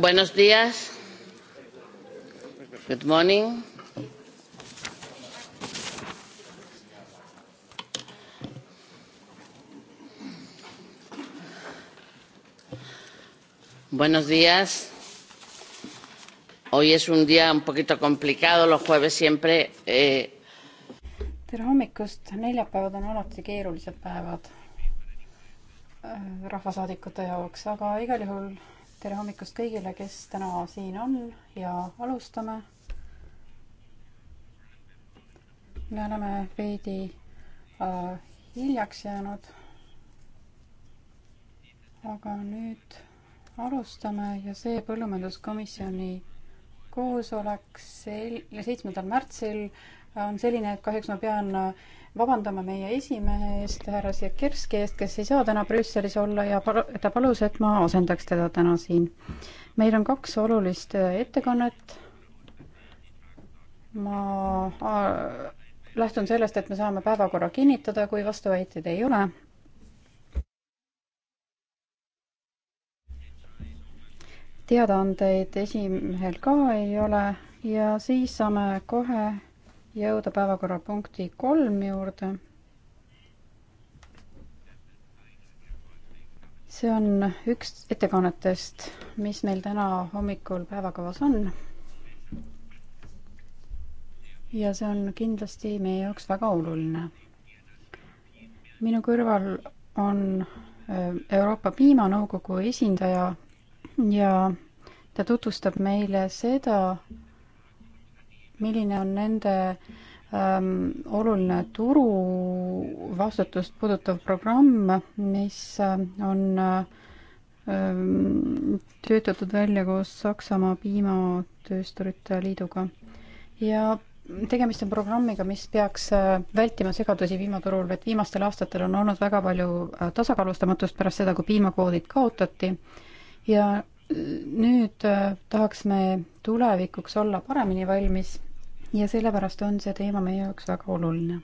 Buenos días. Good morning. Buenos días. Hoy es un día un poquito complicado, los jueves siempre eh... tere hommikust, neljapäevad on alati keerulised päevad eh, rahvasaadikute jaoks, aga igal juhul tere hommikust kõigile, kes täna siin on ja alustame. me oleme veidi äh, hiljaks jäänud. aga nüüd alustame ja see põllumajanduskomisjoni koosolek sel-, seitsmendal märtsil on selline, et kahjuks ma pean äh, vabandame meie esimehe eest, härra Sikerski eest, kes ei saa täna Brüsselis olla ja pal-, ta palus, et ma asendaks teda täna siin. meil on kaks olulist äh, ettekannet. ma äh, lähtun sellest, et me saame päevakorra kinnitada, kui vastuväiteid ei ole. teadaandeid esimehel ka ei ole ja siis saame kohe jõuda päevakorrapunkti kolm juurde. see on üks ettekannetest, mis meil täna hommikul päevakavas on. ja see on kindlasti meie jaoks väga oluline. minu kõrval on äh, Euroopa Piimanõukogu esindaja ja ta tutvustab meile seda, milline on nende ähm, oluline turuvastutust puudutav programm, mis ähm, on ähm, töötatud välja koos Saksamaa Piimatöösturite Liiduga. ja tegemist on programmiga, mis peaks äh, vältima segadusi piimaturul, et viimastel aastatel on olnud väga palju äh, tasakaalustamatust pärast seda, kui piimakvoodid kaotati ja äh, nüüd tahaks me tulevikuks olla paremini valmis ja sellepärast on see teema meie jaoks väga oluline.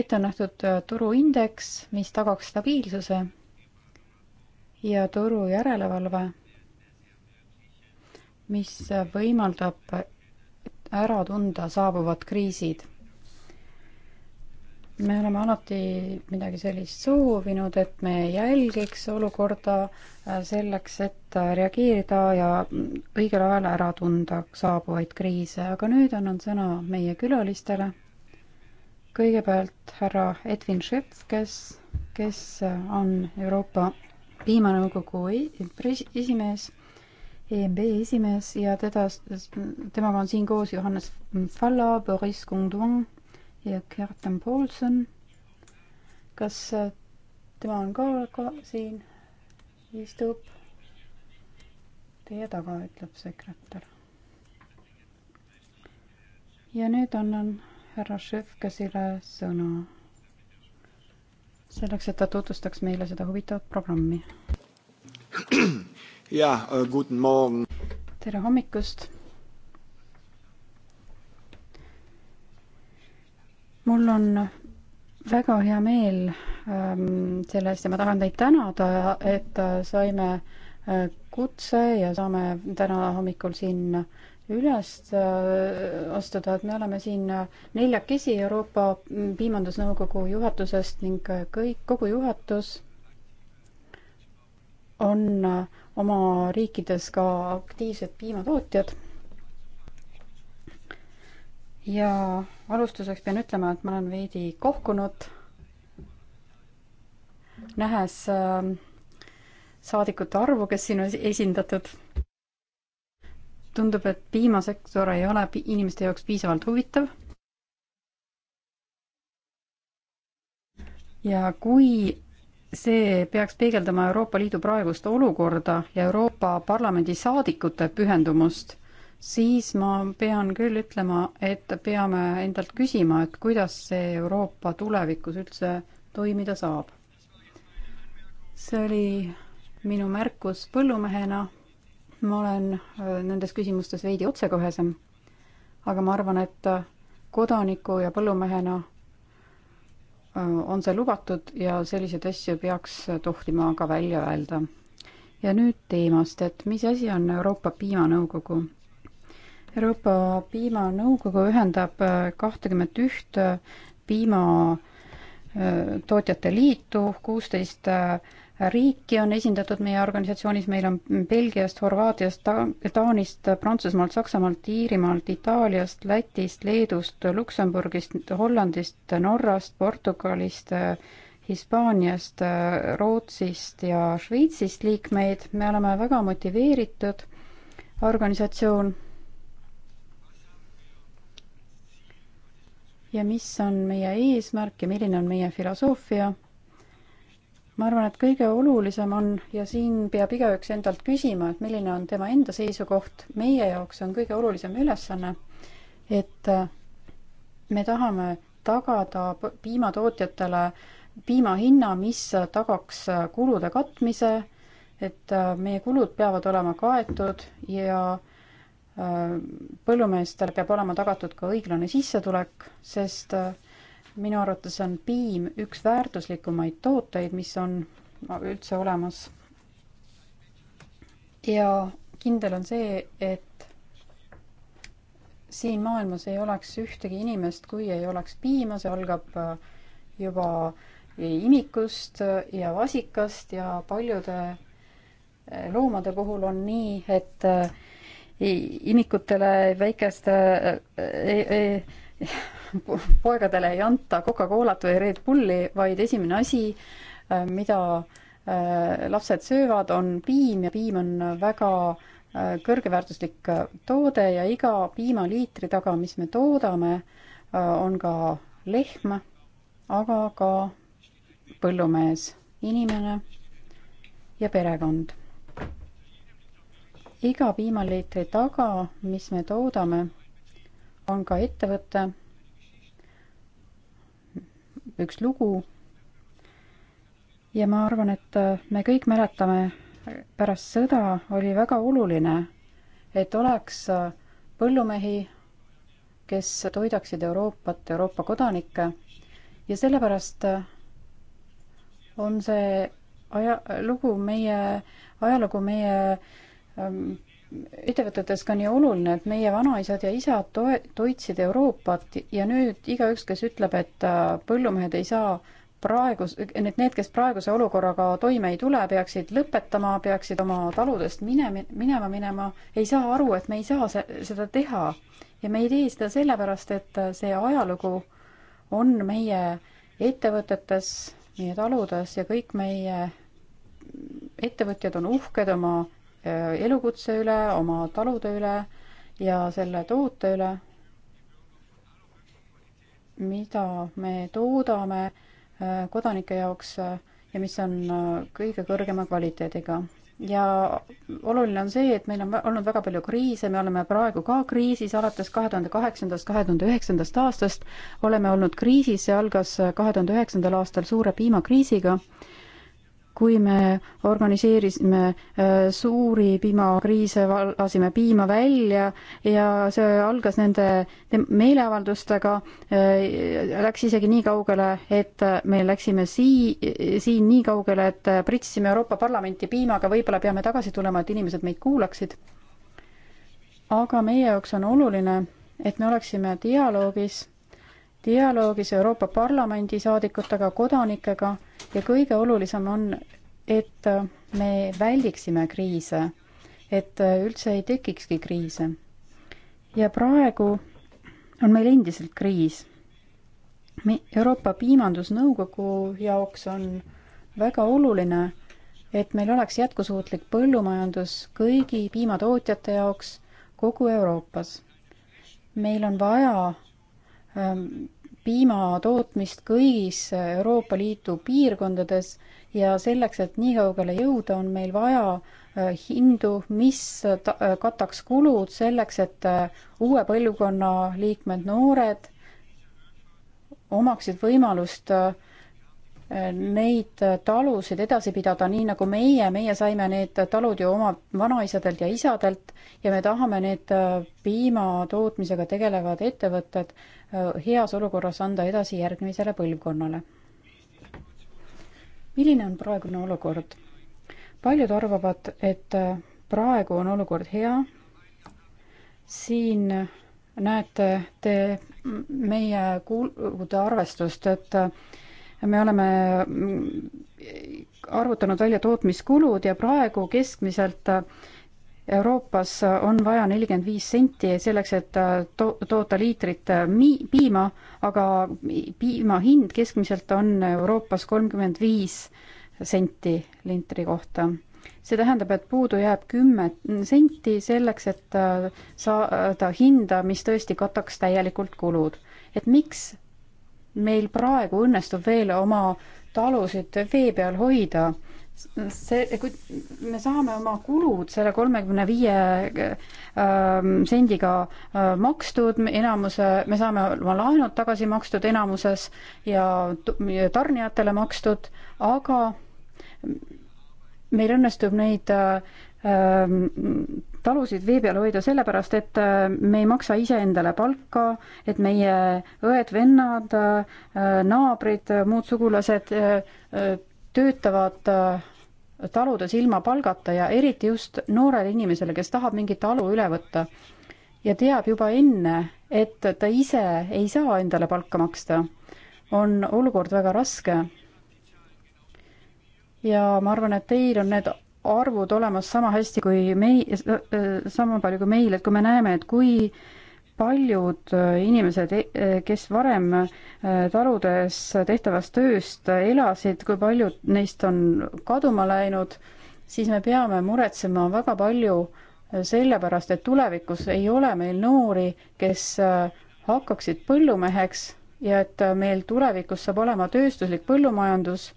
ette on nähtud äh, turuindeks, mis tagaks stabiilsuse ja turu järelevalve, mis võimaldab ära tunda saabuvad kriisid me oleme alati midagi sellist soovinud, et me jälgiks olukorda äh, selleks, et äh, reageerida ja mm, õigel ajal ära tunda saabuvaid kriise, aga nüüd annan sõna meie külalistele. kõigepealt härra Edwin Šeps, kes, kes äh, on Euroopa piimanõukogu esimees, EMB esimees ja teda, temaga on siin koos Johannes Falla, Boris Kondon ja Kerten Paulson. kas äh, tema on ka, ka siin? istub teie taga, ütleb sekretär. ja nüüd annan härra Šefkesile sõna. selleks, et ta tutvustaks meile seda huvitavat programmi. jaa, äh, guten morgen. tere hommikust mul on väga hea meel ähm, selle eest ja ma tahan teid tänada, et äh, saime äh, kutse ja saame täna hommikul siin üles äh, astuda, et me oleme siin neljakesi Euroopa mm, Piimandusnõukogu juhatusest ning kõik, kogu juhatus on oma riikides ka aktiivsed piimatootjad. ja alustuseks pean ütlema, et ma olen veidi kohkunud, nähes äh, saadikute arvu, kes siin on esindatud. tundub, et piimasektor ei ole inimeste jaoks piisavalt huvitav. ja kui see peaks peegeldama Euroopa Liidu praegust olukorda ja Euroopa Parlamendi saadikute pühendumust siis ma pean küll ütlema, et peame endalt küsima, et kuidas see Euroopa tulevikus üldse toimida saab. see oli minu märkus põllumehena. ma olen äh, nendes küsimustes veidi otsekohesem, aga ma arvan, et kodaniku ja põllumehena äh, on see lubatud ja selliseid asju peaks tohtima ka välja öelda. ja nüüd teemast, et mis asi on Euroopa Piimanõukogu Euroopa Piimanõukogu ühendab äh, kahtekümmet üht äh, piimatootjate äh, liitu, kuusteist riiki on esindatud meie organisatsioonis, meil on Belgiast, Horvaatiast Ta, Taanist, Prantsusmaalt, Saksamaalt, Iirimaalt, Itaaliast, Lätist, Leedust, Luksemburgist, Hollandist, Norrast, Portugalist, Hispaaniast, Rootsist ja Šveitsist liikmeid, me oleme väga motiveeritud organisatsioon ja mis on meie eesmärk ja milline on meie filosoofia. ma arvan, et kõige olulisem on ja siin peab igaüks endalt küsima, et milline on tema enda seisukoht. meie jaoks on kõige olulisem ülesanne, et äh, me tahame tagada piimatootjatele piima hinna, mis tagaks äh, kulude katmise, et äh, meie kulud peavad olema kaetud ja äh, põllumeestel peab olema tagatud ka õiglane sissetulek, sest äh, minu arvates on piim üks väärtuslikumaid tooteid, mis on üldse olemas. ja kindel on see, et siin maailmas ei oleks ühtegi inimest, kui ei oleks piima, see algab äh, juba imikust ja vasikast ja paljude äh, loomade puhul on nii, et imikutele, väikeste e, e, poegadele ei anta Coca-Colat või Red Bulli, vaid esimene asi, äh, mida äh, lapsed söövad, on piim ja piim on väga äh, kõrgeväärtuslik toode ja iga piimaliitri taga, mis me toodame, on ka lehm, aga ka põllumees, inimene ja perekond iga piimaliitri taga, mis me toodame, on ka ettevõte, üks lugu. ja ma arvan, et me kõik mäletame, pärast sõda oli väga oluline, et oleks põllumehi, kes toidaksid Euroopat, Euroopa kodanikke ja sellepärast on see aja, lugu meie, ajalugu meie Ehm, ettevõtetes ka nii oluline, et meie vanaisad ja isad toe-, toitsid Euroopat ja nüüd igaüks, kes ütleb, et äh, põllumehed ei saa praegus, need, need, kes praeguse olukorraga toime ei tule, peaksid lõpetama, peaksid oma taludest minema, minema minema, ei saa aru, et me ei saa se seda teha. ja me ei tee seda sellepärast, et äh, see ajalugu on meie ettevõtetes, meie taludes ja kõik meie ettevõtjad on uhked oma Äh, elukutse üle, oma talude üle ja selle toote üle, mida me toodame äh, kodanike jaoks äh, ja mis on kõige kõrgema kvaliteediga. ja oluline on see, et meil on olnud väga palju kriise, me oleme praegu ka kriisis, alates kahe tuhande kaheksandast, kahe tuhande üheksandast aastast oleme olnud kriisis, see algas kahe tuhande üheksandal aastal suure piimakriisiga kui me organiseerisime äh, suuri piimakriise, lasime piima välja ja see algas nende meeleavaldustega, äh, läks isegi nii kaugele, et me läksime sii-, siin nii kaugele, et pritsisime Euroopa Parlamenti piimaga, võib-olla peame tagasi tulema, et inimesed meid kuulaksid. aga meie jaoks on oluline, et me oleksime dialoogis, dialoogis Euroopa Parlamendi saadikutega, kodanikega ja kõige olulisem on, et me väldiksime kriise, et üldse ei tekikski kriise. ja praegu on meil endiselt kriis. Euroopa Piimandusnõukogu jaoks on väga oluline, et meil oleks jätkusuutlik põllumajandus kõigi piimatootjate jaoks kogu Euroopas. meil on vaja ähm, piimatootmist kõigis Euroopa Liidu piirkondades ja selleks, et nii kaugele jõuda, on meil vaja äh, hindu, mis äh, kataks kulud selleks, et äh, uue põlvkonna liikmed, noored, omaksid võimalust neid talusid edasi pidada, nii nagu meie, meie saime need talud ju oma vanaisadelt ja isadelt ja me tahame need piimatootmisega tegelevad ettevõtted Äh, heas olukorras anda edasi järgmisele põlvkonnale. milline on praegune olukord? paljud arvavad, et äh, praegu on olukord hea. siin äh, näete te meie kulude arvestust, et me oleme mm, arvutanud välja tootmiskulud ja praegu keskmiselt äh, Euroopas on vaja nelikümmend viis senti selleks, et äh, to-, toota liitrit äh, mi-, piima, aga piima hind keskmiselt on Euroopas kolmkümmend viis senti liitri kohta. see tähendab, et puudu jääb kümme senti selleks, et äh, saada hinda, mis tõesti kataks täielikult kulud. et miks meil praegu õnnestub veel oma talusid vee peal hoida see, kui me saame oma kulud selle kolmekümne viie ähm, sendiga äh, makstud, enamuse, me saame oma laenud tagasi makstud enamuses ja tarnijatele makstud, aga meil õnnestub neid äh, ähm, talusid vee peal hoida sellepärast, et äh, me ei maksa iseendale palka, et meie õed-vennad, naabrid, muud sugulased töötavad äh, taludes ilma palgata ja eriti just noorele inimesele, kes tahab mingit talu üle võtta ja teab juba enne, et ta ise ei saa endale palka maksta, on olukord väga raske. ja ma arvan, et teil on need arvud olemas sama hästi kui mei-, sama palju kui meil, et kui me näeme, et kui äh, paljud äh, inimesed, e-, äh, kes varem äh, taludes tehtavast tööst elasid, kui paljud neist on kaduma läinud, siis me peame muretsema väga palju sellepärast, et tulevikus ei ole meil noori, kes hakkaksid põllumeheks ja et meil tulevikus saab olema tööstuslik põllumajandus,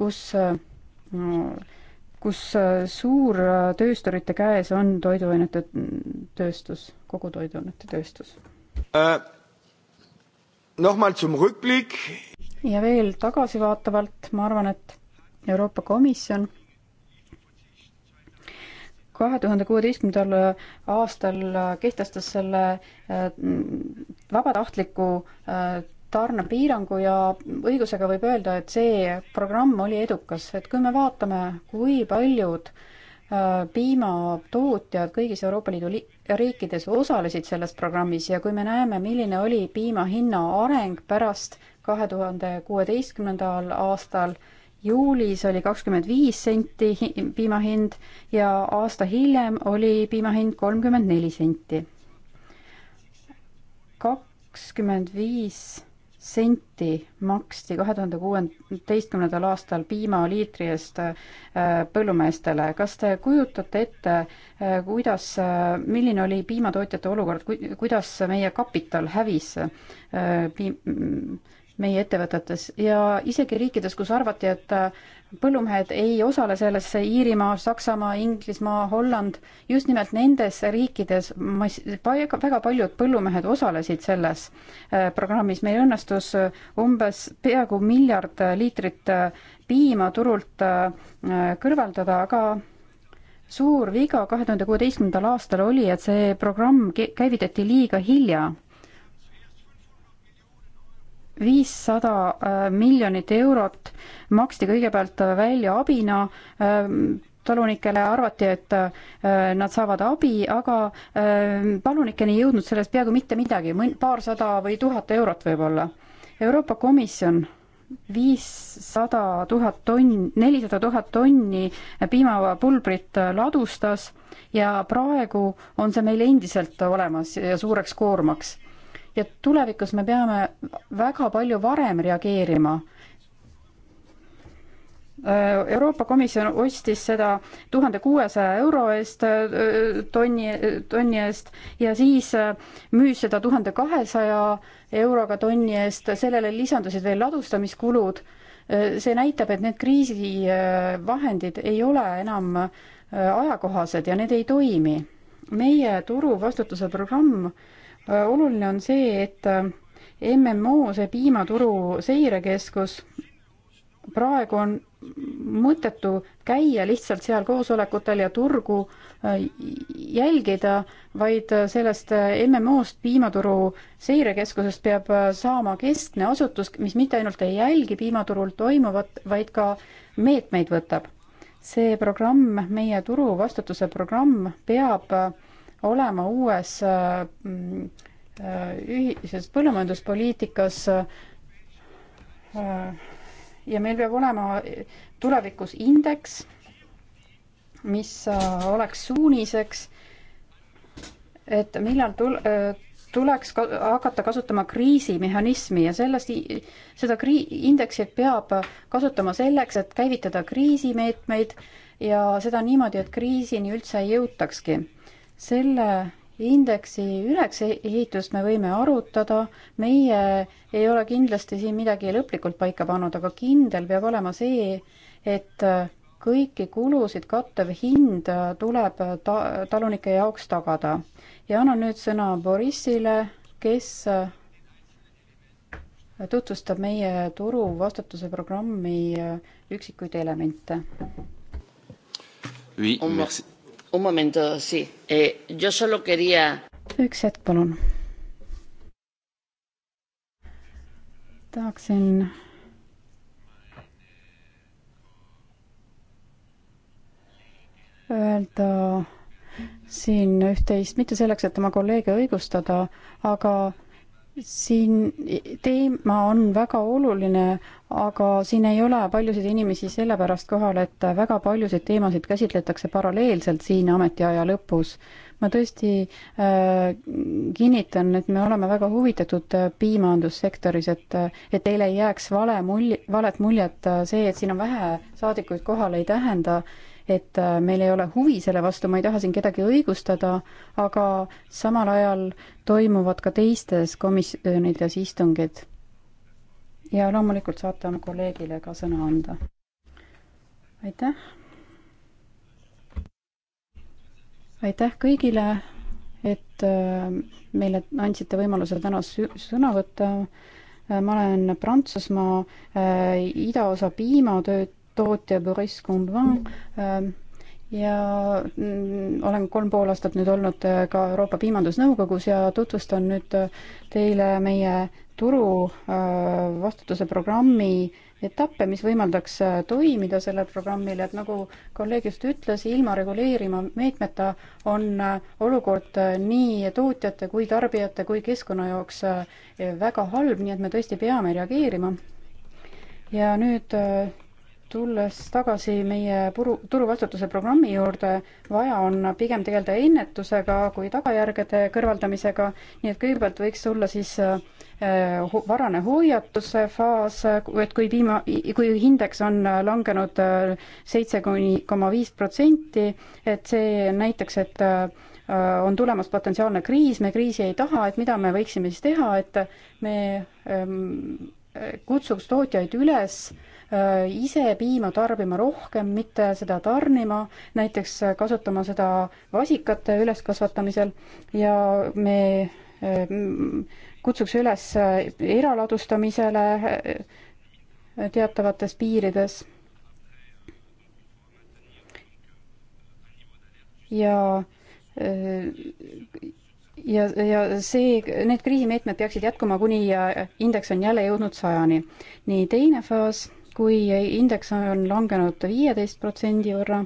kus no, kus äh, suurtöösturite äh, käes on toiduainete tööstus, kogu toiduainete tööstus äh,? ja veel tagasivaatavalt, ma arvan, et Euroopa Komisjon kahe tuhande kuueteistkümnendal aastal äh, kehtestas selle vabatahtliku tarnepiirangu ja õigusega võib öelda, et see programm oli edukas, et kui me vaatame, kui paljud äh, piimatootjad kõigis Euroopa Liidu riikides osalesid selles programmis ja kui me näeme, milline oli piima hinna areng pärast kahe tuhande kuueteistkümnendal aastal, juulis oli kakskümmend viis senti piima hind ja aasta hiljem oli piima hind kolmkümmend neli senti. kakskümmend viis senti maksti kahe tuhande kuueteistkümnendal aastal piimaliitri eest äh, põllumeestele. kas te kujutate ette, äh, kuidas, äh, milline oli piimatootjate olukord, kuidas meie kapital hävis piim, meie ettevõtetes ja isegi riikides, kus arvati, et äh, põllumehed ei osale selles, Iirimaa, Saksamaa, Inglismaa, Holland, just nimelt nendes riikides mass-, väga paljud põllumehed osalesid selles äh, programmis, meil õnnestus äh, umbes peaaegu miljard liitrit piima turult kõrvaldada, aga suur viga kahe tuhande kuueteistkümnendal aastal oli, et see programm käivitati liiga hilja viissada äh, miljonit eurot maksti kõigepealt välja abina ähm, talunikele, arvati, et äh, nad saavad abi, aga ähm, talunikeni ei jõudnud sellest peaaegu mitte midagi, paarsada või tuhat eurot võib-olla. Euroopa Komisjon viissada tuhat tonni, nelisada tuhat tonni piimapulbrit ladustas ja praegu on see meil endiselt olemas ja suureks koormaks ja tulevikus me peame väga palju varem reageerima Euroopa Komisjon ostis seda tuhande kuuesaja euro eest äh, tonni, tonni eest ja siis äh, müüs seda tuhande kahesaja euroga tonni eest, sellele lisandusid veel ladustamiskulud. Äh, see näitab, et need kriisivahendid ei ole enam ajakohased ja need ei toimi. meie turuvastutuse programm Äh, oluline on see, et äh, MMO, see piimaturu seirekeskus, praegu on mõttetu käia lihtsalt seal koosolekutel ja turgu äh, jälgida, vaid sellest MMO-st piimaturu seirekeskusest peab saama keskne asutus, mis mitte ainult ei jälgi piimaturul toimuvat, vaid ka meetmeid võtab. see programm, meie turu vastutuse programm peab äh, olema uues äh, mm, äh, ühises põllumajanduspoliitikas äh, ja meil peab olema tulevikus indeks, mis oleks suuniseks, et millal tul-, tuleks ka, hakata kasutama kriisimehhanismi ja sellest, seda krii-, indeksit peab kasutama selleks, et käivitada kriisimeetmeid ja seda niimoodi, et kriisini üldse ei jõutakski selle indeksi ülesehitust e-, me võime arutada, meie ei ole kindlasti siin midagi lõplikult paika pannud, aga kindel peab olema see, et kõiki kulusid kattev hind tuleb ta-, talunike jaoks tagada. ja annan nüüd sõna Borissile, kes tutvustab meie turu vastutuse programmi üksikuid elemente. Oui, merci Un momento, sí. Eh, yo solo quería... üks hetk, palun. tahaksin öelda siin üht-teist, mitte selleks, et oma kolleege õigustada, aga siin teema on väga oluline, aga siin ei ole paljusid inimesi sellepärast kohal, et väga paljusid teemasid käsitletakse paralleelselt siin ametiaja lõpus. ma tõesti äh, kinnitan, et me oleme väga huvitatud äh, piimandussektoris, et, et teile ei jääks vale mulje, valet muljet äh, see, et siin on vähe saadikuid kohal, ei tähenda, et äh, meil ei ole huvi selle vastu, ma ei taha siin kedagi õigustada, aga samal ajal toimuvad ka teistes komisjonides istungid. ja loomulikult saate oma kolleegile ka sõna anda. aitäh. aitäh kõigile, et äh, meile andsite võimaluse täna sõna võtta äh, ma olen Prantsusmaa äh, idaosa piimatööt-, tootja Boris Combin ähm, ja mm, olen kolm pool aastat nüüd olnud äh, ka Euroopa Piimandusnõukogus ja tutvustan nüüd äh, teile meie turu äh, vastutuse programmi etappe, mis võimaldaks toimida sellel programmil, et nagu kolleeg just ütles, ilma reguleerima meetmeta on olukord nii tootjate kui tarbijate kui keskkonna jaoks väga halb, nii et me tõesti peame reageerima. ja nüüd tulles tagasi meie puru, turuvastutuse programmi juurde, vaja on pigem tegeleda ennetusega kui tagajärgede kõrvaldamisega, nii et kõigepealt võiks olla siis äh, varane hoiatuse faas, et kui piima, kui hindeks on langenud äh, seitse kuni koma viis protsenti, et see näiteks, et äh, on tulemas potentsiaalne kriis, me kriisi ei taha, et mida me võiksime siis teha, et me ähm, kutsuks tootjaid üles äh, Äh, ise piima tarbima rohkem, mitte seda tarnima, näiteks äh, kasutama seda vasikate üleskasvatamisel ja me äh, kutsuks üles eraladustamisele teatavates piirides. ja ja, ja see, need kriisimeetmed peaksid jätkuma, kuni indeks on jälle jõudnud sajani. nii, teine faas kui indeks on langenud viieteist protsendi võrra,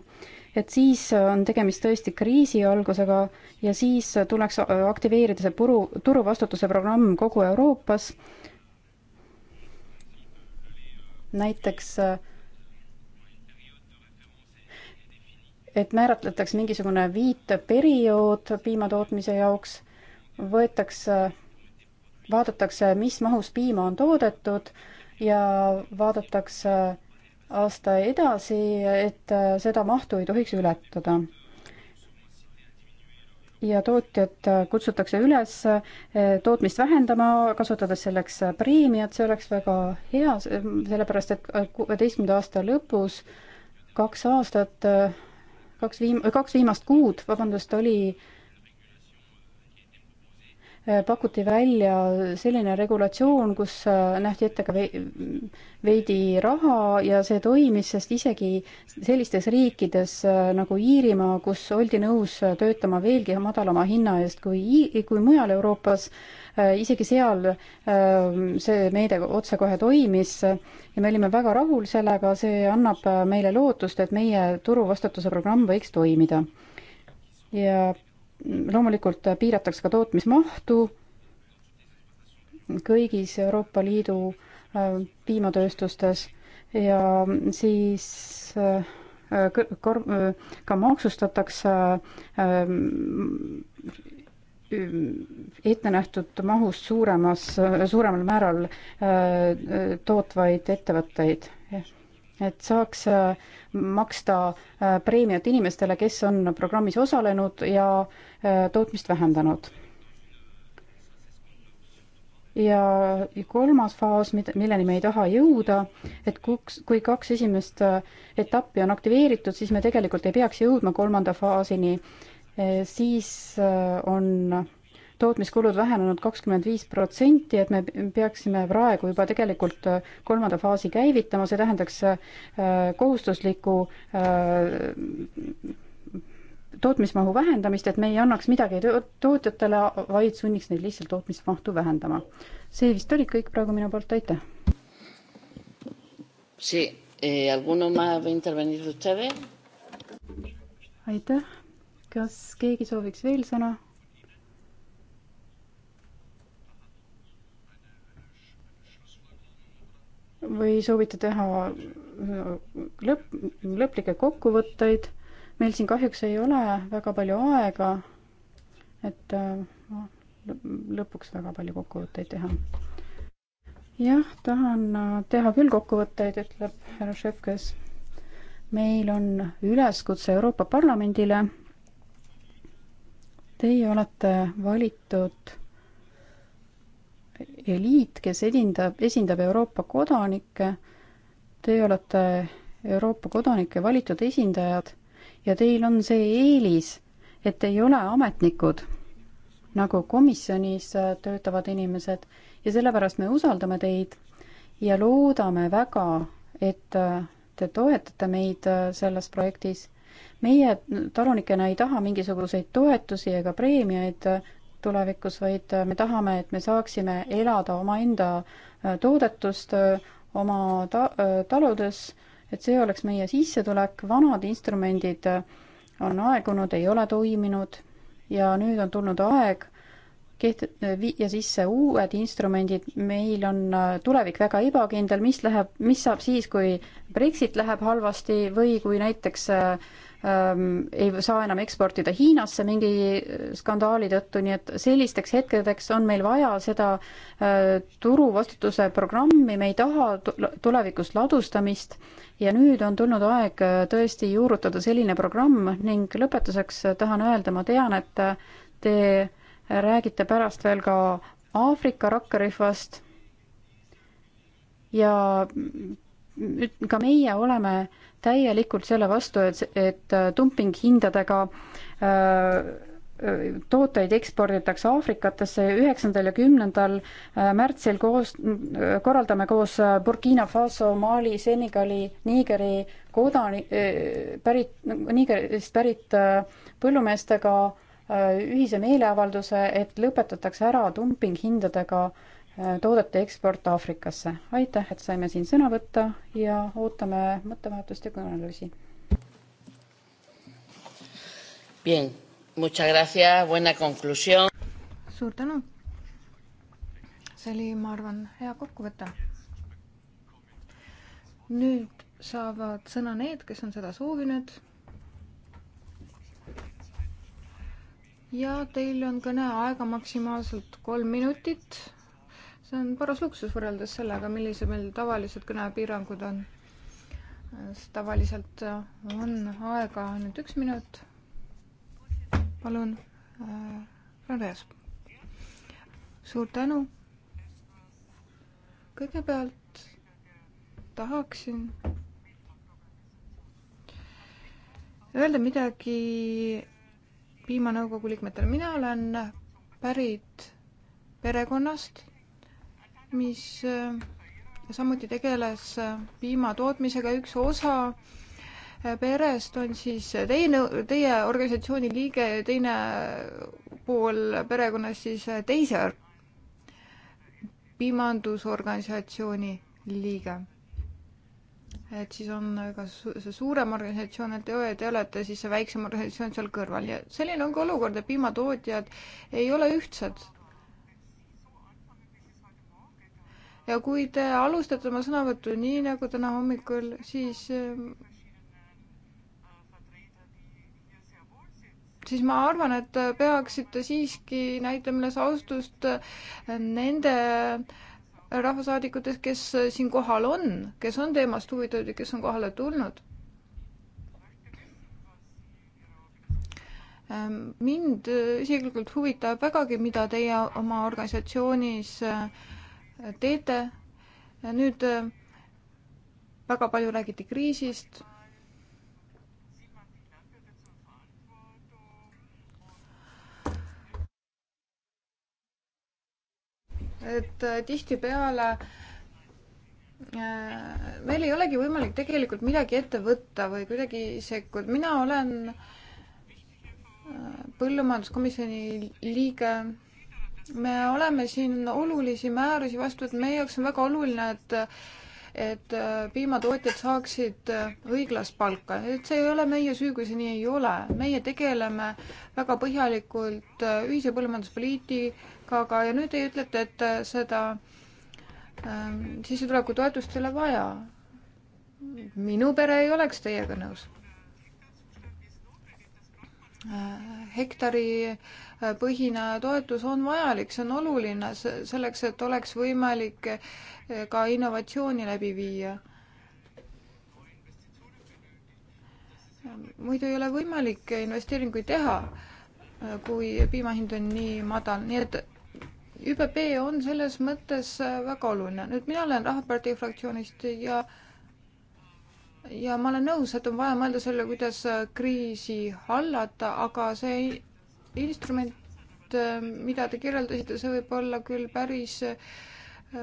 et siis on tegemist tõesti kriisi algusega ja siis tuleks aktiveerida see puru, turuvastutuse programm kogu Euroopas. näiteks et määratletakse mingisugune viiteperiood piimatootmise jaoks, võetakse, vaadatakse, mis mahus piima on toodetud ja vaadatakse aasta edasi, et äh, seda mahtu ei tohiks ületada. ja tootjad äh, kutsutakse üles äh, tootmist vähendama, kasutades selleks preemiat, see oleks väga hea, sellepärast et kuueteistkümnenda aasta lõpus kaks aastat, kaks viim-, kaks viimast kuud, vabandust, oli äh, Äh, pakuti välja selline regulatsioon, kus äh, nähti ette ka veidi raha ja see toimis, sest isegi sellistes riikides äh, nagu Iirimaa, kus oldi nõus töötama veelgi madalama hinna eest kui, kui mujal Euroopas, isegi seal see meede otsekohe toimis ja me olime väga rahul sellega, see annab meile lootust, et meie turuvastutuse programm võiks toimida. ja loomulikult piiratakse ka tootmismahtu kõigis Euroopa Liidu äh, piimatööstustes ja siis äh, äh, ka maksustatakse ettenähtud mahust suuremas, suuremal määral tootvaid ettevõtteid. et saaks maksta preemiat inimestele, kes on programmis osalenud ja äh, Äh, tootmist vähendanud. ja kolmas faas, milleni me ei taha jõuda, et kuks, kui kaks esimest äh, etappi on aktiveeritud, siis me tegelikult ei peaks jõudma kolmanda faasini, äh, siis on tootmiskulud vähenenud kakskümmend viis protsenti, et me peaksime praegu juba tegelikult kolmanda faasi käivitama, see tähendaks kohustuslikku tootmismahu vähendamist, et me ei annaks midagi tootjatele, vaid sunniks neid lihtsalt tootmismahtu vähendama. see vist oli kõik praegu minu poolt, aitäh. Eh, aitäh, kas keegi sooviks veel sõna? või soovite teha äh, lõpp, lõplikke kokkuvõtteid? meil siin kahjuks ei ole väga palju aega, et äh, lõpuks väga palju kokkuvõtteid teha. jah, tahan äh, teha küll kokkuvõtteid, ütleb härra Šefkes. meil on üleskutse Euroopa Parlamendile. Teie olete valitud eliit, kes edindab, esindab Euroopa kodanikke. Teie olete Euroopa kodanike valitud esindajad ja teil on see eelis, et ei ole ametnikud nagu komisjonis äh, töötavad inimesed ja sellepärast me usaldame teid ja loodame väga, et äh, te toetate meid äh, selles projektis. meie talunikena ei taha mingisuguseid toetusi ega preemiaid tulevikus, vaid me tahame, et me saaksime elada omaenda toodetust oma ta-, taludes et see oleks meie sissetulek, vanad instrumendid äh, on aegunud, ei ole toiminud ja nüüd on tulnud aeg keht-, äh, viia sisse uued instrumendid, meil on äh, tulevik väga ebakindel, mis läheb, mis saab siis, kui Brexit läheb halvasti või kui näiteks äh, ähm, ei saa enam eksportida Hiinasse mingi äh, skandaali tõttu, nii et sellisteks hetkedeks on meil vaja seda äh, turuvastutuse programmi, me ei taha tulevikus ladustamist ja nüüd on tulnud aeg äh, tõesti juurutada selline programm ning lõpetuseks äh, tahan öelda, ma tean, et te räägite pärast veel ka Aafrika rakkerühmast ja ka meie oleme äh, täielikult selle vastu, et, et äh, dumpinghindadega äh, äh, tooteid eksporditakse Aafrikatesse ja üheksandal ja kümnendal äh, märtsil koos, korraldame koos Burkina Faso, Mali, Senegali, Nigeri kodani-, pärit, Nigerist pärit põllumeestega ühise meeleavalduse, et lõpetatakse ära dumpinghindadega äh, Äh, toodete eksport Aafrikasse. aitäh, et saime siin sõna võtta ja ootame mõttevahetust ja kõnelusi. Bien, muchas gracias, buena conclusión. suur tänu. see oli, ma arvan, hea kokkuvõte. nüüd saavad sõna need, kes on seda soovinud. ja teil on kõneaega maksimaalselt kolm minutit see on paras luksus võrreldes sellega, millised meil tavalised kõnepiirangud on. tavaliselt on aega ainult üks minut. palun äh,, Andreas. suur tänu. kõigepealt tahaksin öelda midagi piimanõukogu liikmetele. mina olen pärit perekonnast, mis äh, samuti tegeles äh, piimatootmisega. üks osa äh, perest on siis teine, teie organisatsiooni liige ja teine pool perekonnas siis teise piimandusorganisatsiooni liige. et siis on ka see suurem organisatsioon, et te, te olete siis see väiksem organisatsioon seal kõrval ja selline on ka olukord, et piimatootjad ei ole ühtsed ja kui te alustate oma sõnavõttu nii nagu täna hommikul, siis eh, siis ma arvan, et peaksite siiski näitama üles austust nende rahvasaadikutest, kes siin kohal on, kes on teemast huvitatud ja kes on kohale tulnud. Ehm, mind isiklikult huvitab vägagi, mida teie oma organisatsioonis äh, teete. nüüd äh, väga palju räägiti kriisist. et äh, tihtipeale äh, meil ei olegi võimalik tegelikult midagi ette võtta või kuidagi sekkuda. mina olen põllumajanduskomisjoni liige me oleme siin olulisi määrusi vastu võtnud, meie jaoks on väga oluline, et et äh, piimatootjad saaksid äh, õiglast palka, et see ei ole meie süü, kui see nii ei ole. meie tegeleme väga põhjalikult äh, ühise põllumajanduspoliitikaga ja nüüd te ütlete, et seda ähm, sissetulekutoetust ei ole vaja. minu pere ei oleks teiega nõus äh,. hektari äh, põhine toetus on vajalik, see on oluline selleks, et oleks võimalik eh, ka innovatsiooni läbi viia. muidu ei ole võimalik investeeringuid teha, kui piima hind on nii madal, nii et ÜBB on selles mõttes väga oluline. nüüd mina olen Rahvapartei fraktsioonist ja ja ma olen nõus, et on vaja mõelda selle, kuidas kriisi hallata, aga see ei, instrument, äh, mida te kirjeldasite, see võib olla küll päris äh,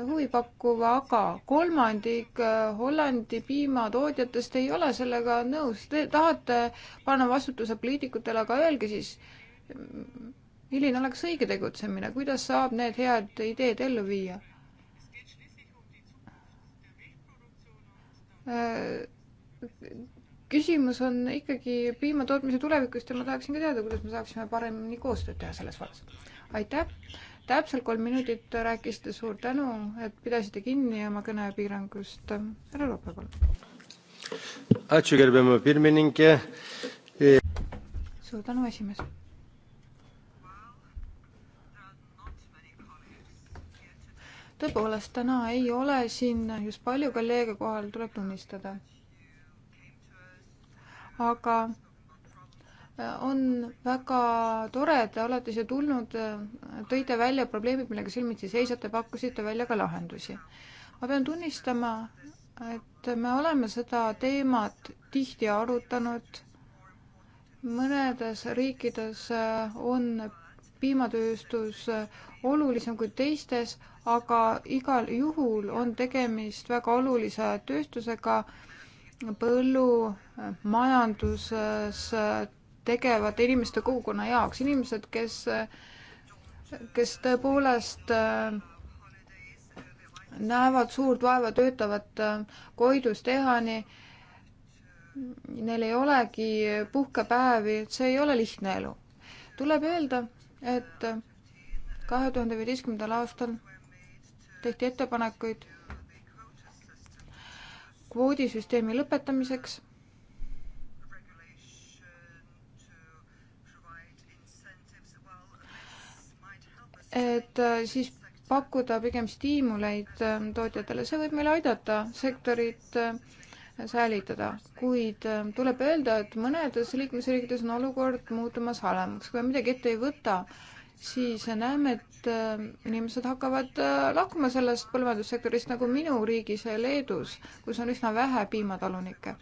huvipakkuv, aga kolmandik äh, Hollandi piimatootjatest ei ole sellega nõus. Te tahate panna vastutuse poliitikutele, aga öelge siis, milline oleks õige tegutsemine, kuidas saab need head ideed ellu viia? küsimus on ikkagi piimatootmise tulevikust ja ma tahaksin ka teada, kuidas me saaksime paremini koostööd teha selles vallas. aitäh, täpselt kolm minutit rääkisite, suur tänu, et pidasite kinni oma kõnepiirangust. härra Lope, palun. E- suur tänu, esimees. tõepoolest, täna ei ole siin just palju kolleege kohal, tuleb tunnistada aga äh, on väga tore, et te olete siia tulnud, äh, tõite välja probleemid, millega silmitsi seisate, pakkusite välja ka lahendusi. ma pean tunnistama, et me oleme seda teemat tihti arutanud. mõnedes riikides äh, on piimatööstus olulisem kui teistes, aga igal juhul on tegemist väga olulise tööstusega, põllumajanduses tegevate inimeste kogukonna jaoks, inimesed, kes, kes tõepoolest äh, näevad suurt vaeva, töötavad äh, koidust ehani, neil ei olegi puhkepäevi, see ei ole lihtne elu. tuleb öelda, et kahe tuhande viieteistkümnendal aastal tehti ettepanekuid kvoodisüsteemi lõpetamiseks et äh, siis pakkuda pigem stiimuleid ähm, tootjatele, see võib meil aidata sektorit äh, säilitada, kuid ähm, tuleb öelda, et mõnedes liikmesriikides on olukord muutumas halvemaks, kui me midagi ette ei võta, siis näeme, et äh, inimesed hakkavad äh, lahkuma sellest põllumajandussektorist nagu minu riigis Leedus, kus on üsna vähe piimatalunikke.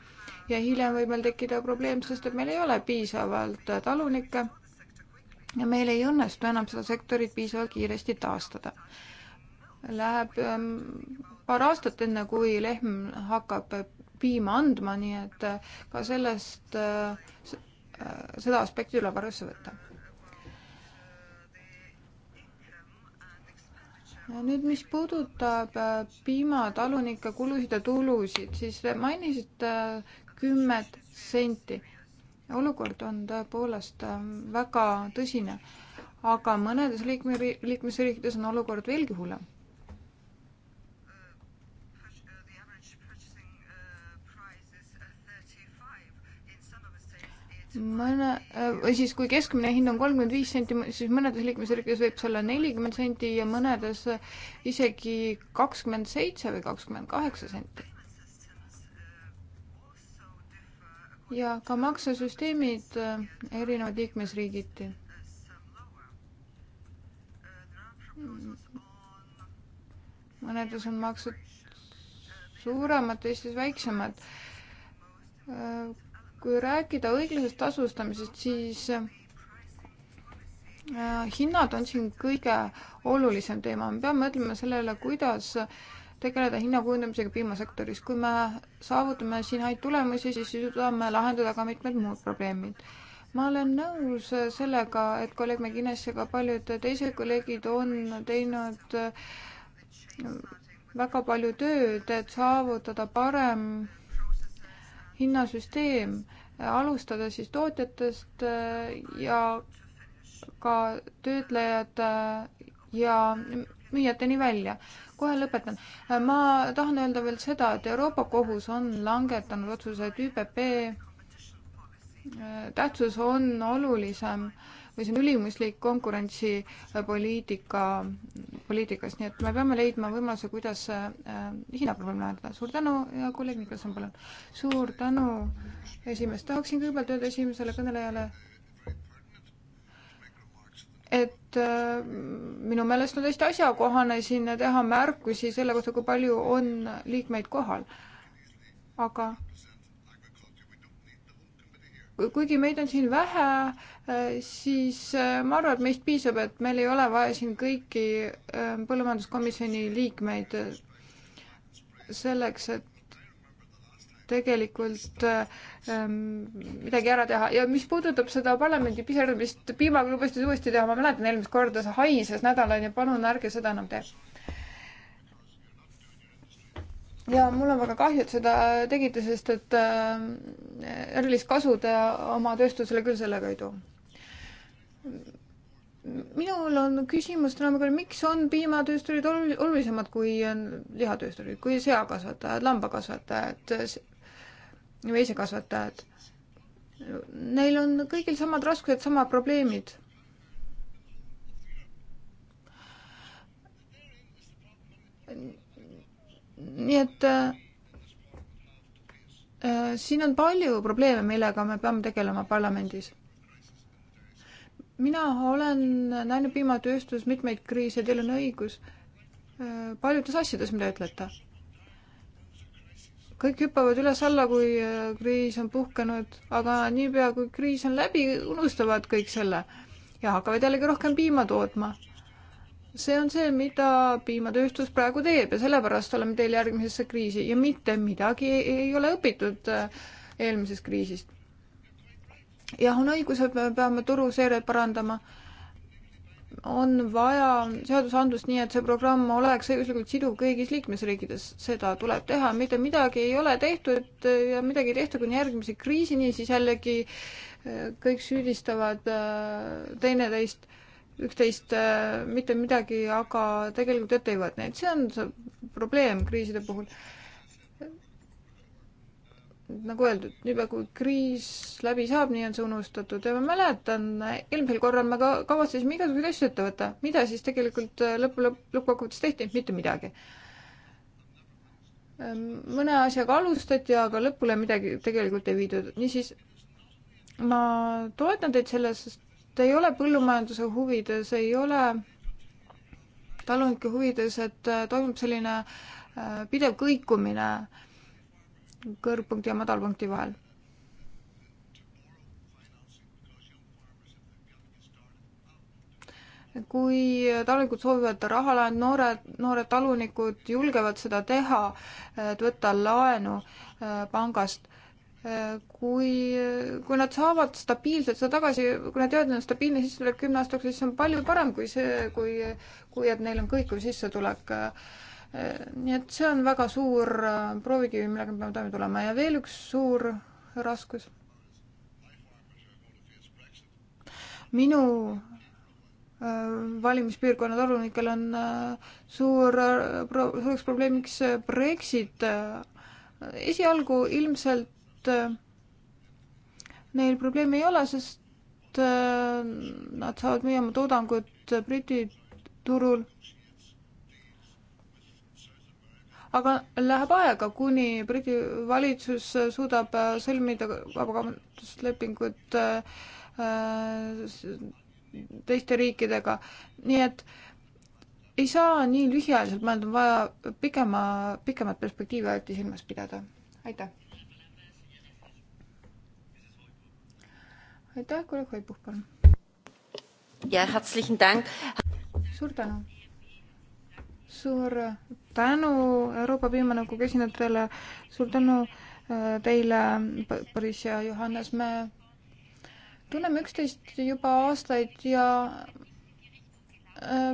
ja hiljem võib meil tekkida probleem, sest et meil ei ole piisavalt äh, talunikke ja meil ei õnnestu enam seda sektorit piisavalt kiiresti taastada. Läheb ähm, paar aastat, enne kui lehm hakkab piima andma, nii et ka sellest, seda aspekti tuleb arvesse võtta nüüd, mis puudutab äh, piimatalunike kulusid ja tulusid, siis mainisite äh, kümmet senti. olukord on tõepoolest äh, väga tõsine, aga mõnedes liikme, liikmesriikides on olukord veelgi hullem mõne, või siis kui keskmine hind on kolmkümmend viis senti, siis mõnedes liikmesriikides võib see olla nelikümmend senti ja mõnedes isegi kakskümmend seitse või kakskümmend kaheksa senti. ja ka maksesüsteemid äh, erinevad liikmesriigiti. mõnedes on maksud suuremad, teistes väiksemad äh, kui rääkida õiglasest tasustamisest, siis äh, hinnad on siin kõige olulisem teema, me peame mõtlema sellele, kuidas tegeleda hinnakujundamisega piimasektoris. kui me saavutame siin häid tulemusi, siis suudame lahendada ka mitmed muud probleemid. ma olen nõus sellega, et kolleeg McGuinness ja ka paljud teised kolleegid on teinud äh, väga palju tööd, et saavutada parem hinnasüsteem, alustades siis tootjatest äh, ja ka töötlejad äh, ja müüjateni välja. kohe lõpetan. Äh, ma tahan öelda veel seda, et Euroopa Kohus on langetanud otsuseid ÜPP tähtsus on olulisem või see on ülimuslik konkurentsipoliitika poliitikas, nii et me peame leidma võimaluse, kuidas äh, Hiina probleem lahendada. suur tänu ja kolleeg Nikolson, palun. suur tänu, esimees. tahaksin kõigepealt öelda esimesele kõnelejale, et äh, minu meelest on täiesti asjakohane siin teha märkusi selle kohta, kui palju on liikmeid kohal. aga kuigi meid on siin vähe, äh, siis äh, ma arvan, et meist piisab, et meil ei ole vaja siin kõiki äh, põllumajanduskomisjoni liikmeid selleks, et tegelikult ähm, midagi ära teha ja mis puudutab seda parlamendi piserdamist piimaklubist uuesti teha, ma mäletan eelmist korda see haises nädalani, palun ärge seda enam tehke ja mul on väga kahju, et seda tegite, sest et äh, erilist kasu te oma tööstusele küll sellega ei too. minul on küsimus täna küll, miks on piimatöösturid olulisemad kui äh, lihatöösturid, kui seakasvatajad, lambakasvatajad, veisekasvatajad? Neil on kõigil samad raskused, samad probleemid nii et äh, äh, siin on palju probleeme, millega me peame tegelema parlamendis. mina olen näinud piimatööstuses mitmeid kriise, teil on õigus äh, paljudes asjades, mida ütlete. kõik hüppavad üles-alla, kui äh, kriis on puhkenud, aga niipea, kui kriis on läbi, unustavad kõik selle ja hakkavad jällegi rohkem piima tootma see on see, mida piimatööstus praegu teeb ja sellepärast oleme teel järgmisesse kriisi ja mitte midagi ei, ei ole õpitud äh, eelmisest kriisist. jah, on õigus, et me peame turuseiret parandama. on vaja seadusandlust nii, et see programm oleks õiguslikult siduv kõigis liikmesriikides, seda tuleb teha, mitte midagi ei ole tehtud ja midagi ei tehta kuni järgmise kriisini, siis jällegi äh, kõik süüdistavad äh, teineteist üksteist äh, mitte midagi, aga tegelikult ette ei võta neid, see on see probleem kriiside puhul. nagu öeldud, niipea kui kriis läbi saab, nii on see unustatud ja ma mäletan, eelmisel korral me ka kavatsesime igasuguseid asju ette võtta, mida siis tegelikult äh, lõpp, lõpp, lõppkokkuvõttes tehti, mitte midagi. Ähm, mõne asjaga alustati, aga lõpule midagi tegelikult ei viidud, niisiis ma toetan teid selles, sest ei ole põllumajanduse huvides, ei ole talunike huvides, et äh, toimub selline äh, pidev kõikumine kõrgpunkti ja madalpunkti vahel. kui talunikud soovivad raha laen-, noored, noored talunikud julgevad seda teha, et võtta laenu äh, pangast, kui, kui nad saavad stabiilselt seda tagasi, kui nad teavad, et neil on stabiilne sissetulek kümne aasta jooksul, siis see on palju parem kui see, kui, kui et neil on kõikuv sissetulek. nii et see on väga suur äh, proovikivi, millega me peame toime tulema ja veel üks suur raskus. minu äh, valimispiirkonna talunikel on äh, suur, suureks probleemiks Brexit. esialgu ilmselt Äh, neil probleemi ei ole, sest äh, nad saavad müüa oma toodangut äh, Briti turul. aga läheb aega, kuni Briti valitsus suudab sõlmida vabakaubanduslepingut teiste riikidega, nii et ei saa nii lühiajaliselt mõelda, on vaja pikema, pikemat perspektiivi alati silmas pidada. aitäh! aitäh, kolleeg Hoibuh, palun. suur tänu. suur tänu Euroopa Piimanõukogu esindajatele, suur tänu äh, teile, Boris ja Johannes, me tunneme üksteist juba aastaid ja äh,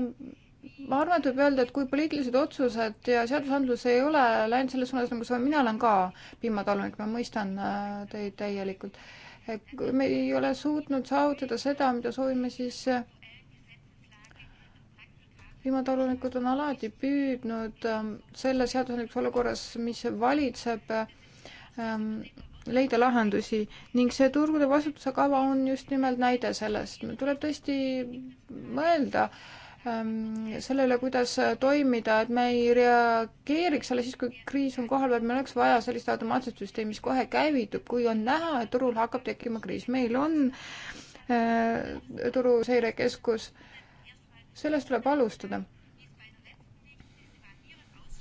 ma arvan, et võib öelda, et kui poliitilised otsused ja seadusandlus ei ole läinud selles suunas, nagu see on, mina olen ka piimatalunik, ma mõistan äh, teid täielikult äh, me ei ole suutnud saavutada seda, mida soovime, siis äh, piimatalunikud on alati püüdnud ähm, selles seadusandlikus olukorras, mis valitseb, ähm, leida lahendusi ning see turgude vastutuse kava on just nimelt näide sellest. tuleb tõesti mõelda äh, Ähm, selle üle, kuidas äh, toimida, et me ei reageeriks alles siis, kui kriis on kohal, vaid meil oleks vaja sellist automaatset süsteemi, mis kohe käivitub, kui on näha, et turul hakkab tekkima kriis. meil on äh, turuseirekeskus, sellest tuleb alustada.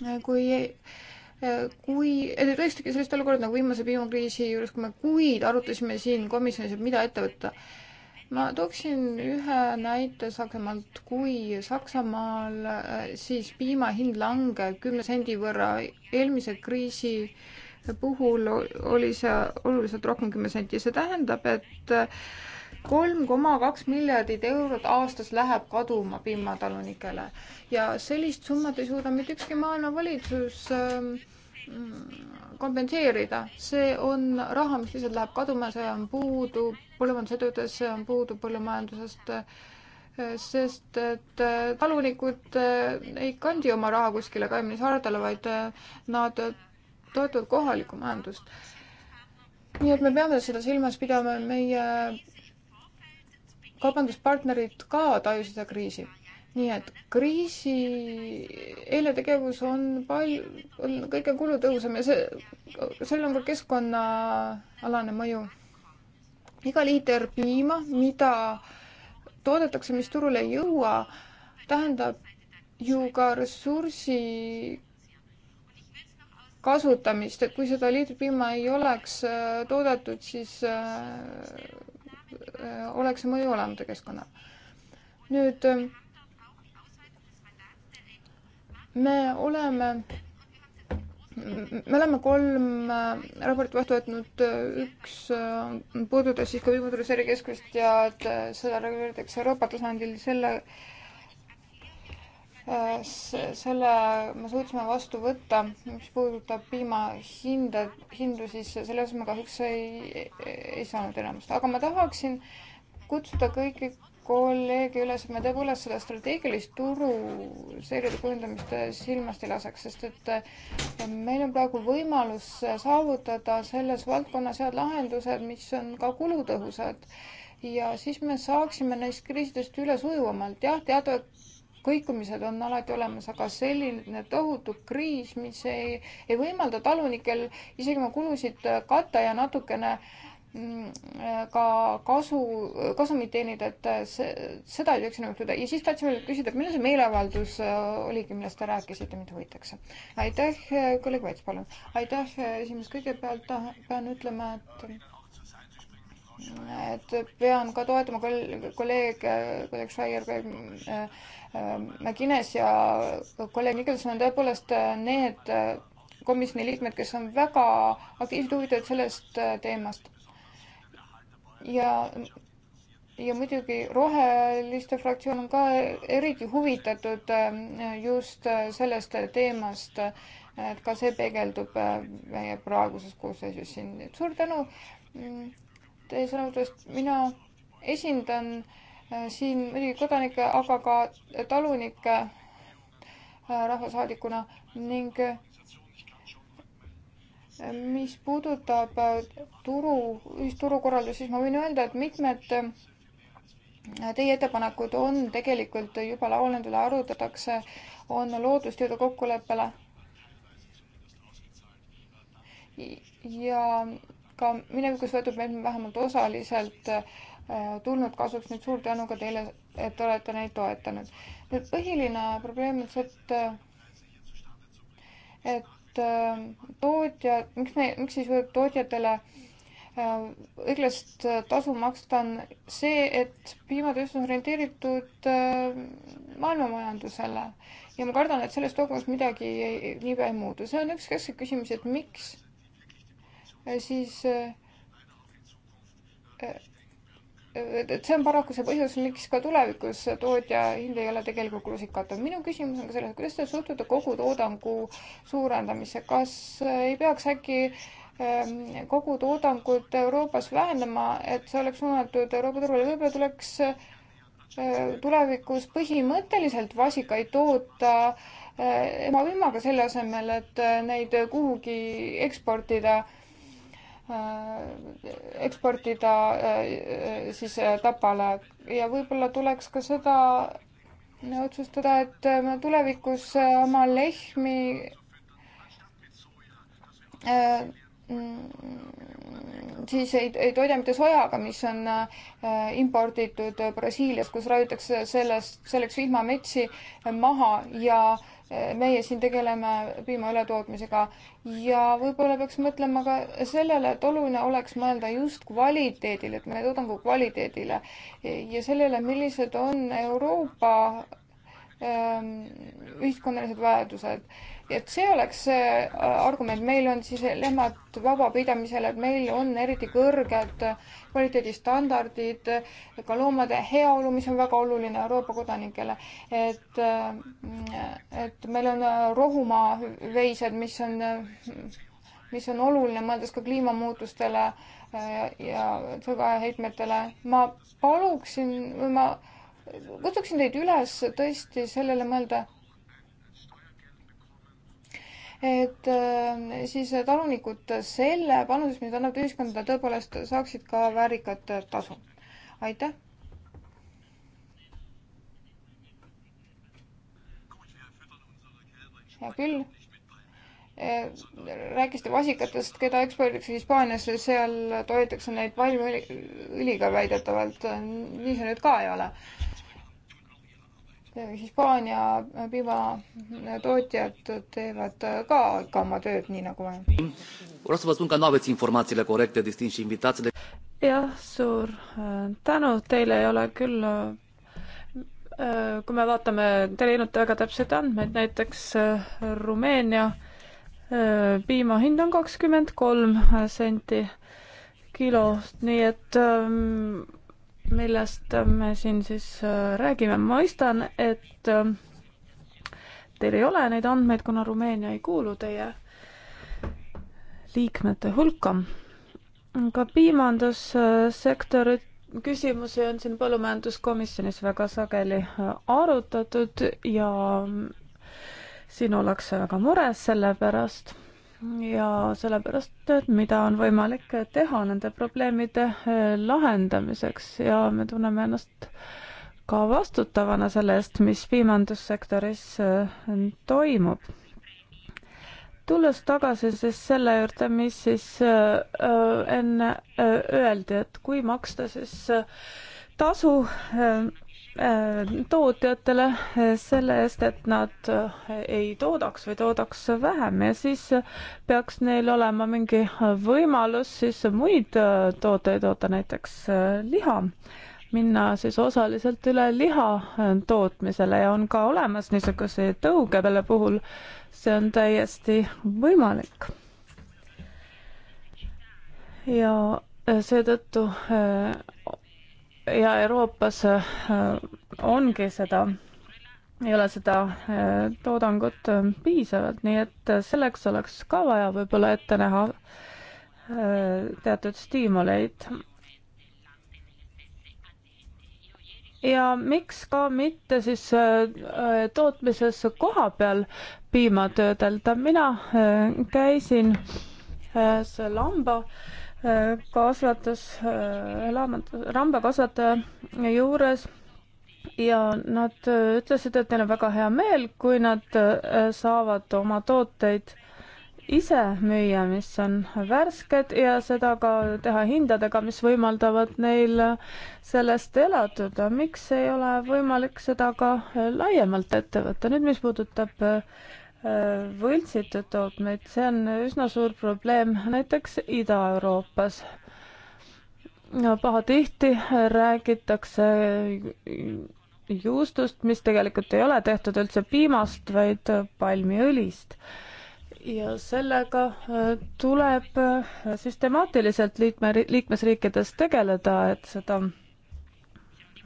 Äh, kui äh, kui, tõesti sellist olukorda nagu viimase piimakriisi juures, kui me kuid arutasime siin komisjonis, et mida ette võtta ma tooksin ühe näite Saksamaalt, kui Saksamaal äh, siis piima hind langeb kümne sendi võrra, eelmise kriisi puhul oli see oluliselt rohkem kümme senti, see tähendab, et äh, kolm koma kaks miljardit eurot aastas läheb kaduma piimatalunikele ja sellist summat ei suuda mitte ükski maailma valitsus äh, kompenseerida, see on raha, mis lihtsalt läheb kaduma, see on puudu põllumajandusedudes, see on puudu põllumajandusest, sest et äh, talunikud äh, ei kandi oma raha kuskile kaemini saardele, vaid äh, nad toetavad kohalikku majandust. nii et me peame seda silmas pidama, meie kaubanduspartnerid ka tajusid seda kriisi nii et kriisi eeltegevus on palju, on kõige kulutõhusam ja see, sellel on ka keskkonnaalane mõju. iga liiter piima, mida toodetakse, mis turule ei jõua, tähendab ju ka ressursi kasutamist, et kui seda liitripiima ei oleks äh, toodetud, siis äh, äh, oleks see mõju olemata keskkonnale. nüüd ähm, me oleme me oleme kolm äh, raportit vastu võtnud, üks äh, puudutas siis ka Ülikooli Seirekeskust ja et äh, seda reguleeritakse Euroopa tasandil, selle, selle me suutsime vastu võtta, mis puudutab piimahinda, hindu, siis selles me kahjuks ei, ei saanud enamust, aga ma tahaksin kutsuda kõiki kolleegi üles, et me tõepoolest seda strateegilist turu seiride kujundamist äh, silmast ei laseks, sest et äh, meil on praegu võimalus äh, saavutada selles valdkonnas head lahendused, mis on ka kulutõhusad. ja siis me saaksime neist kriisidest üle sujuvamalt, jah, teada kõikumised on alati olemas, aga selline tohutu kriis, mis ei, ei võimalda talunikel isegi oma kulusid katta ja natukene äh, ka kasu, kasumit teenida, et seda ei tohiks enam juhtuda. ja siis tahtsin veel küsida, et milline see meeleavaldus äh, oligi, millest te rääkisite, mind huvitaks. aitäh, äh, kolleeg Vaits, palun. aitäh, äh, esimees, kõigepealt pean ütlema, et et pean ka toetama kolleeg, kolleeg, kolleeg Schreier, kolleeg äh, McGuinness ja kolleeg Nikolson on tõepoolest need komisjoni liikmed, kes on väga aktiivselt huvitatud sellest teemast ja ja muidugi Roheliste fraktsioon on ka eriti huvitatud ähm, just äh, sellest teemast, et ka see peegeldub äh, meie praeguses koosseisus siin. suur tänu mm, teie sõnavõtust. mina esindan äh, siin muidugi kodanikke, aga ka talunikke rahvasaadikuna ning mis puudutab äh, turu, ühisturukorraldust, siis ma võin öelda, et mitmed äh, teie ettepanekud on tegelikult juba laual, nende üle arutatakse, on loodust jõuda kokkuleppele. ja ka minevikus võetud meetmed vähemalt osaliselt äh, tulnud kasuks, nüüd suur tänu ka teile, et olete neid toetanud. nüüd põhiline probleem on see, et et Ähm, tootjad, miks me, miks ei suuda tootjatele ähm, õiglast äh, tasu maksta, on see, et piimatööstus on orienteeritud ähm, maailmamajandusele ja ma kardan, et selles dogmas midagi niipea ei muutu. see on üks keskne küsimus, et miks äh, siis äh, äh et see on paraku see põhjus, miks ka tulevikus tootja hind ei ole tegelikult kulusid katav. minu küsimus on ka selles, kuidas te suhtute kogutoodangu suurendamisse, kas äh, ei peaks äkki ähm, kogutoodangut Euroopas vähendama, et see oleks suunatud Euroopa turule, võib-olla tuleks äh, tulevikus põhimõtteliselt vasikaid toota äh, ema-vimmaga selle asemel, et neid kuhugi eksportida Äh, eksportida äh, siis äh, Tapale ja võib-olla tuleks ka seda otsustada, et me tulevikus oma lehmi mm, siis ei, ei toida mitte sojaga, mis on imporditud Brasiiliast, kus raiutakse sellest, selleks vihmametsi maha ja äh, Eh, meie siin tegeleme piima ületootmisega ja võib-olla peaks mõtlema ka sellele, et oluline oleks mõelda just kvaliteedile, et meie toodangu kvaliteedile ja sellele, millised on Euroopa ehm, ühiskonnalised vajadused et see oleks äh, argument, meil on siis lemmad vabapidamisel, et meil on eriti kõrged kvaliteedistandardid, ka loomade heaolu, mis on väga oluline Euroopa kodanikele, et, äh, et meil on äh, rohumaa veised, mis on, mis on oluline, mõeldes ka kliimamuutustele ja sõgaheitmetele. ma paluksin või ma kutsuksin teid üles tõesti sellele mõelda et ähm, siis talunikud selle panuse, mis nad annavad ühiskonda, tõepoolest saaksid ka väärikat äh, tasu. aitäh! hea küll. Äh, rääkisite vasikatest, keda eksporditakse Hispaaniasse, seal toidetakse neid palmiõliga väidetavalt. nii see nüüd ka ei ole Äh, Hispaania äh, piimatootjad äh, teevad ka ikka oma tööd nii nagu vaja. jah, suur tänu, teil ei ole küll kui me vaatame, teil ei olnud väga täpseid andmeid, näiteks Rumeenia piima hind on kakskümmend kolm senti kilost, nii et ähm, millest me siin siis äh, räägime. mõistan, et äh, teil ei ole neid andmeid, kuna Rumeenia ei kuulu teie liikmete hulka. aga piimandussektori küsimusi on siin põllumajanduskomisjonis väga sageli äh, arutatud ja mm, siin ollakse väga mures selle pärast ja sellepärast, et mida on võimalik teha nende probleemide äh, lahendamiseks ja me tunneme ennast ka vastutavana selle eest, mis piimandussektoris äh, toimub. tulles tagasi siis selle juurde, mis siis äh, enne öeldi, et kui maksta siis tasu Äh, tootjatele äh, selle eest, et nad äh, ei toodaks või toodaks vähem ja siis peaks neil olema mingi võimalus siis muid tooteid toota, näiteks liha, minna siis osaliselt üle liha tootmisele ja on ka olemas niisuguseid tõuge, mille puhul see on täiesti võimalik. ja seetõttu ja Euroopas äh, ongi seda, ei ole seda äh, toodangut äh, piisavalt, nii et selleks oleks ka vaja võib-olla ette näha teatud stiimuleid. ja miks ka mitte siis tootmises koha peal piima töödelda, mina käisin see lamba äh, Äh, kasvatas, äh, lambakasvataja juures ja nad äh, ütlesid, et neil on väga hea meel, kui nad saavad oma tooteid ise müüa, mis on värsked ja seda ka teha hindadega, mis võimaldavad neil sellest elatuda. miks ei ole võimalik seda ka laiemalt ette võtta? nüüd, mis puudutab äh, võltsitud dogmeid, see on üsna suur probleem näiteks Ida-Euroopas. pahatihti räägitakse juustust, mis tegelikult ei ole tehtud üldse piimast, vaid palmiõlist. ja sellega äh, tuleb äh, süstemaatiliselt liikme, liikmesriikides tegeleda, et seda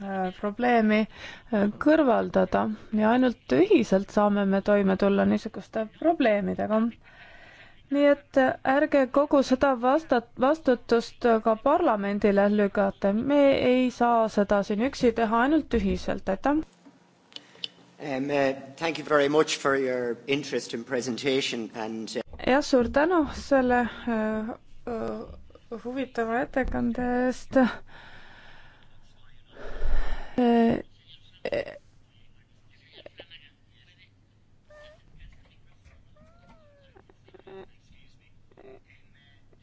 Äh, probleemi äh, kõrvaldada ja ainult ühiselt saame me toime tulla niisuguste probleemidega. nii et äh, ärge kogu seda vastat-, vastutust ka parlamendile lükata, me ei saa seda siin üksi teha, ainult ühiselt, aitäh. Um, uh, thank you very much for your interest and presentation and uh... jah, suur tänu selle uh, uh, huvitava ettekande eest uh,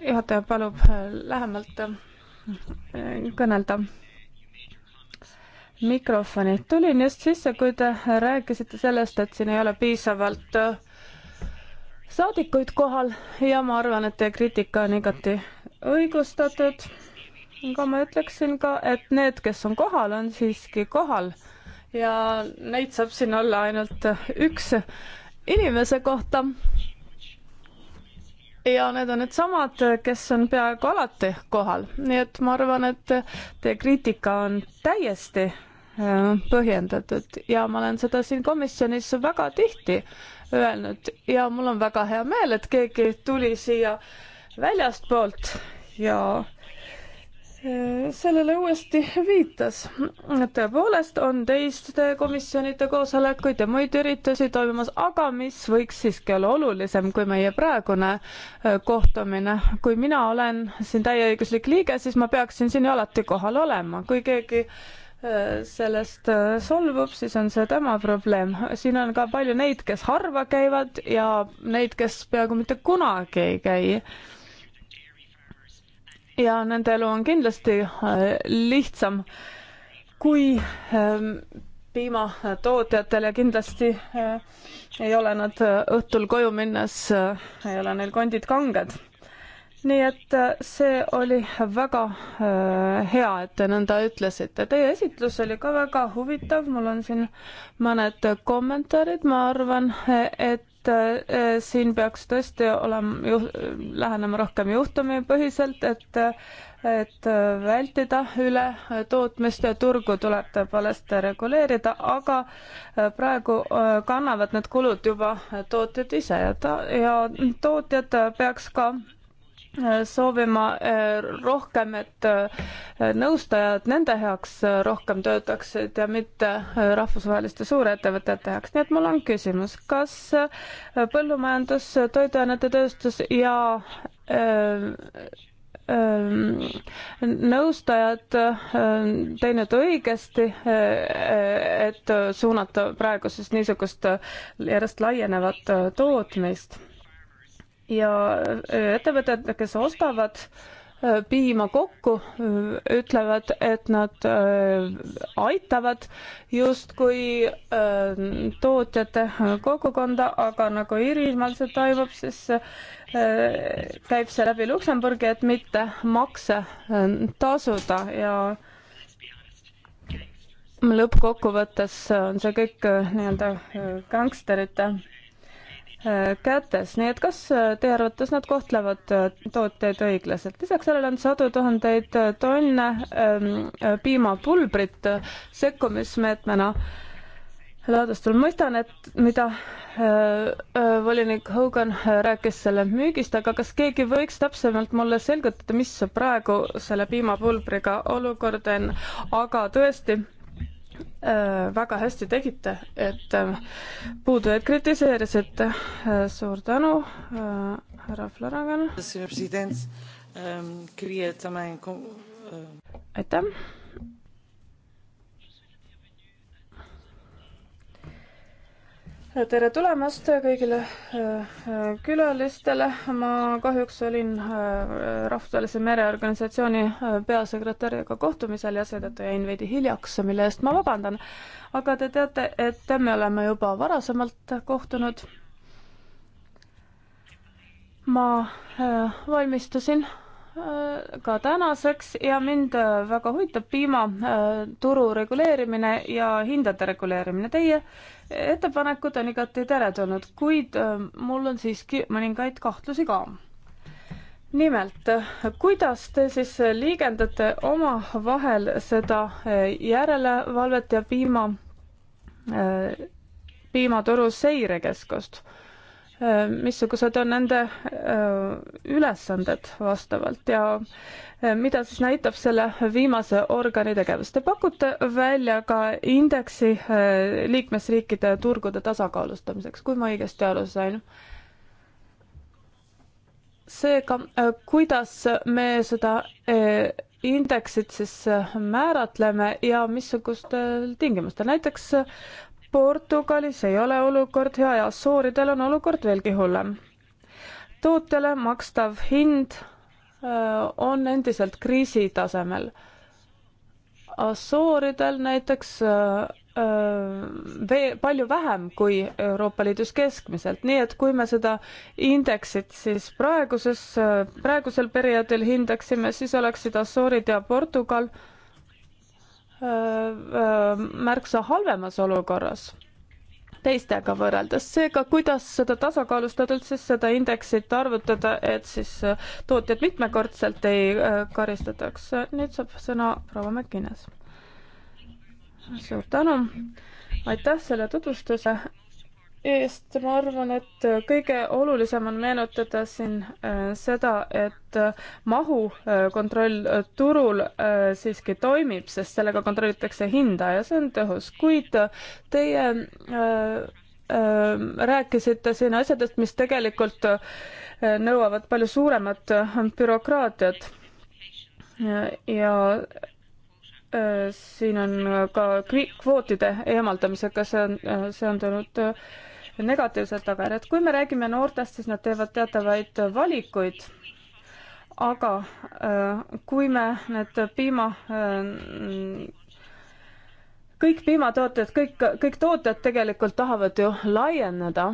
juhataja palub lähemalt kõnelda. mikrofoni. tulin just sisse, kui te rääkisite sellest, et siin ei ole piisavalt saadikuid kohal ja ma arvan, et teie kriitika on igati õigustatud aga ma ütleksin ka, et need, kes on kohal, on siiski kohal ja neid saab siin olla ainult üks inimese kohta. ja need on needsamad, kes on peaaegu alati kohal, nii et ma arvan, et teie kriitika on täiesti äh, põhjendatud ja ma olen seda siin komisjonis väga tihti öelnud ja mul on väga hea meel, et keegi tuli siia väljastpoolt ja sellele uuesti viitas. tõepoolest on teiste komisjonide koosolekuid ja muid üritusi toimumas, aga mis võiks siiski olla olulisem kui meie praegune äh, kohtumine. kui mina olen siin täieõiguslik liige, siis ma peaksin siin ju alati kohal olema, kui keegi äh, sellest äh, solvub, siis on see tema probleem. siin on ka palju neid, kes harva käivad ja neid, kes peaaegu mitte kunagi ei käi ja nende elu on kindlasti äh, lihtsam kui ähm, piimatootjatel ja kindlasti äh, ei ole nad äh, õhtul koju minnes, ei ole neil kondid kanged. nii et see oli väga hea, et te nõnda ütlesite. Teie esitlus oli ka väga huvitav, mul on siin mõned kommentaarid, ma arvan, et et äh, siin peaks tõesti olema, lähenema rohkem juhtumipõhiselt, et et vältida ületootmist ja turgu tuleb tõepoolest reguleerida, aga äh, praegu äh, kannavad need kulud juba tootjad ise ja ta, ja tootjad peaks ka soovima eh, rohkem, et eh, nõustajad nende heaks eh, rohkem töötaksid ja mitte rahvusvaheliste suurettevõtete heaks. nii et mul on küsimus, kas põllumajandus, toiduainete tööstus ja öö, nõustajad teinud õigesti, et suunata praegu siis niisugust järjest laienevat tootmist ja äh, ettevõtted, kes ostavad äh, piima kokku, äh, ütlevad, et nad aitavad justkui tootjate kogukonda, aga nagu Iirimaal see toimub, siis käib see läbi Luksemburgi, et mitte makse tasuda ja lõppkokkuvõttes on see kõik nii-öelda gangsterite Äh, kätes, nii et kas äh, teie arvates nad kohtlevad äh, tooteid õiglaselt? lisaks sellele on sadu tuhandeid tonne ähm, piimapulbrit sekkumismeetmena laadustul. mõistan, et mida äh, äh, volinik Hogan rääkis selle müügist, aga kas keegi võiks täpsemalt mulle selgitada, mis praegu selle piimapulbriga olukord on, aga tõesti Äh, väga hästi tegite, et äh, puudujaid kritiseerisite. Äh, suur tänu, härra Flanagan. Ähm, aitäh. tere tulemast kõigile äh, äh, külalistele. ma kahjuks olin äh, Rahvusvahelise Mereorganisatsiooni peasekretäriga kohtumisel ja seetõttu jäin veidi hiljaks, mille eest ma vabandan. aga te teate, et me oleme juba varasemalt kohtunud. ma valmistusin Äh, ka tänaseks ja mind äh, väga huvitab piimaturu äh, reguleerimine ja hindade reguleerimine. Teie ettepanekud on igati teretulnud, kuid mul on siiski mõningaid kahtlusi ka. nimelt, kuidas te siis liigendate omavahel seda järelevalvet ja piima, piimaturu seirekeskust? Äh, missugused on nende äh, ülesanded vastavalt ja äh, mida siis näitab selle viimase organi tegevus. Te pakute välja ka indeksi liikmesriikide turgude tasakaalustamiseks, kui ma õigesti aru sain seega, kuidas me seda indeksit siis määratleme ja missugustel tingimustel, näiteks Portugalis ei ole olukord hea ja Assuuridel on olukord veelgi hullem. tootjale makstav hind äh, on endiselt kriisi tasemel. Assuuridel näiteks äh, äh, vee-, palju vähem kui Euroopa Liidus keskmiselt, nii et kui me seda indeksit siis praeguses, praegusel perioodil hindaksime, siis oleksid Assuurid ja Portugal äh, märksa halvemas olukorras teistega võrreldes. seega, kuidas seda tasakaalustatult siis seda indeksit arvutada, et siis tootjad mitmekordselt ei karistataks. nüüd saab sõna proua Mäkkines. suur tänu, aitäh selle tutvustuse eest, ma arvan, et kõige olulisem on meenutada siin äh, seda, et äh, mahu äh, kontroll turul siiski toimib, sest sellega kontrollitakse hinda ja see on tõhus, kuid teie rääkisite siin asjadest, mis tegelikult nõuavad palju suuremat bürokraatiat. ja siin on ka kvootide eemaldamisega see on seondunud negatiivsed tagajärjed. kui me räägime noortest, siis nad teevad teatavaid valikuid. aga äh, kui me need piima, äh, kõik piimatooted, kõik, kõik tooted tegelikult tahavad ju laieneda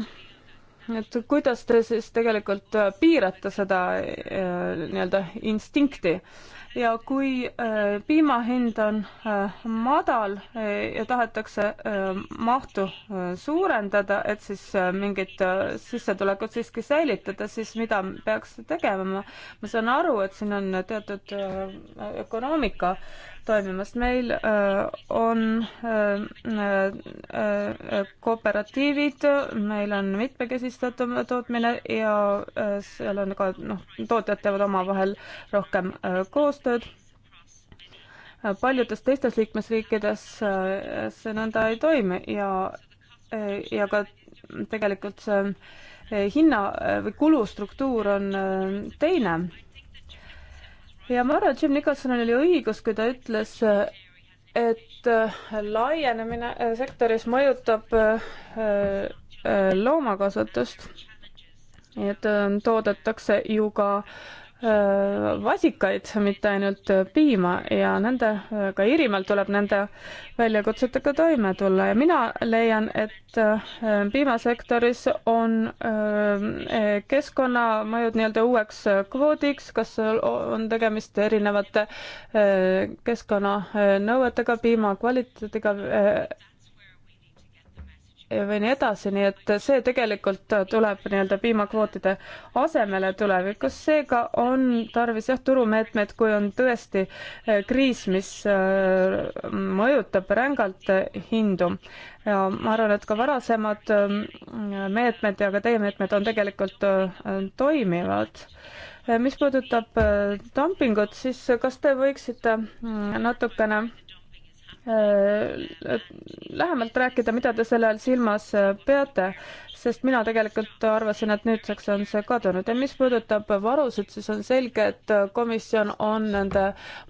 et kuidas te siis tegelikult äh, piirate seda nii-öelda instinkti äh, ja kui äh, piima hind on äh, madal äh, ja tahetakse mahtu suurendada, et siis mingit sissetulekut siiski säilitada, siis mida peaks tegema? ma saan aru, et siin on teatud ökonoomika toimimast. meil äh, on äh, äh, kooperatiivid, meil on mitmekesistatud tootmine ja seal on ka noh, tootjad teevad omavahel rohkem koostööd. paljudes teistes liikmesriikides see nõnda ei toimi ja, ja ka tegelikult see hinna või kulustruktuur on teine ja ma arvan, et Jim Nicholsonil oli õigus, kui ta ütles, et äh, laienemine äh, sektoris mõjutab äh, loomakasvatust. et toodetakse ju ka Äh, vasikaid, mitte ainult piima ja nende, ka Iirimaal tuleb nende väljakutsetega toime tulla ja mina leian, et äh, piimasektoris on äh, keskkonnamõjud nii-öelda uueks kvoodiks, kas on tegemist erinevate keskkonnanõuetega, piima kvaliteediga, või nii edasi, nii et see tegelikult tuleb nii-öelda piimakvootide asemele tulevikus, seega on tarvis jah, turumeetmed, kui on tõesti eh, kriis, mis eh, mõjutab rängalt hindu. ja ma arvan, et ka varasemad eh, meetmed ja ka teie meetmed on tegelikult toimivad mis puudutab dumpingut, siis kas te võiksite mm, natukene Äh, lähemalt rääkida, mida te selle all silmas äh, peate, sest mina tegelikult arvasin, et nüüdseks on see kadunud ja mis puudutab varusid, siis on selge, et komisjon on nende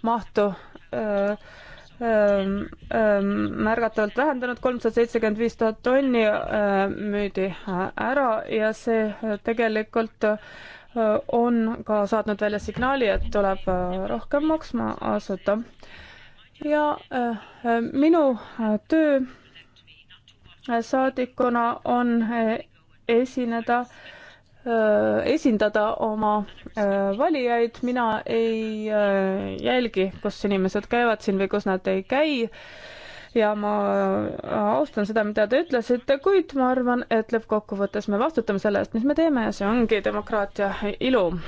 mahtu öö, äh, öö, ähm, ähm, märgatavalt vähendanud, kolmsada seitsekümmend viis tuhat tonni öö, müüdi ära ja see tegelikult on ka saatnud välja signaali, et tuleb rohkem maksma asuda ja äh, minu äh, töö äh, saadikuna on esineda, esindada oma valijaid, mina ei jälgi, kus inimesed käivad siin või kus nad ei käi. ja ma austan seda, mida te ütlesite, kuid ma arvan, et lõppkokkuvõttes me vastutame selle eest, mis me teeme ja see ongi demokraatia ilu.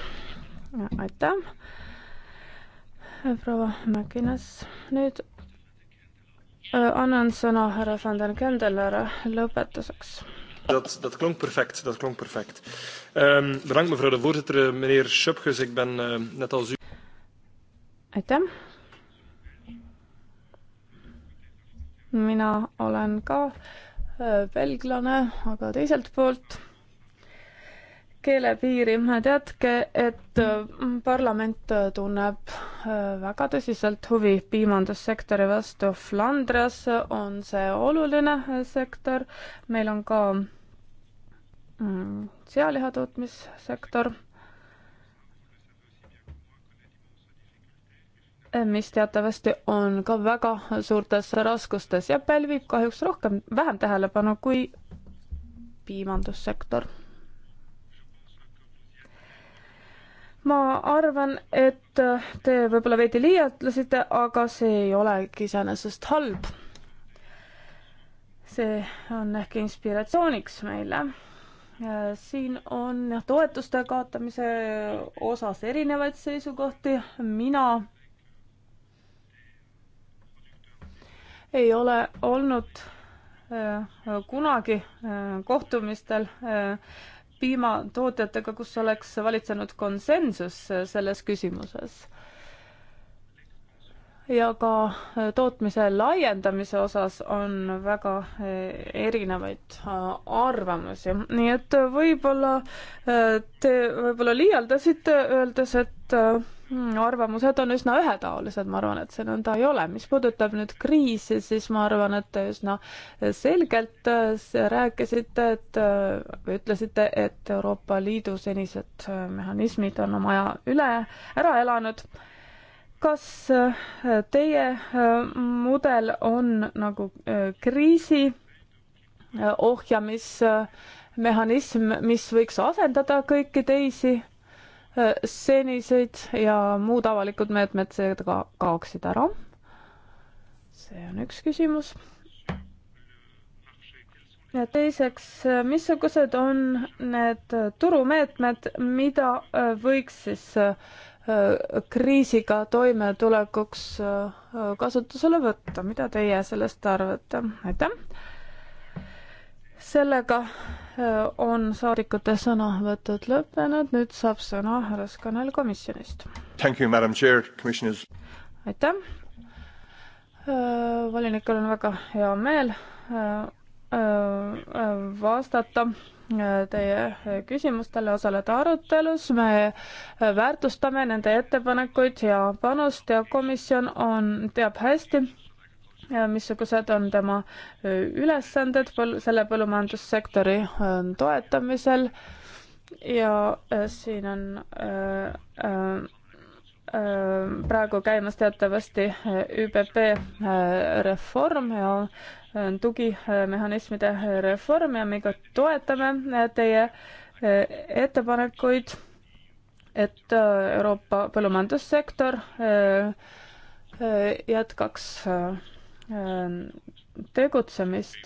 aitäh proua Mäkinas. nüüd äh, annan sõna härra van den Kendelere lõpetuseks. Dat, dat klonk perfect, dat klonk perfect um,. Bedankt mevrouw de voorzitter, eh, meneer Schöpges, ik ben uh, net als u. aitäh. mina olen ka eh, belglane, aga teiselt poolt keelepiiri. teadke, et mm, parlament tunneb äh, väga tõsiselt huvi piimandussektori vastu. Flandrias on see oluline äh, sektor, meil on ka mm, sealiha tootmissektor, äh, mis teatavasti on ka väga suurtes raskustes ja pälvib kahjuks rohkem, vähem tähelepanu kui piimandussektor ma arvan, et te võib-olla veidi liialdasite, aga see ei olegi iseenesest halb. see on ehk inspiratsiooniks meile. siin on jah, toetuste kaotamise osas erinevaid seisukohti, mina ei ole olnud äh, kunagi äh, kohtumistel äh, piimatootjatega, kus oleks valitsenud konsensus selles küsimuses. ja ka tootmise laiendamise osas on väga eh, erinevaid äh, arvamusi, nii et võib-olla äh, te võib-olla liialdasite, öeldes, et Äh, arvamused on üsna ühetaolised, ma arvan, et see nõnda ei ole. mis puudutab nüüd kriisi, siis ma arvan, et te üsna selgelt äh, rääkisite, et äh, või ütlesite, et Euroopa Liidu senised mehhanismid on oma aja üle, ära elanud. kas teie mudel on nagu kriisi ohjamismehhanism, mis võiks asendada kõiki teisi Äh, senised ja muud avalikud meetmed seega kaoksid ära. see on üks küsimus. ja teiseks, äh, missugused on need turumeetmed, mida äh, võiks siis kriisiga toimetulekuks kasutusele võtta, mida teie sellest arvate? aitäh! sellega on saadikute sõnavõtud lõppenud, nüüd saab sõna härra Skanel komisjonist. aitäh. Äh, volinikel on väga hea meel äh, äh, vastata teie küsimustele, osaleda arutelus, me väärtustame nende ettepanekuid ja panust ja komisjon on, teab hästi, missugused on tema ülesanded põl-, selle põllumajandussektori toetamisel ja siin on äh, äh, praegu käimas teatavasti ÜPP reform ja tugimehhanismide reform ja me ka toetame teie ettepanekuid, et Euroopa põllumajandussektor jätkaks Ähm, tegutsemist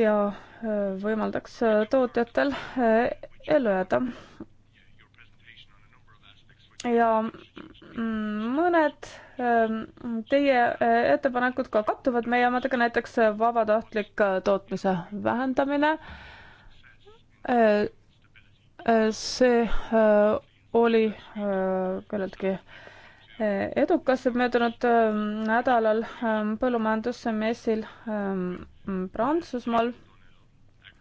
ja äh, võimaldaks äh, tootjatel äh, ellu jääda. ja mm, mõned ähm, teie ettepanekud ka kattuvad meie omadega, näiteks vabatahtlik tootmise vähendamine. see oli kelleltki edukas möödunud ähm, nädalal ähm, põllumajandusmessil ähm, Prantsusmaal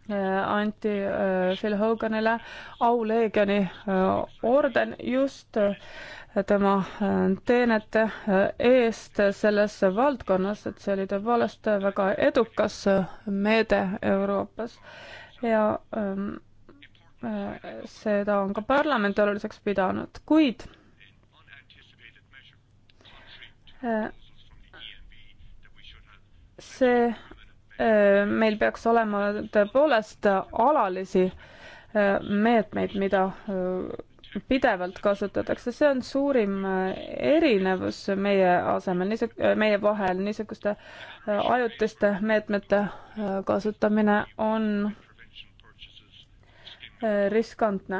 äh, anti äh, Phil Hoganile auleegioni äh, orden just tema teenete eest selles valdkonnas, et see oli tõepoolest väga edukas meede Euroopas ja seda on ka parlament oluliseks pidanud, kuid see, äh, meil peaks olema tõepoolest alalisi äh, meetmeid, mida äh, pidevalt kasutatakse, see on suurim erinevus meie asemel, niisug-, meie vahel, niisuguste ajutiste meetmete kasutamine on Äh, riskantne.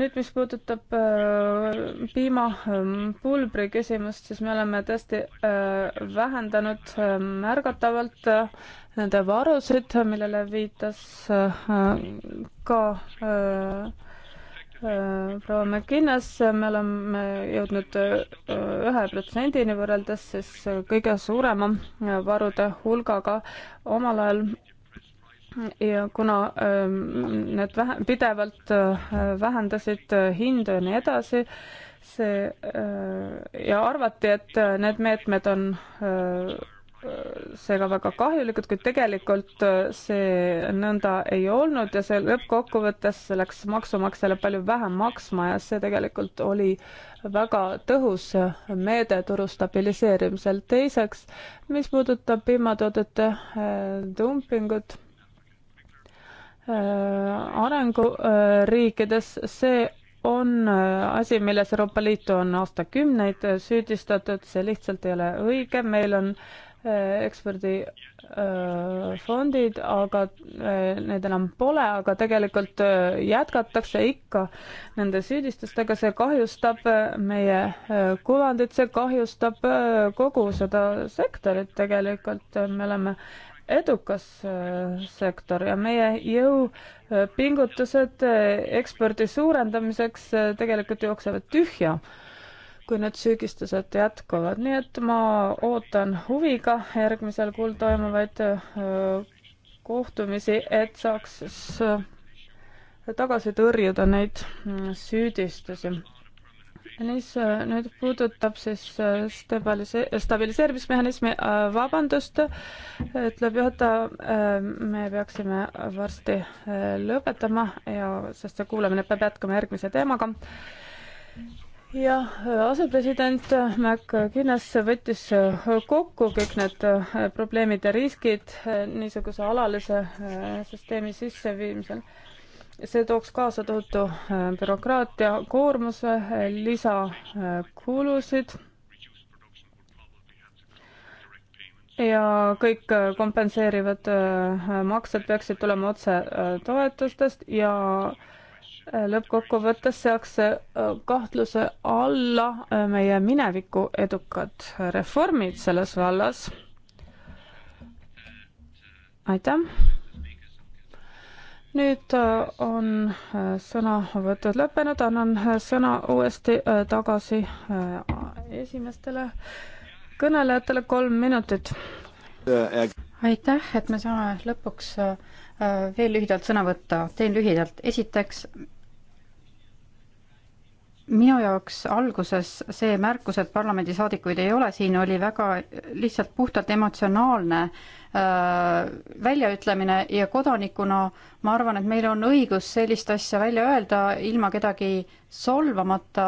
nüüd, mis puudutab äh, piimapulbri ähm, küsimust, siis me oleme tõesti äh, vähendanud ähm, märgatavalt nende varusid, millele viitas ka proua McInnes, me oleme jõudnud ühe protsendini võrreldes siis kõige suurema varude hulgaga omal ajal ja kuna ähm, need vähe, pidevalt äh, vähendasid äh, hindu ja nii edasi, see äh, ja arvati, et need meetmed on seega väga kahjulikud, kuid tegelikult see nõnda ei olnud ja see lõppkokkuvõttes läks maksumaksjale palju vähem maksma ja see tegelikult oli väga tõhus meede turu stabiliseerimisel. teiseks, mis puudutab piimatoodete dumpingut Äh, arenguriikides, äh, see on äh, asi, milles Euroopa Liitu on aastakümneid süüdistatud, see lihtsalt ei ole õige, meil on ekspordifondid, aga need enam pole, aga tegelikult jätkatakse ikka nende süüdistustega, see kahjustab meie kuvandit, see kahjustab kogu seda sektorit tegelikult, me oleme edukas äh, sektor ja meie jõupingutused äh, ekspordi suurendamiseks äh, tegelikult jooksevad tühja, kui need süüdistused jätkuvad. nii et ma ootan huviga järgmisel kuul toimuvaid kohtumisi, et saaks siis tagasi tõrjuda neid mm, süüdistusi mis äh, nüüd puudutab siis äh, stabilise-, stabiliseerimismehhanismi, äh, vabandust, ütleb juhataja, me peaksime varsti lõpetama ja, sest see kuulamine peab jätkama järgmise teemaga. ja asepresident McGuinness võttis kokku kõik need probleemid ja riskid niisuguse alalise süsteemi sisseviimisel see tooks kaasa tohutu äh, bürokraatia koormuse, lisakulusid ja kõik äh, kompenseerivad äh, maksed peaksid tulema otse toetustest ja lõppkokkuvõttes seaks see kahtluse alla meie mineviku edukad reformid selles vallas. aitäh! nüüd äh, on äh, sõnavõtud lõppenud, annan äh, sõna uuesti tagasi esimestele kõnelejatele, kolm minutit. aitäh, et me saame lõpuks veel lühidalt sõna võtta, teen lühidalt. esiteks, minu jaoks alguses see märkus, et parlamendisaadikuid ei ole siin, oli väga lihtsalt puhtalt emotsionaalne äh, Äh, väljaütlemine ja kodanikuna ma arvan, et meil on õigus sellist asja välja öelda ilma kedagi solvamata.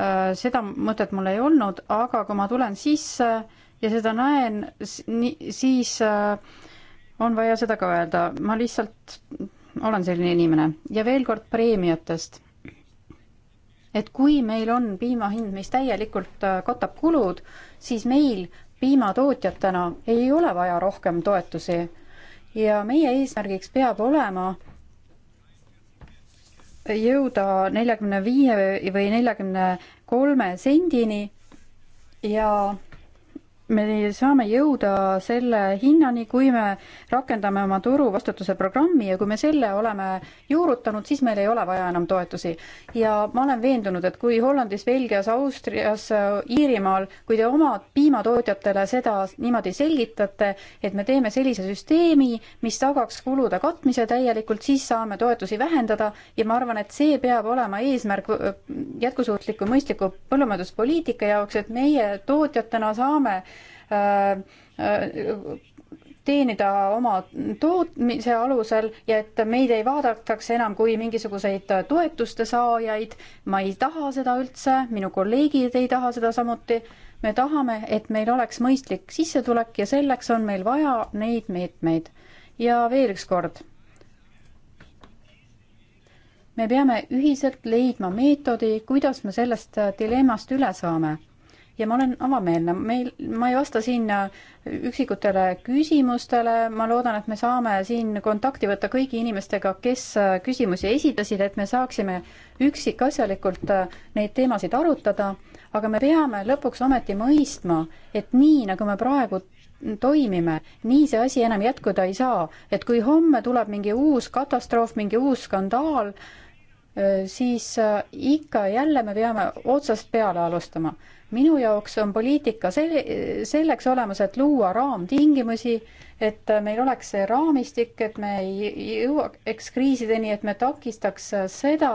Äh, seda mõtet mul ei olnud, aga kui ma tulen sisse ja seda näen, siis äh, on vaja seda ka öelda. ma lihtsalt olen selline inimene ja veel kord preemiatest et kui meil on piima hind, mis täielikult katab kulud, siis meil piimatootjatena ei ole vaja rohkem toetusi ja meie eesmärgiks peab olema jõuda neljakümne viie või neljakümne kolme sendini ja me saame jõuda selle hinnani, kui me rakendame oma turuvastutuse programmi ja kui me selle oleme juurutanud, siis meil ei ole vaja enam toetusi. ja ma olen veendunud, et kui Hollandis, Belgias, Austrias, Iirimaal, kui te oma piimatootjatele seda niimoodi selgitate, et me teeme sellise süsteemi, mis tagaks kulude katmise täielikult, siis saame toetusi vähendada ja ma arvan, et see peab olema eesmärk jätkusuutliku mõistliku põllumajanduspoliitika jaoks, et meie tootjatena saame teenida oma tootmise alusel ja et meid ei vaadataks enam kui mingisuguseid toetuste saajaid. ma ei taha seda üldse, minu kolleegid ei taha seda samuti. me tahame, et meil oleks mõistlik sissetulek ja selleks on meil vaja neid meetmeid. ja veel üks kord. me peame ühiselt leidma meetodi, kuidas me sellest dilemmast üle saame ja ma olen avameelne, meil, ma ei vasta siin äh, üksikutele küsimustele, ma loodan, et me saame siin kontakti võtta kõigi inimestega, kes äh, küsimusi esitasid, et me saaksime üksikasjalikult äh, neid teemasid arutada, aga me peame lõpuks ometi mõistma, et nii, nagu me praegu toimime, nii see asi enam jätkuda ei saa, et kui homme tuleb mingi uus katastroof, mingi uus skandaal, siis ikka ja jälle me peame otsast peale alustama minu jaoks on poliitika selle, selleks olemas, et luua raamtingimusi, et meil oleks see raamistik, et me ei jõuaks kriisideni, et me takistaks seda,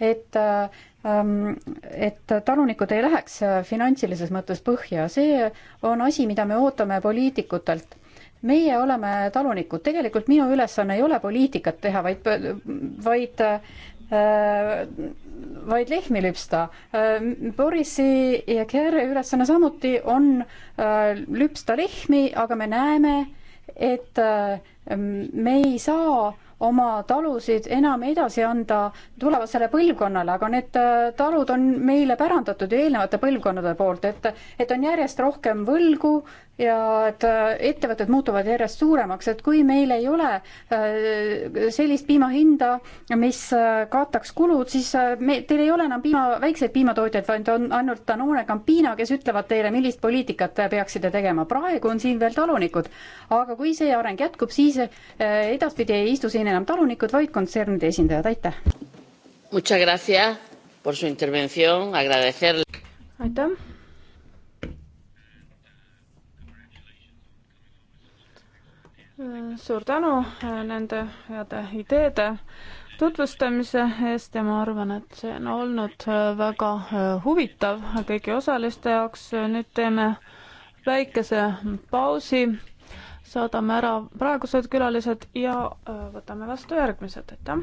et ähm, et talunikud ei läheks finantsilises mõttes põhja, see on asi, mida me ootame poliitikutelt meie oleme talunikud, tegelikult minu ülesanne ei ole poliitikat teha, vaid, vaid Äh, vaid lehmi lüpsta. Äh, Borisi ja Kerre ülesanne samuti on äh, lüpsta lehmi, aga me näeme, et me ei saa oma talusid enam edasi anda tulevasele põlvkonnale, aga need äh, talud on meile pärandatud ju eelnevate põlvkondade poolt, et, et on järjest rohkem võlgu ja et äh, ettevõtted muutuvad järjest suuremaks, et kui meil ei ole äh, sellist piima hinda, mis kataks kulud, siis me, teil ei ole enam piima, väikseid piimatootjaid, vaid on ainult Danone Campina, kes ütlevad teile, millist poliitikat te peaksite tegema. praegu on siin veel talunikud, aga kui see areng jätkub, siis edaspidi ei istu siin siin enam talunikud, vaid kontsernide esindajad, aitäh! aitäh! suur tänu äh, nende heade ideede tutvustamise eest ja ma arvan, et see on olnud äh, väga äh, huvitav kõigi osaliste jaoks. nüüd teeme väikese pausi saadame ära praegused külalised ja äh, võtame vastu järgmised, aitäh!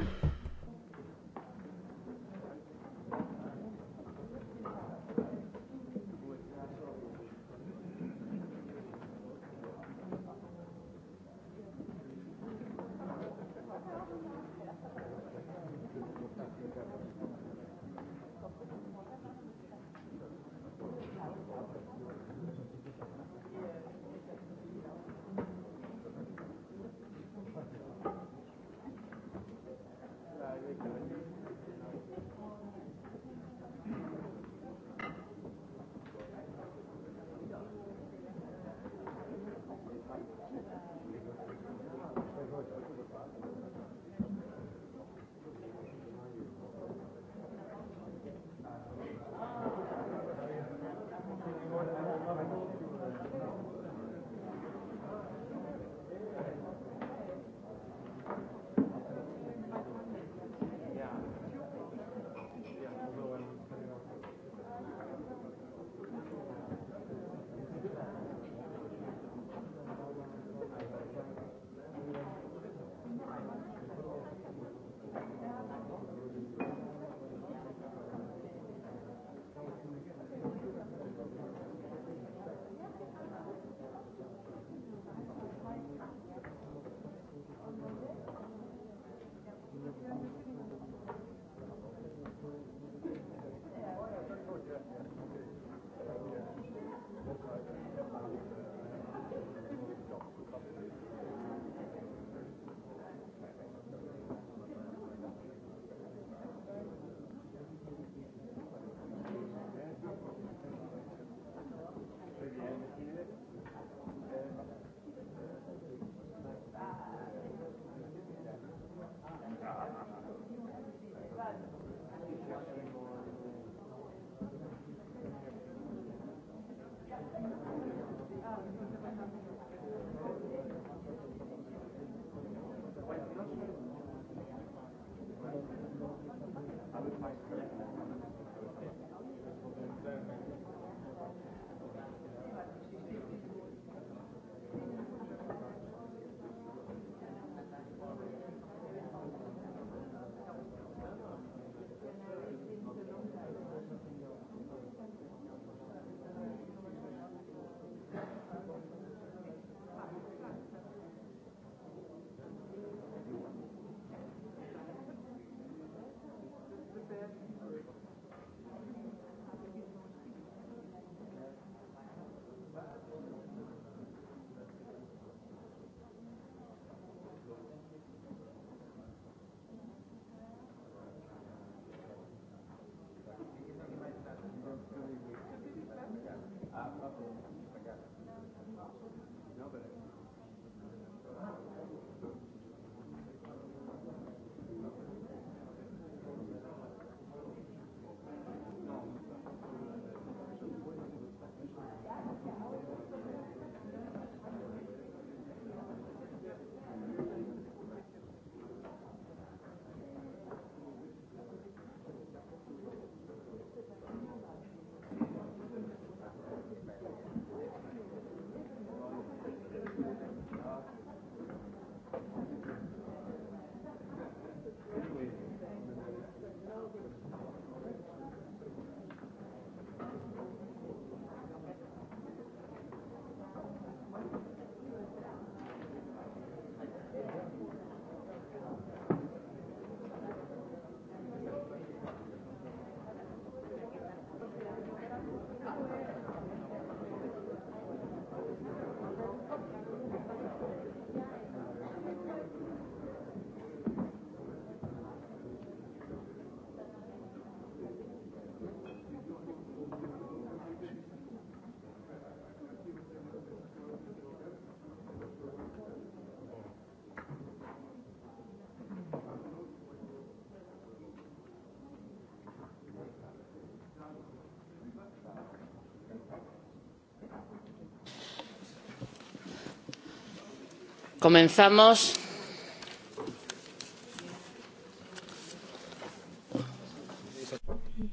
Comenzamos.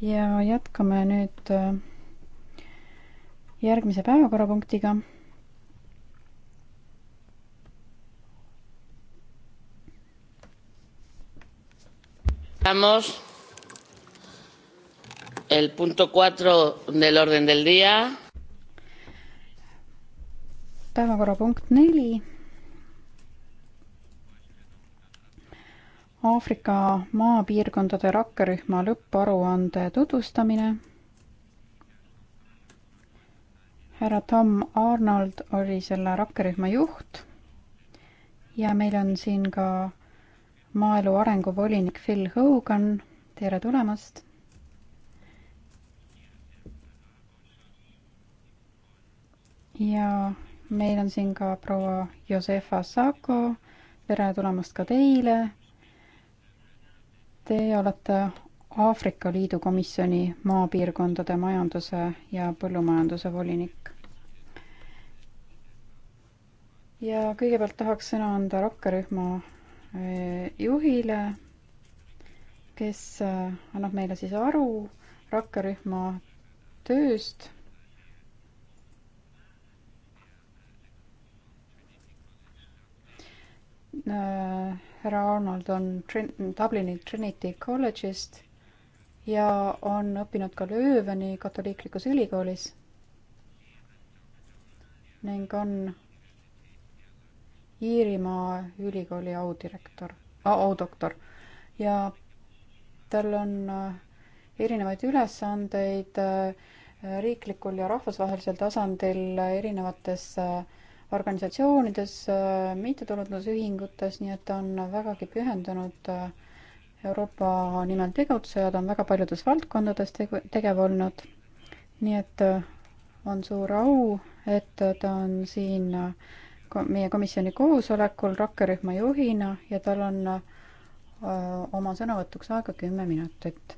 ja jätkame nüüd äh, järgmise päevakorrapunktiga. Vamos el punto cuatro del orden del día. päevakorrapunkt neli Aafrika maapiirkondade rakkerühma lõpparuande tutvustamine. härra Tom Arnold oli selle rakkerühma juht ja meil on siin ka maaelu arenguvolinik Phil Hogan, tere tulemast. ja meil on siin ka proua Josefa Sako, tere tulemast ka teile. Teie olete Aafrika Liidu komisjoni maapiirkondade majanduse ja põllumajanduse volinik. ja kõigepealt tahaks sõna anda rakkerühma eh, juhile, kes eh, annab meile siis aru rakkerühma tööst äh, härra Arnold on Trin-, Dublini Trinity kolledžist ja on õppinud ka Lööveni katoliiklikus ülikoolis ning on Iirimaa ülikooli audirektor, audoktor ja tal on äh, erinevaid ülesandeid äh, riiklikul ja rahvusvahelisel tasandil erinevates äh, organisatsioonides, äh, mittetulundusühingutes, nii et ta on vägagi pühendunud äh, Euroopa nimel tegutseja, ta on väga paljudes valdkondades tegu-, tegev olnud. nii et äh, on suur au, et ta on siin meie komisjoni koosolekul rakkerühma juhina ja tal on öö, oma sõnavõtuks aega kümme minutit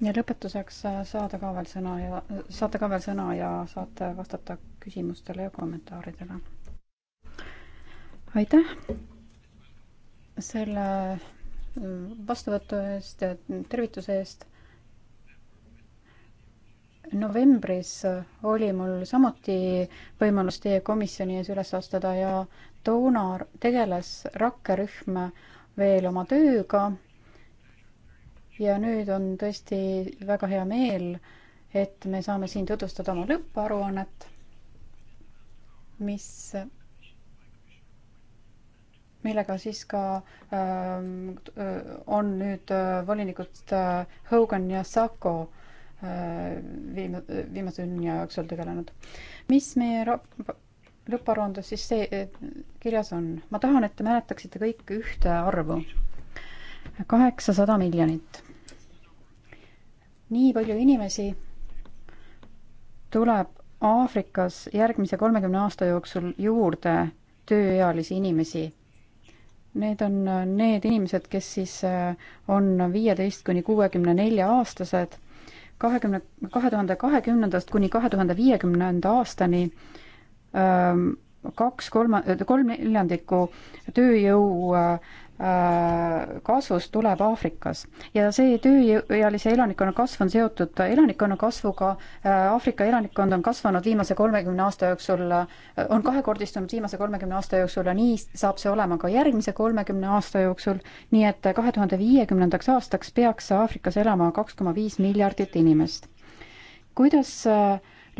ja lõpetuseks äh, saada ka veel sõna ja äh, saate ka veel sõna ja saate vastata küsimustele ja kommentaaridele. aitäh selle äh, vastuvõtu eest ja tervituse eest. novembris oli mul samuti võimalus teie komisjoni ees üles astuda ja toona tegeles rakkerühm veel oma tööga ja nüüd on tõesti väga hea meel, et me saame siin tutvustada oma lõpparuannet, mis, millega siis ka ähm, äh, on nüüd äh, volinikud äh, Hogan ja Sako äh, viim-, viimase tunni jooksul tegelenud. mis meie lõpparuandes siis see kirjas on? ma tahan, et te mäletaksite kõik ühte arvu, kaheksasada miljonit nii palju inimesi tuleb Aafrikas järgmise kolmekümne aasta jooksul juurde tööealisi inimesi. Need on äh, need inimesed, kes siis äh, on viieteist kuni kuuekümne nelja aastased. kahekümne, kahe tuhande kahekümnendast kuni kahe tuhande viiekümnenda aastani ähm, kaks kolma, kolm neljandikku tööjõu äh, Äh, kasvust tuleb Aafrikas ja see tööealise elanikkonna kasv on seotud elanikkonna kasvuga. Äh, Aafrika elanikkond on kasvanud viimase kolmekümne aasta jooksul, äh, on kahekordistunud viimase kolmekümne aasta jooksul ja nii saab see olema ka järgmise kolmekümne aasta jooksul. nii et kahe tuhande viiekümnendaks aastaks peaks Aafrikas elama kaks koma viis miljardit inimest. kuidas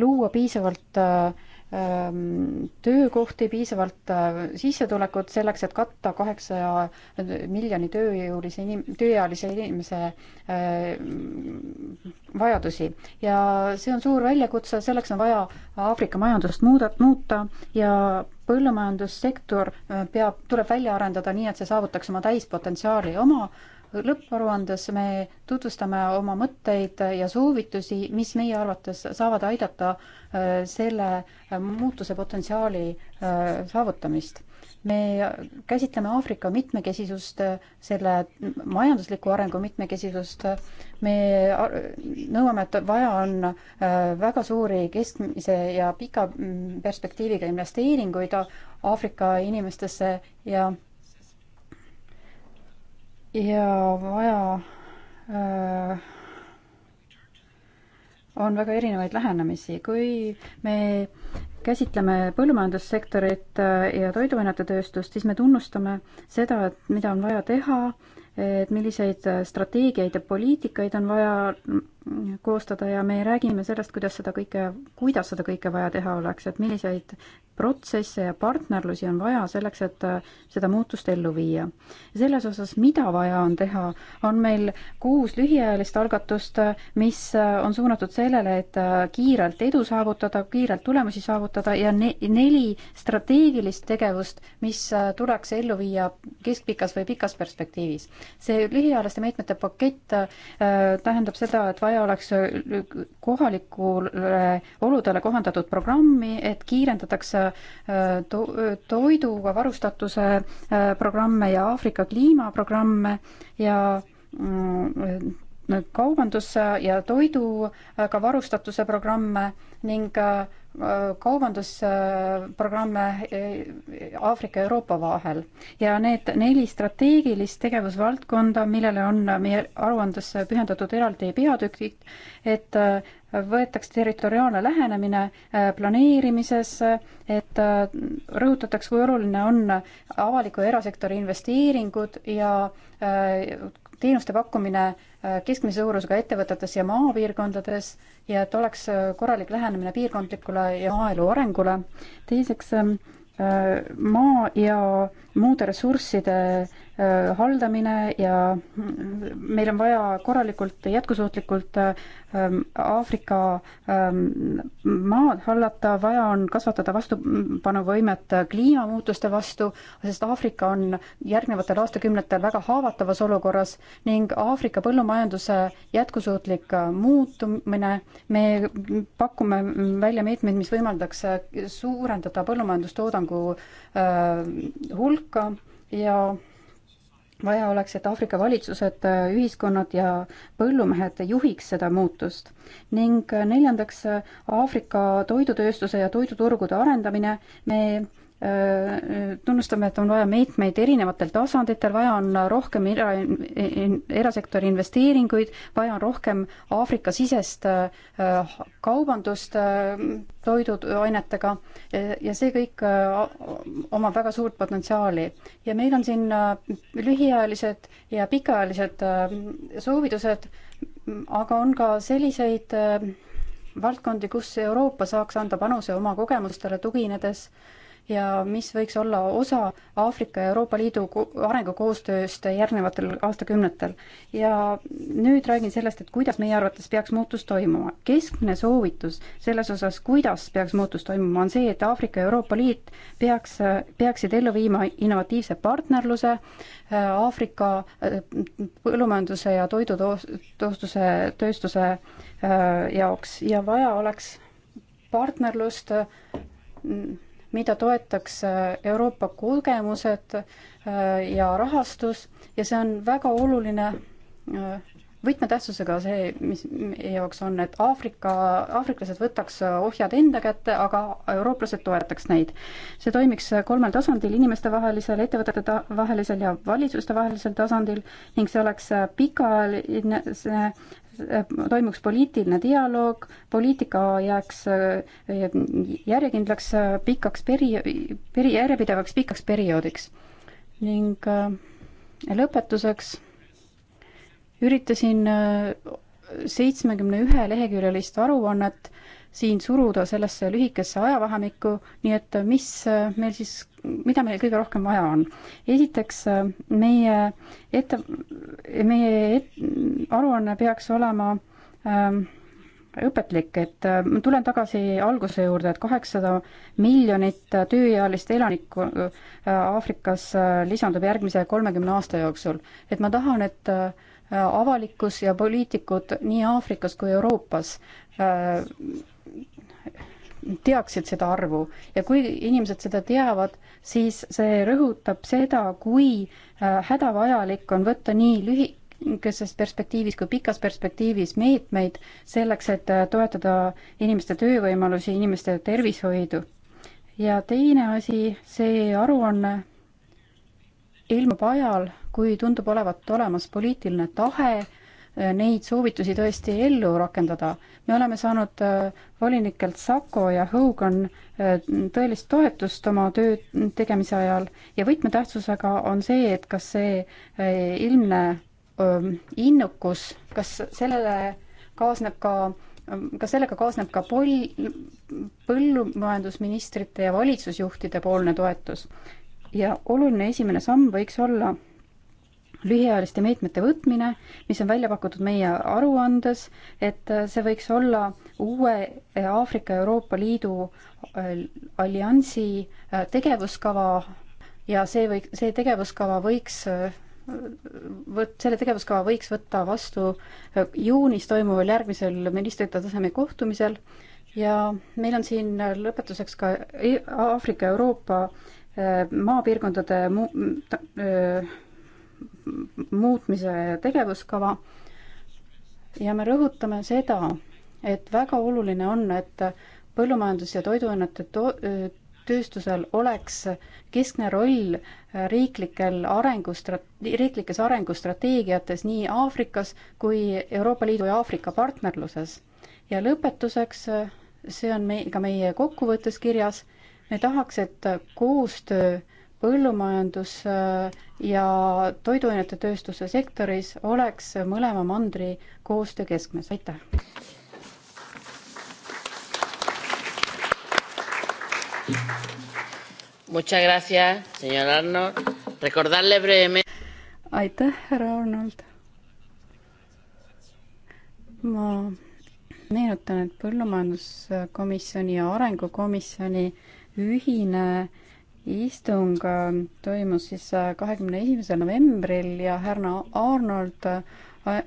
luua piisavalt äh, Ähm, töökohti, piisavalt äh, sissetulekut selleks, et katta kaheksasaja miljoni tööjõulise inim-, tööealise inimese äh, vajadusi. ja see on suur väljakutse, selleks on vaja Aafrika majandust muuda, muuta ja põllumajandussektor äh, peab, tuleb välja arendada nii, et see saavutaks oma täispotentsiaali. oma äh, lõpparuandes me tutvustame oma mõtteid ja soovitusi, mis meie arvates saavad aidata äh, selle äh, muutuse potentsiaali äh, saavutamist. me käsitleme Aafrika mitmekesisust, selle majandusliku arengu mitmekesisust, me nõuame, et vaja on väga suuri keskmise ja pika mm, perspektiiviga investeeringuid Aafrika inimestesse ja ja vaja äh, on väga erinevaid lähenemisi, kui me käsitleme põllumajandussektorit äh, ja toiduainetetööstust, siis me tunnustame seda, et mida on vaja teha, et milliseid äh, strateegiaid ja poliitikaid on vaja koostada ja me räägime sellest, kuidas seda kõike, kuidas seda kõike vaja teha oleks, et milliseid protsesse ja partnerlusi on vaja selleks, et äh, seda muutust ellu viia. selles osas, mida vaja on teha, on meil kuus lühiajalist algatust, äh, mis äh, on suunatud sellele, et kiirelt edu saavutada, kiirelt tulemusi saavutada ja ne-, neli strateegilist tegevust, mis tuleks ellu viia keskpikas või pikas perspektiivis. see lühiajaliste meetmete pakett äh, tähendab seda, et vaja vaja oleks kohalikule oludele kohandatud programmi, et kiirendatakse äh, to toiduga varustatuse äh, programme ja Aafrika kliimaprogramme ja mm, kaubandus- ja toiduga varustatuse programme ning äh, kaubandusprogramme eh, Aafrika ja Euroopa vahel ja need neli strateegilist tegevusvaldkonda, millele on meie aruandes pühendatud eraldi peatükid, et eh, võetaks territoriaalne lähenemine eh, planeerimises, et rõhutataks, kui oluline on avaliku ja erasektori investeeringud ja teenuste pakkumine äh, keskmise suurusega ettevõtetes ja maapiirkondades ja et oleks äh, korralik lähenemine piirkondlikule ja maaelu arengule. teiseks, ähm, äh, maa ja muude ressursside haldamine ja mm, meil on vaja korralikult, jätkusuutlikult Aafrika maad hallata, vaja on kasvatada vastupanuvõimet kliimamuutuste vastu, sest Aafrika on järgnevatel aastakümnetel väga haavatavas olukorras ning Aafrika põllumajanduse jätkusuutlik muutumine, me pakume välja meetmeid, mis võimaldaks suurendada põllumajandustoodangu hulka ja vaja oleks, et Aafrika valitsused, ühiskonnad ja põllumehed juhiks seda muutust. ning neljandaks, Aafrika toidutööstuse ja toiduturgude arendamine. me Äh, tunnustame, et on vaja meetmeid erinevatel tasanditel, vaja on rohkem era, erasektori investeeringuid, vaja on rohkem Aafrika-sisest äh, kaubandust äh, toiduainetega ja see kõik omab väga suurt potentsiaali. ja meil on siin lühiajalised ja pikaajalised soovitused, aga on ka selliseid valdkondi, kus Euroopa saaks anda panuse oma kogemustele tuginedes äh, ja mis võiks olla osa Aafrika ja Euroopa Liidu arengukoostööst järgnevatel aastakümnetel. ja nüüd räägin sellest, et kuidas meie arvates peaks muutus toimuma. keskne soovitus selles osas, kuidas peaks muutus toimuma, on see, et Aafrika ja Euroopa Liit peaks, peaksid ellu viima innovatiivse partnerluse äh, Aafrika äh, põllumajanduse ja toidutoostuse, tööstuse äh, jaoks ja vaja oleks partnerlust mida toetaks äh, Euroopa kogemused äh, ja rahastus ja see on väga oluline äh, võtmetähtsusega see, mis meie jaoks on, et Aafrika, aafriklased võtaks ohjad enda kätte, aga eurooplased toetaks neid. see toimiks kolmel tasandil, inimestevahelisel, ettevõtete ta-, vahelisel ja valitsuste vahelisel tasandil ning see oleks pikaajaline toimuks poliitiline dialoog, poliitika jääks eh, järjekindlaks pikaks peri-, peri-, järjepidevaks pikaks perioodiks. ning eh, lõpetuseks üritasin eh, seitsmekümne ühe leheküljelist aruannet siin suruda sellesse lühikesse ajavahemikku, nii et mis meil siis, mida meil kõige rohkem vaja on? esiteks, meie ette, meie et, aruanne peaks olema ähm, õpetlik, et äh, ma äh, tulen tagasi alguse juurde, et kaheksasada miljonit tööealist elanikku äh, Aafrikas äh, äh, lisandub järgmise kolmekümne aasta jooksul. et ma tahan, et äh, avalikkus ja poliitikud nii Aafrikas kui Euroopas teaksid seda arvu ja kui inimesed seda teavad, siis see rõhutab seda, kui äh, hädavajalik on võtta nii lühikeses perspektiivis kui pikas perspektiivis meetmeid selleks, et äh, toetada inimeste töövõimalusi, inimeste tervishoidu. ja teine asi, see aruanne ilmub ajal, kui tundub olevat olemas poliitiline tahe neid soovitusi tõesti ellu rakendada. me oleme saanud äh, volinikelt Sako ja Hogan äh, tõelist toetust oma töö tegemise ajal ja võtmetähtsusega on see, et kas see äh, ilmne innukus, kas sellele kaasneb ka ka sellega kaasneb ka pol-, põllumajandusministrite ja valitsusjuhtide poolne toetus. ja oluline esimene samm võiks olla lühiajaliste meetmete võtmine, mis on välja pakutud meie aruandes, et äh, see võiks olla uue äh, Aafrika-Euroopa Liidu äh, alliansi tegevuskava ja see või, see tegevuskava võiks võt-, selle tegevuskava võiks võtta vastu juunis toimuval järgmisel ministrite taseme kohtumisel ja meil on siin lõpetuseks ka Aafrika-Euroopa maapiirkondade mu-, muutmise tegevuskava ja me rõhutame seda, et väga oluline on, et põllumajandus- ja toiduainete to-, tööstusel oleks keskne roll riiklikel arengustrat-, riiklikes arengustrateegiates nii Aafrikas kui Euroopa Liidu ja Aafrika partnerluses. ja lõpetuseks, see on mei-, ka meie kokkuvõttes kirjas, me tahaks, et koostöö põllumajandus- äh, ja toiduainete tööstuse sektoris oleks mõlema mandri koostöö keskmes, aitäh! Muchas gracias, señor Arnold. Recordarle brevemente. aitäh, härra Arnold. ma meenutan, et põllumajanduskomisjoni ja arengukomisjoni ühine äh, istung äh, toimus siis äh, kahekümne esimesel novembril ja härra Arnold äh,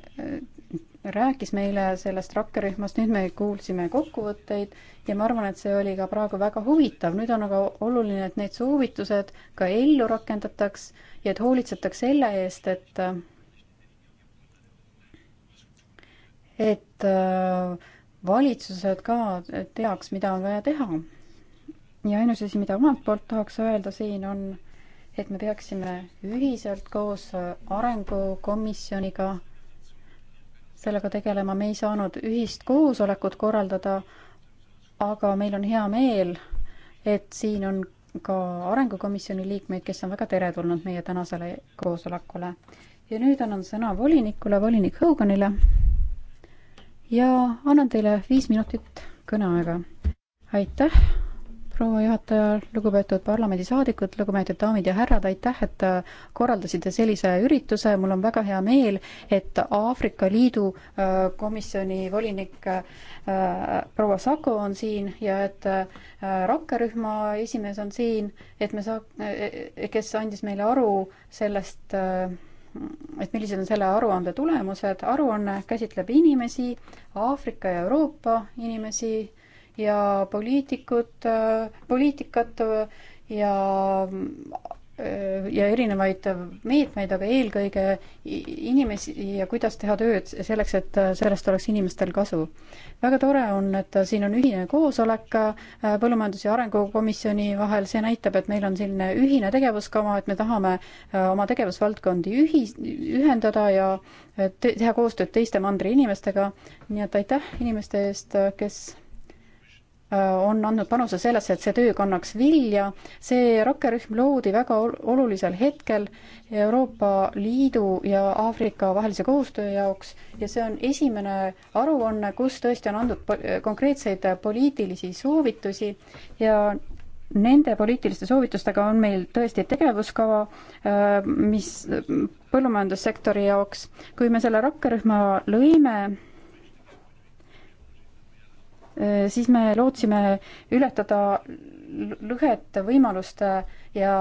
rääkis meile sellest rakkerühmast, nüüd me kuulsime kokkuvõtteid ja ma arvan, et see oli ka praegu väga huvitav. nüüd on aga oluline, et need soovitused ka ellu rakendataks ja et hoolitsetaks selle eest, et et valitsused ka teaks, mida on vaja teha ja ainus asi, mida omalt poolt tahaks öelda siin, on, et me peaksime ühiselt koos äh, Arengukomisjoniga sellega tegelema, me ei saanud ühist koosolekut korraldada, aga meil on hea meel, et siin on ka Arengukomisjoni liikmeid, kes on väga teretulnud meie tänasele koosolekule. ja nüüd annan sõna volinikule, volinik Hõuganile ja annan teile viis minutit kõneaega. aitäh, proua juhataja, lugupeetud parlamendisaadikud, lugupeetud daamid ja härrad, aitäh, et äh, korraldasite sellise ürituse, mul on väga hea meel, et Aafrika Liidu äh, komisjoni volinik äh, proua Sako on siin ja et rakkerühma esimees on siin, et me saa-, kes andis meile aru sellest, et millised on selle aruande tulemused, aruanne käsitleb inimesi, Aafrika ja Euroopa inimesi, ja poliitikud, poliitikat ja ja erinevaid meetmeid, aga eelkõige inimesi ja kuidas teha tööd selleks, et sellest oleks inimestel kasu. väga tore on, et siin on ühine koosolek äh, Põllumajandus- ja Arengukomisjoni vahel, see näitab, et meil on selline ühine tegevuskava, et me tahame äh, oma tegevusvaldkondi ühi-, ühendada ja äh, te-, teha koostööd teiste mandri inimestega, nii et aitäh inimeste eest, kes Äh, on andnud panuse sellesse, et see töö kannaks vilja. see rakkerühm loodi väga olulisel hetkel Euroopa Liidu ja Aafrika vahelise koostöö jaoks ja see on esimene aruanne, kus tõesti on andnud konkreetseid poliitilisi soovitusi ja nende poliitiliste soovitustega on meil tõesti tegevuskava, äh, mis põllumajandussektori jaoks, kui me selle rakkerühma lõime, Äh, siis me lootsime ületada lõhet võimaluste ja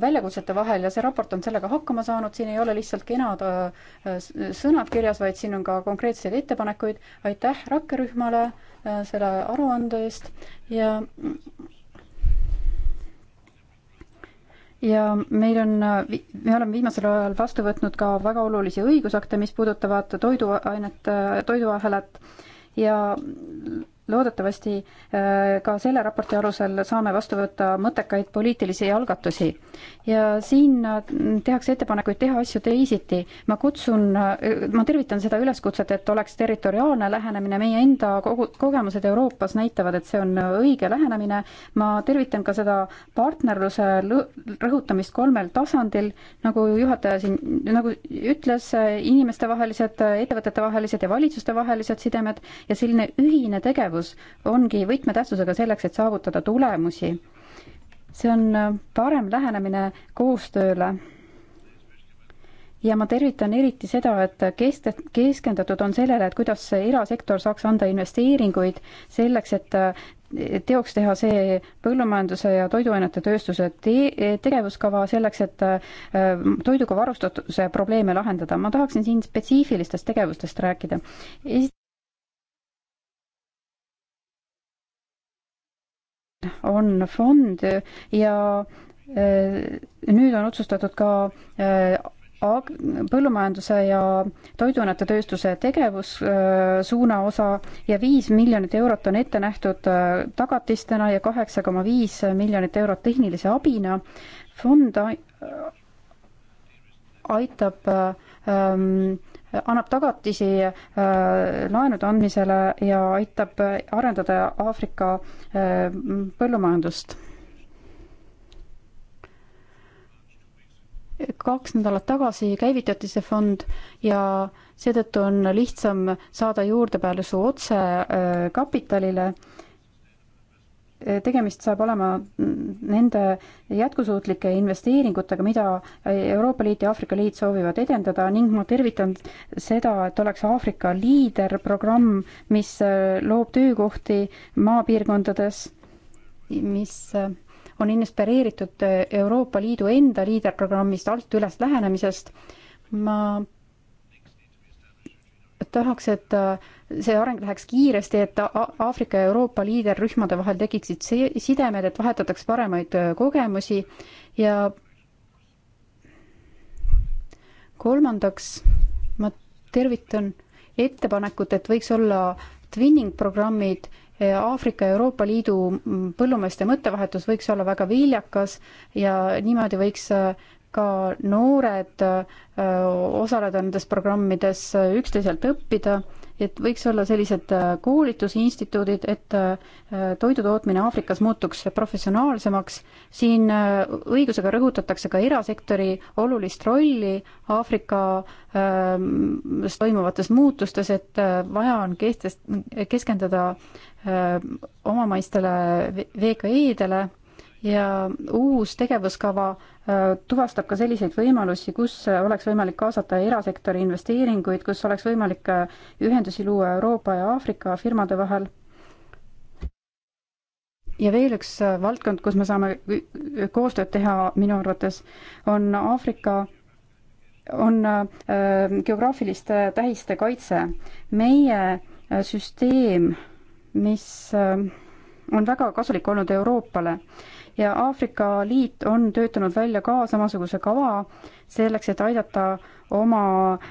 väljakutsete vahel ja see raport on sellega hakkama saanud, siin ei ole lihtsalt kenad äh, sõnad kirjas, vaid siin on ka konkreetseid ettepanekuid. aitäh rakkerühmale äh, selle aruande eest ja ja meil on, me oleme viimasel ajal vastu võtnud ka väga olulisi õigusakte, mis puudutavad toiduainet, toiduahelat ja loodetavasti äh, ka selle raporti alusel saame vastu võtta mõttekaid poliitilisi algatusi. ja siin äh, tehakse ettepanekuid teha asju teisiti. ma kutsun, äh, ma tervitan seda üleskutset, et oleks territoriaalne lähenemine, meie enda kogu, kogemused Euroopas näitavad, et see on õige lähenemine. ma tervitan ka seda partnerluse rõhutamist kolmel tasandil, nagu juhataja siin nagu ütles, inimestevahelised, ettevõtetevahelised ja valitsustevahelised sidemed ja selline ühine tegevus, tegevus ongi võtmetähtsusega selleks, et saavutada tulemusi. see on äh, parem lähenemine koostööle. ja ma tervitan eriti seda, et kest-, keskendatud on sellele, et kuidas erasektor saaks anda investeeringuid selleks, et äh, teoks teha see põllumajanduse ja toiduainete tööstuse te-, tegevuskava selleks, et äh, toiduga varustatuse probleeme lahendada. ma tahaksin siin spetsiifilistest tegevustest rääkida Esit on fond ja äh, nüüd on otsustatud ka äh, põllumajanduse ja toiduainetetööstuse tegevussuuna äh, osa ja viis miljonit eurot on ette nähtud tagatistena ja kaheksa koma viis miljonit eurot tehnilise abina. fond aitab ähm, annab tagatisi äh, laenude andmisele ja aitab arendada Aafrika äh, põllumajandust. kaks nädalat tagasi käivitati see fond ja seetõttu on lihtsam saada juurdepääsu otse äh, kapitalile äh, Äh, tegemist saab olema nende jätkusuutlike investeeringutega, mida äh, Euroopa Liit ja Aafrika Liit soovivad edendada ning ma tervitan seda, et oleks Aafrika liiderprogramm, mis äh, loob töökohti maapiirkondades, mis on inspireeritud Euroopa Liidu enda liiderprogrammist alt üles lähenemisest. ma tahaks, et äh, see areng läheks kiiresti, et Aafrika ja Euroopa liiderrühmade vahel tekiksid sidemed, et vahetataks paremaid äh, kogemusi ja kolmandaks ma tervitan ettepanekut, et võiks olla twinning programmid, äh, Aafrika ja Euroopa Liidu mm, põllumeeste mõttevahetus võiks olla väga viljakas ja niimoodi võiks ka noored äh, osaleda nendes programmides, äh, üksteiselt õppida, et võiks olla sellised äh, koolitusinstituudid, et toidutootmine Aafrikas muutuks professionaalsemaks. siin õigusega rõhutatakse ka erasektori olulist rolli Aafrikas ähm, toimuvates muutustes, et vaja on kehtest-, keskenduda omamaistele VKI-dele ja uus tegevuskava äh, tuvastab ka selliseid võimalusi, kus oleks võimalik kaasata erasektori investeeringuid, kus oleks võimalik äh, ühendusi luua Euroopa ja Aafrika firmade vahel. ja veel üks äh, valdkond, kus me saame koostööd teha minu arvates, on Aafrika on geograafiliste tähiste kaitse. meie süsteem, mis on väga kasulik olnud Euroopale ja Aafrika Liit on töötanud välja ka samasuguse kava selleks, et aidata oma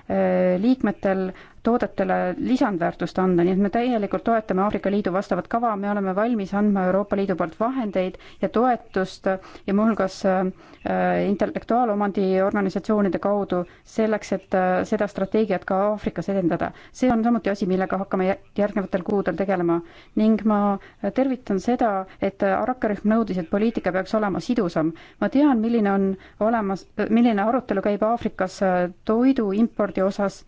eh, liikmetel toodetele lisandväärtust anda, nii et me täielikult toetame Aafrika Liidu vastavat kava, me oleme valmis andma Euroopa Liidu poolt vahendeid ja toetust ja muuhulgas äh, intellektuaalomandi organisatsioonide kaudu selleks, et äh, seda strateegiat ka Aafrikas edendada. see on samuti asi, millega hakkame järgnevatel kuudel tegelema ning ma tervitan seda, et rakkerühm nõudis, et poliitika peaks olema sidusam. ma tean, milline on olemas, milline arutelu käib Aafrikas äh, toidu impordi osas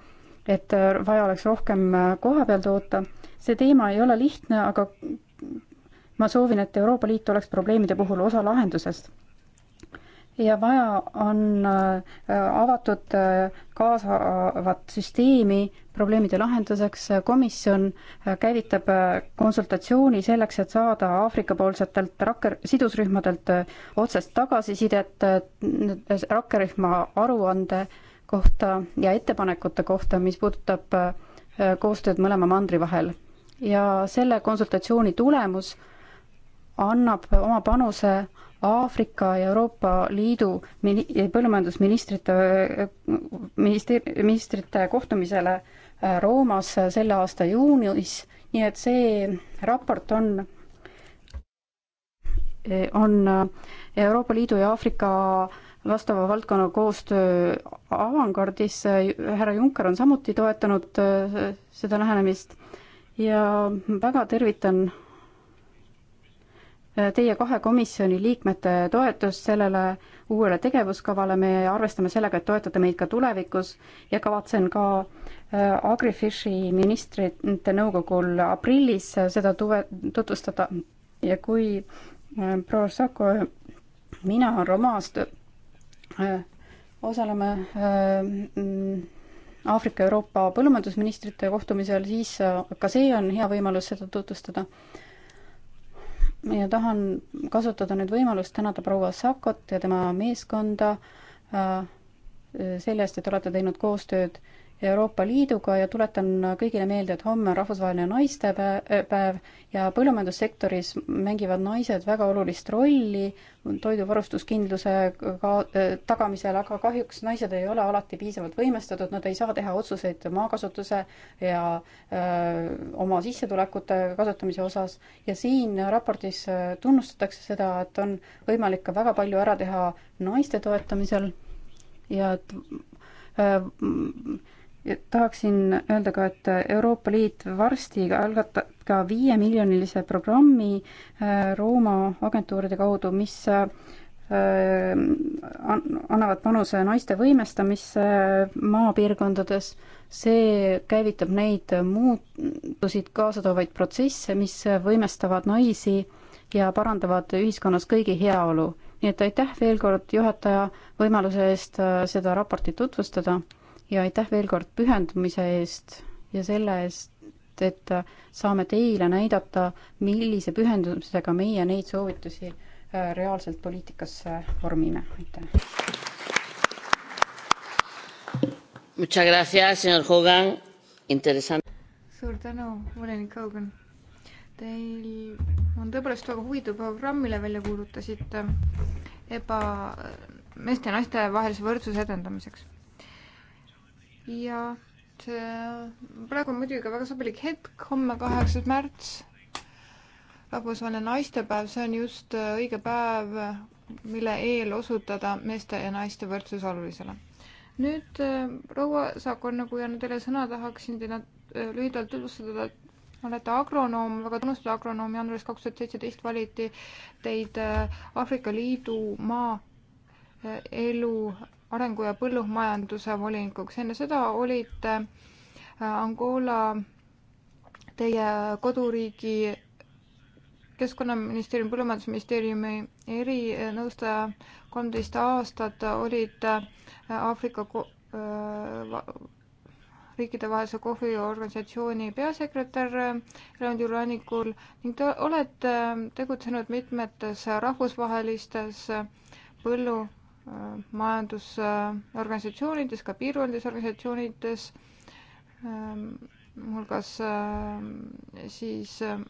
et äh, vaja oleks rohkem äh, kohapeal toota. see teema ei ole lihtne, aga ma soovin, et Euroopa Liit oleks probleemide puhul osa lahendusest. ja vaja on äh, avatud kaasavat süsteemi probleemide lahenduseks. komisjon käivitab konsultatsiooni selleks, et saada Aafrika-poolsetelt rakker-, sidusrühmadelt otsest tagasisidet rakkerühma aruande äh, kohta ja ettepanekute kohta, mis puudutab äh, koostööd mõlema mandri vahel. ja selle konsultatsiooni tulemus annab oma panuse Aafrika ja Euroopa Liidu mini-, põllumajandusministrite, minister-, ministrite kohtumisele äh, Roomas selle aasta juunis, nii et see raport on, äh, on Euroopa Liidu ja Aafrika äh, vastava valdkonna koostöö avangardis, äh, härra Juncker on samuti toetanud äh, seda lähenemist ja väga tervitan äh, teie kahe komisjoni liikmete toetust sellele uuele tegevuskavale, me arvestame sellega, et toetate meid ka tulevikus ja kavatsen ka Agrifishi ministrite nõukogul aprillis seda tuve, tutvustada ja kui proua Sako, mina oma Äh, osaleme äh, mm, Aafrika Euroopa põllumajandusministrite kohtumisel, siis äh, ka see on hea võimalus seda tutvustada. ja tahan kasutada nüüd võimalust tänada proua Sakot ja tema meeskonda selle eest, et olete teinud koostööd Euroopa Liiduga ja tuletan kõigile meelde, et homme on rahvusvaheline naistepäev ja põllumajandussektoris mängivad naised väga olulist rolli toiduvarustuskindluse ka, äh, tagamisel, aga kahjuks naised ei ole alati piisavalt võimestatud, nad ei saa teha otsuseid maakasutuse ja öö, äh, oma sissetulekute kasutamise osas ja siin raportis äh, tunnustatakse seda, et on võimalik ka väga palju ära teha naiste toetamisel ja et öö, Ja tahaksin öelda ka, et Euroopa Liit varsti algatab ka viiemiljonilise programmi äh, Rooma agentuuride kaudu, mis äh, annavad panuse naiste võimestamisse äh, maapiirkondades. see käivitab neid muutusid kaasa toovaid protsesse, mis võimestavad naisi ja parandavad ühiskonnas kõigi heaolu. nii et aitäh veel kord, juhataja, võimaluse eest seda raportit tutvustada ja aitäh veel kord pühendumise eest ja selle eest, et saame teile näidata, millise pühendumisega meie neid soovitusi äh, reaalselt poliitikasse vormime, aitäh. suur tänu, volinik Hogan. Teil on tõepoolest väga huvitav programm, mille välja kuulutasite eba, meeste ja naiste vahelise võrdsuse edendamiseks ja see praegu on muidugi väga sobilik hetk, homme, kaheksas märts, rahvusvaheline naistepäev, see on just äh, õige päev, mille eel osutada meeste ja naiste võrdsuse olulisele. nüüd äh, proua Saakonna, kui annan teile sõna, tahaksin teile äh, lühidalt tutvustada, et olete agronoom, väga tunnustatud agronoom, jaanuaris kaks tuhat seitseteist valiti teid Aafrika Liidu maa elu arengu- ja põllumajanduse volinikuks. enne seda olite äh, Angola, teie koduriigi keskkonnaministeeriumi, põllumajandusministeeriumi erinõustaja, kolmteist aastat olite äh, Aafrika äh, riikidevahelise kohviorganisatsiooni peasekretär Elandi rannikul ning te olete tegutsenud mitmetes rahvusvahelistes põllu- Äh, majandusorganisatsioonides, ka piirkondades organisatsioonides, muuhulgas ähm, äh, siis ähm,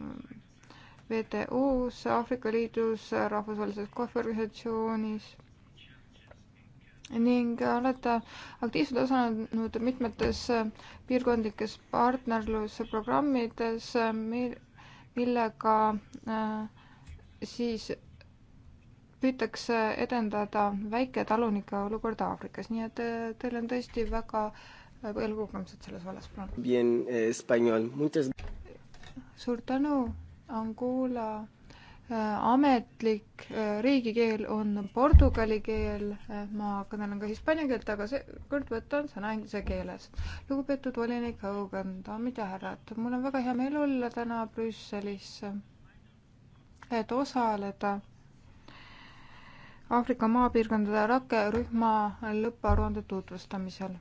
WTO-s, Aafrika Liidus, äh, Rahvusvahelises Kohviorganisatsioonis ning olete aktiivselt osalenud mitmetes piirkondlikes partnerlusprogrammides, millega siis püütakse edendada väiketalunike olukorda Aafrikas, nii et äh, teil on tõesti väga palju äh, kogemused selles vallas, palun. Eh, suur tänu, Angola äh, ametlik riigikeel on portugali keel, ma kõnelen ka hispaania keelt, aga seekord võtan sõna inglise keeles. lugupeetud volinik Hogan, daamid ja härrad, mul on väga hea meel olla täna Brüsselis, et osaleda Aafrika maapiirkondade rakkerühma lõpparuande tutvustamisel.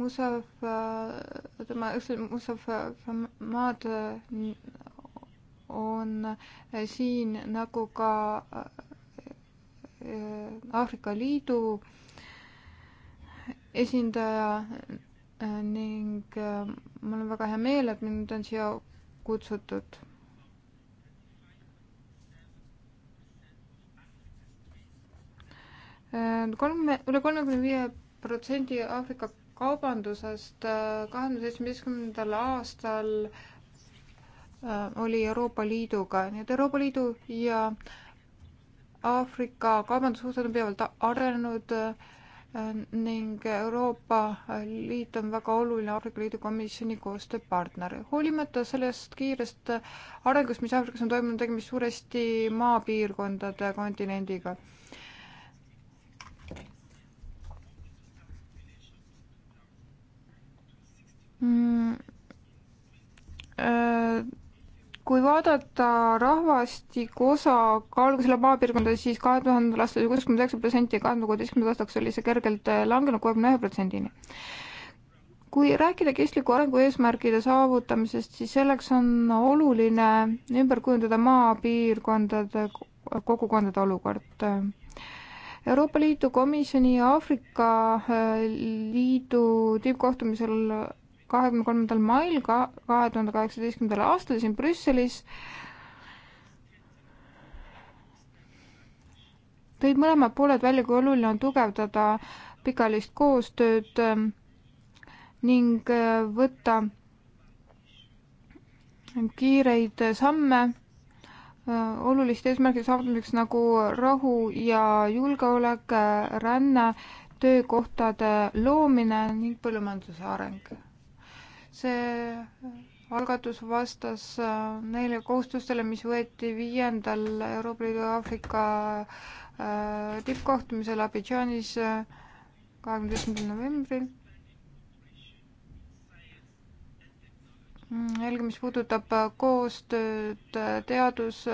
Musaf, tema, Musaf Hamad on siin nagu ka äh, Aafrika Liidu esindaja ning äh, mul on väga hea meel, et mind on siia kutsutud Äh, kolme, üle kolmekümne viie protsendi Aafrika kaubandusest äh, kahe tuhande seitsmeteistkümnendal aastal äh, oli Euroopa Liiduga, nii et Euroopa Liidu ja Aafrika kaubandussuhted on pidevalt arenenud ning Euroopa Liit on väga oluline Aafrika Liidu komisjoni koostööpartner. hoolimata sellest kiirest arengust, mis Aafrikas on toimunud, tegemist suuresti maapiirkondade kontinendiga Mm. Äh, kui vaadata rahvastiku osakaalu selle maapiirkonda, siis kahe tuhandendal aastal oli kuuskümmend üheksa protsenti ja kahe tuhande kuueteistkümnendaks aastaks oli see kergelt äh, langenud kuuekümne ühe protsendini. kui rääkida kestliku arengu eesmärgide saavutamisest, siis selleks on oluline ümber kujundada maapiirkondade kogukondade olukord. Euroopa Liidu Komisjoni ja Aafrika äh, Liidu tippkohtumisel kahekümne kolmandal mail ka kahe tuhande kaheksateistkümnendal aastal siin Brüsselis tõid mõlemad pooled välja, kui oluline on tugevdada pikaajalist koostööd ähm, ning äh, võtta kiireid samme äh, oluliste eesmärkide saavutamiseks nagu rahu ja julgeolek, äh, ränne, töökohtade loomine ning põllumajanduse areng see algatus vastas äh, neile kohustustele, mis võeti viiendal Euroopa Liidu Aafrika äh, tippkohtumisel Abidžaanis äh, kahekümne seitsmendal novembril. Mm, jällegi, mis puudutab koostööd teadus-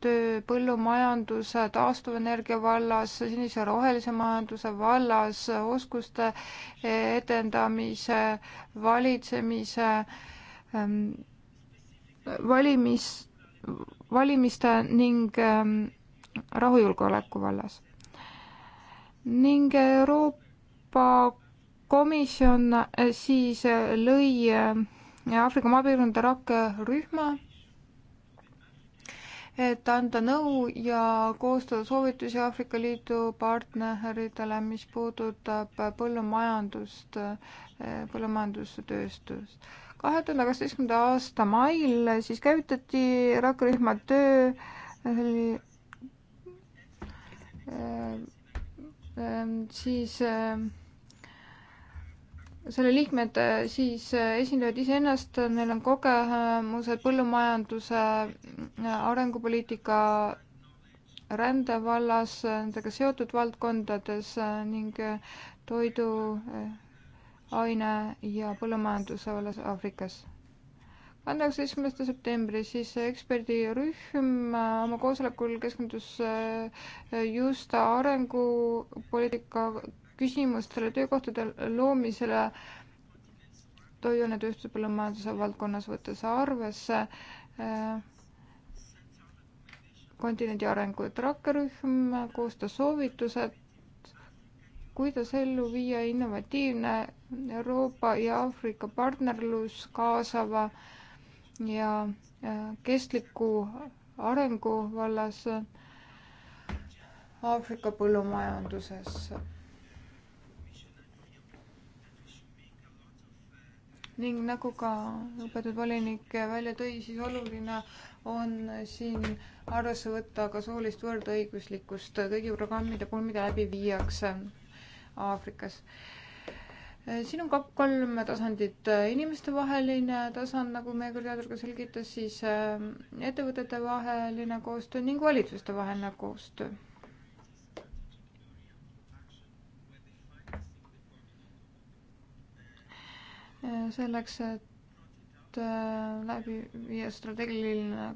töö põllumajanduse, taastuvenergia vallas, sinise rohelise majanduse vallas, oskuste eh, edendamise, valitsemise, ehm, valimis, valimiste ning ehm, rahujulgeoleku vallas. ning Euroopa Komisjon eh, siis eh, lõi Aafrika maapiirkondade rakkerühma et anda nõu ja koostada soovitusi Aafrika Liidu partneritele, mis puudutab põllumajandust, põllumajandustööstust. kahe tuhande kaheksateistkümnenda aasta mail siis käivitati rakkerühma töö äh, äh, siis äh, selle liikmed äh, siis äh, esindavad iseennast, neil on kogemused põllumajanduse äh, arengupoliitika rände vallas, nendega seotud valdkondades ning toiduaine ja põllumajanduse vallas Aafrikas. kaheksateistkümnenda septembri siis eksperdirühm oma koosolekul keskendus just arengupoliitika küsimustele, töökohtade loomisele toiduaine tööstuse põllumajanduse valdkonnas, võttes arvesse äh, kontinendi arengut. rakkerühm koostas soovitused, kuidas ellu viia innovatiivne Euroopa ja Aafrika partnerlus kaasava ja äh, kestliku arengu vallas Aafrika põllumajanduses ning nagu ka lugupeetud volinik välja tõi, siis oluline on siin arvesse võtta ka soolist võrdõiguslikkust kõigi programmide puhul, mida läbi viiakse Aafrikas. siin on ka kolm tasandit, inimestevaheline tasand, nagu meie kõrgteadur ka selgitas, siis ehm, ettevõtetevaheline koostöö ning valitsustevaheline koostöö selleks, et äh, läbi viia strateegiline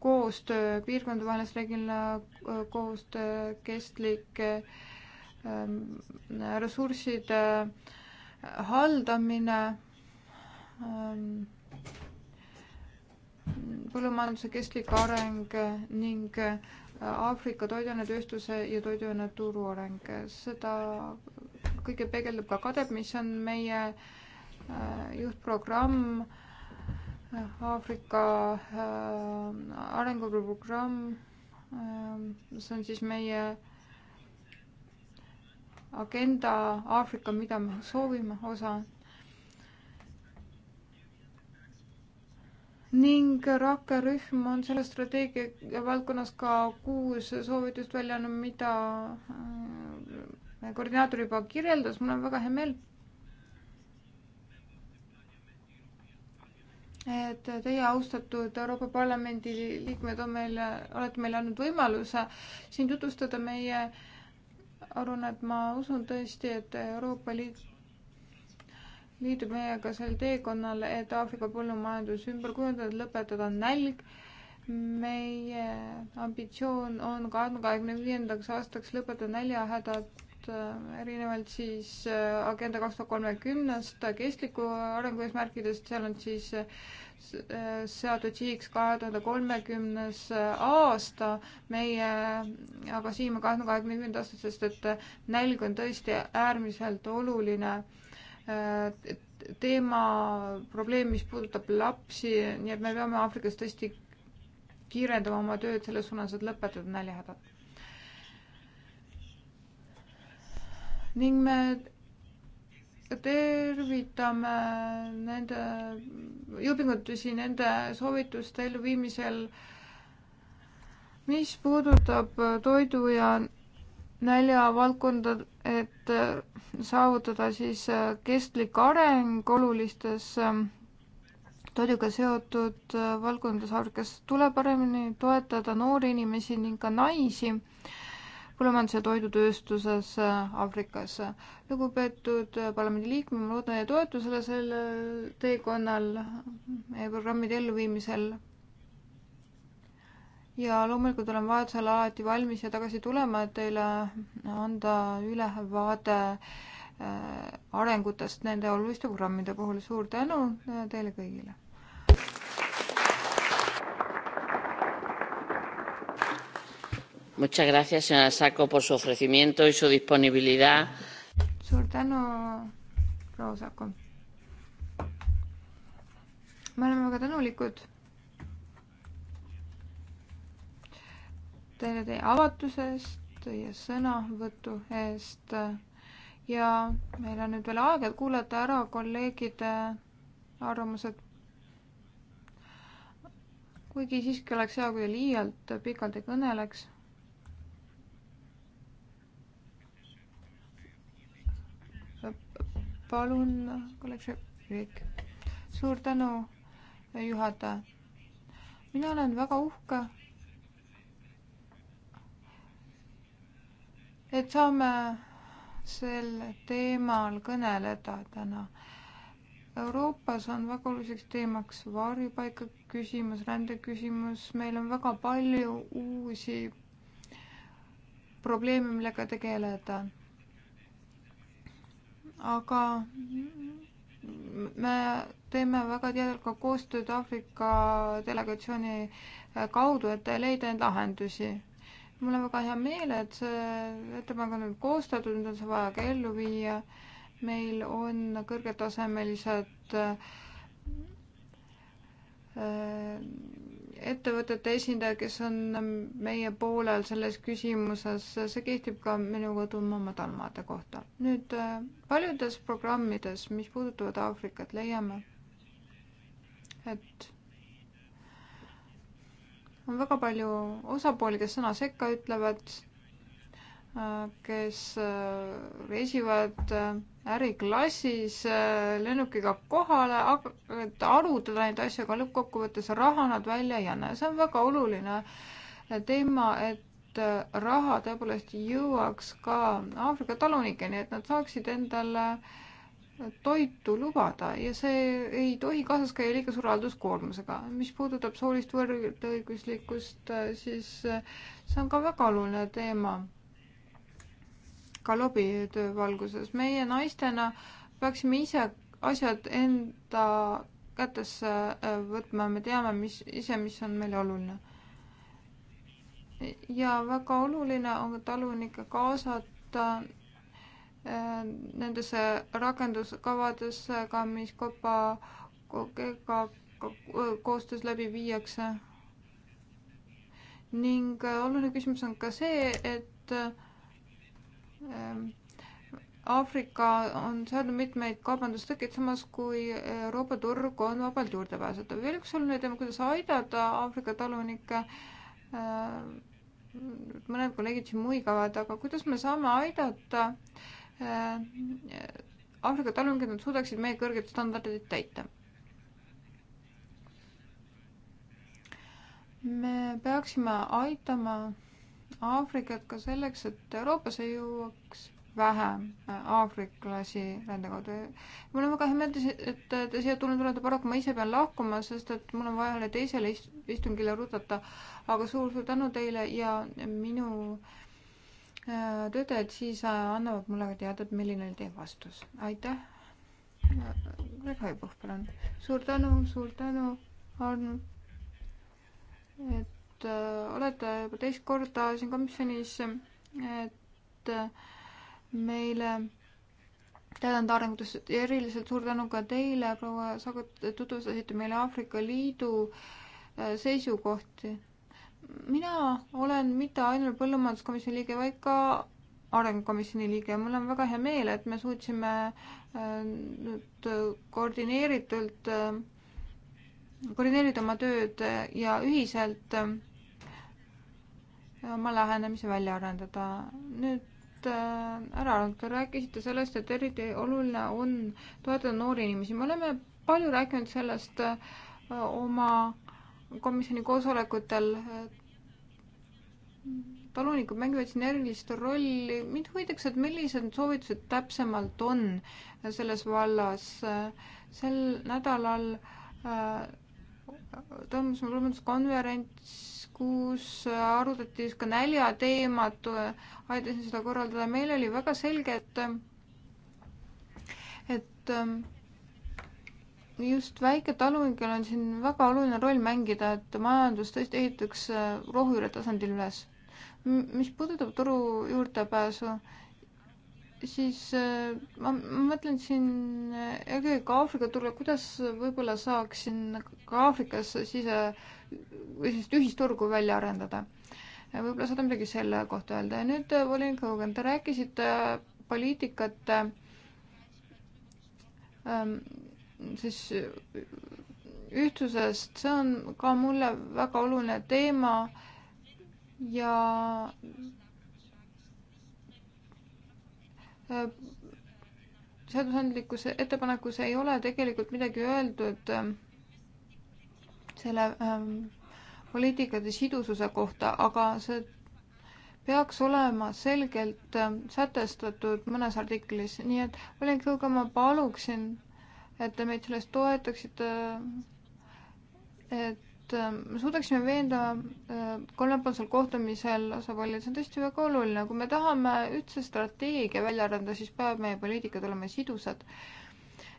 koostöö, piirkondade strateegiline äh, koostöö, kestlik ähm, ressursside haldamine, ähm, põllumajanduse kestlik areng ning äh, Aafrika toiduainetööstuse ja toiduaineturu areng. seda kõige peegeldub ka KADEP, mis on meie äh, juhtprogramm, äh, Aafrika äh, arenguprogramm, see on siis meie agenda Aafrika, mida me soovime, osa ning rakkerühm on selle strateegia valdkonnas ka kuus soovitust välja andnud, mida koordinaator juba kirjeldas, mul on väga hea meel, et teie, austatud Euroopa Parlamendi liikmed, on meile, olete meile andnud võimaluse siin tutvustada meie aruannet. ma usun tõesti, et Euroopa Liit liitub meiega sel teekonnal, et Aafrika põllumajandus ümber kujundada, lõpetada nälg meie ambitsioon on kahekümne viiendaks aastaks lõpetada näljahädad Äh, erinevalt siis äh, Agenda kaks tuhat kolmekümnest äh, kestliku arengu eesmärkidest, seal on siis seatud sihiks kahe tuhande kolmekümnes aasta, meie aga siin me kahe tuhande kahekümne kümnenda aasta, sest et nälg on tõesti äärmiselt oluline teema, probleem, mis puudutab lapsi, nii et me peame Aafrikas tõesti kiirendama oma tööd selles suunas, et lõpetada näljahädad ning me tervitame nende jõupingutusi nende soovituste elluviimisel, mis puudutab toidu ja nälja valdkonda, et saavutada siis kestlik areng olulistes toiduga seotud valdkondades Aafrikas. tuleb paremini toetada noori inimesi ning ka naisi põllumajandus- ja toidutööstuses äh, Aafrikas. lugupeetud äh, parlamendiliikmed, ma loodan teie toetusele sellel teekonnal meie äh, programmide elluviimisel. ja loomulikult olen vajadusel alati valmis ja tagasi tulema, et teile anda ülevaade arengutest nende oluliste programmide puhul. suur tänu teile kõigile! Muchas gracias, señora Sacco, por su ofrecimiento y su disponibilidad. suur tänu, proua Sacco. me oleme väga tänulikud teile teie avatuse eest, teie sõnavõtu eest ja meil on nüüd veel aega, et kuulata ära kolleegide arvamused. kuigi siiski oleks hea, kui liialt pikalt ei kõneleks palun, kolleeg Šepik. suur tänu, juhataja. mina olen väga uhke, et saame sel teemal kõneleda täna. Euroopas on väga oluliseks teemaks varjupaika küsimus, rändeküsimus, meil on väga palju uusi probleeme, millega tegeleda aga me teeme väga tihedalt ka koostööd Aafrika delegatsiooni kaudu, et leida neid lahendusi. mul on väga hea meel, et see ettepanek on nüüd koostatud, nüüd on see vaja ka ellu viia. meil on kõrgetasemelised äh, ettevõtete esindaja, kes on meie poolel selles küsimuses, see kehtib ka minu kodumaa madalmaade kohta. nüüd äh, paljudes programmides, mis puudutavad Aafrikat, leiame, et on väga palju osapooli, kes sõna sekka ütlevad, äh, kes äh, reisivad äriklassis äh, lennukiga kohale, et arutada neid asju, aga lõppkokkuvõttes raha nad välja ei anna ja see on väga oluline teema, et äh, raha tõepoolest jõuaks ka Aafrika talunikeni, et nad saaksid endale äh, toitu lubada ja see ei tohi kaasas käia liiga suure halduskoormusega. mis puudutab soolist võrdõiguslikkust, siis see on ka väga oluline teema ka lobitöö valguses. meie naistena peaksime ise asjad enda kätesse äh, võtma, me teame, mis ise, mis on meile oluline. ja väga oluline on talunikke kaasata äh, nendesse rakenduskavadesse ka, mis COPA ka, äh, koostöös läbi viiakse. ning oluline küsimus on ka see, et Ehm, Aafrika on saanud mitmeid kaubandustõkkeid, samas kui Euroopa turg on vabalt juurdepääsetav. veel üks oluline teema, kuidas aidata Aafrika talunikke ehm, mõned kolleegid siin muigavad, aga kuidas me saame aidata ehm, Aafrika talunikud, nad suudaksid meie kõrged standardid täita. me peaksime aitama Aafrikat ka selleks, et Euroopasse jõuaks vähem äh, aafriklasi rände kaudu. mul on väga hea meel, et te siia tulnud olete, paraku ma ise pean lahkuma, sest et mul on vaja ühele teisele istungile rutata. aga suur-suur tänu teile ja minu äh, töötajad siis äh, annavad mulle ka teada, et milline oli teie vastus. aitäh. Rehaipuh, palun. suur tänu, suur tänu, Arn. et et äh, olete juba teist korda siin komisjonis, et äh, meile täidanda arengutest ja eriliselt suur tänu ka teile, proua Sagut, et tutvustasite meile Aafrika Liidu äh, seisukohti. mina olen mitte ainult põllumajanduskomisjoni liige, vaid ka arengukomisjoni liige ja mul on väga hea meel, et me suutsime nüüd koordineeritult, koordineerida oma tööd ja ühiselt oma lähenemise välja arendada. nüüd härra äh, Randkar, rääkisite sellest, et eriti oluline on toetada noori inimesi. me oleme palju rääkinud sellest äh, oma komisjoni koosolekutel. talunikud mängivad siin erilist rolli. mind huvitaks, et millised soovitused täpsemalt on selles vallas. sel nädalal äh, toimus mul konverents kus arutati ka näljateemat, aitasin seda korraldada, meil oli väga selge, et, et just väiketalunikel on siin väga oluline roll mängida, et majandus tõesti ehitaks rohujuure tasandil üles. mis puudutab turu juurdepääsu, siis ma, ma mõtlen siin eelkõige ka Aafrika turule, kuidas võib-olla saaks siin ka Aafrikas sise või sellist ühisturgu välja arendada. võib-olla saate midagi selle kohta öelda ja nüüd äh, Volin Kõugen, te rääkisite äh, poliitikate äh, ähm, siis ühtsusest, see on ka mulle väga oluline teema ja seadusandlikus ettepanekus ei ole tegelikult midagi öeldud ähm, selle ähm, poliitikate sidususe kohta, aga see peaks olema selgelt ähm, sätestatud mõnes artiklis, nii et Olen Kõuga ma paluksin, et te meid selles toetaksite, et ähm, me suudaksime veenda äh, kolmepoolsel kohtumisel osapooli, see on tõesti väga oluline, kui me tahame üldse strateegia välja arendada, siis peavad meie poliitikad olema sidusad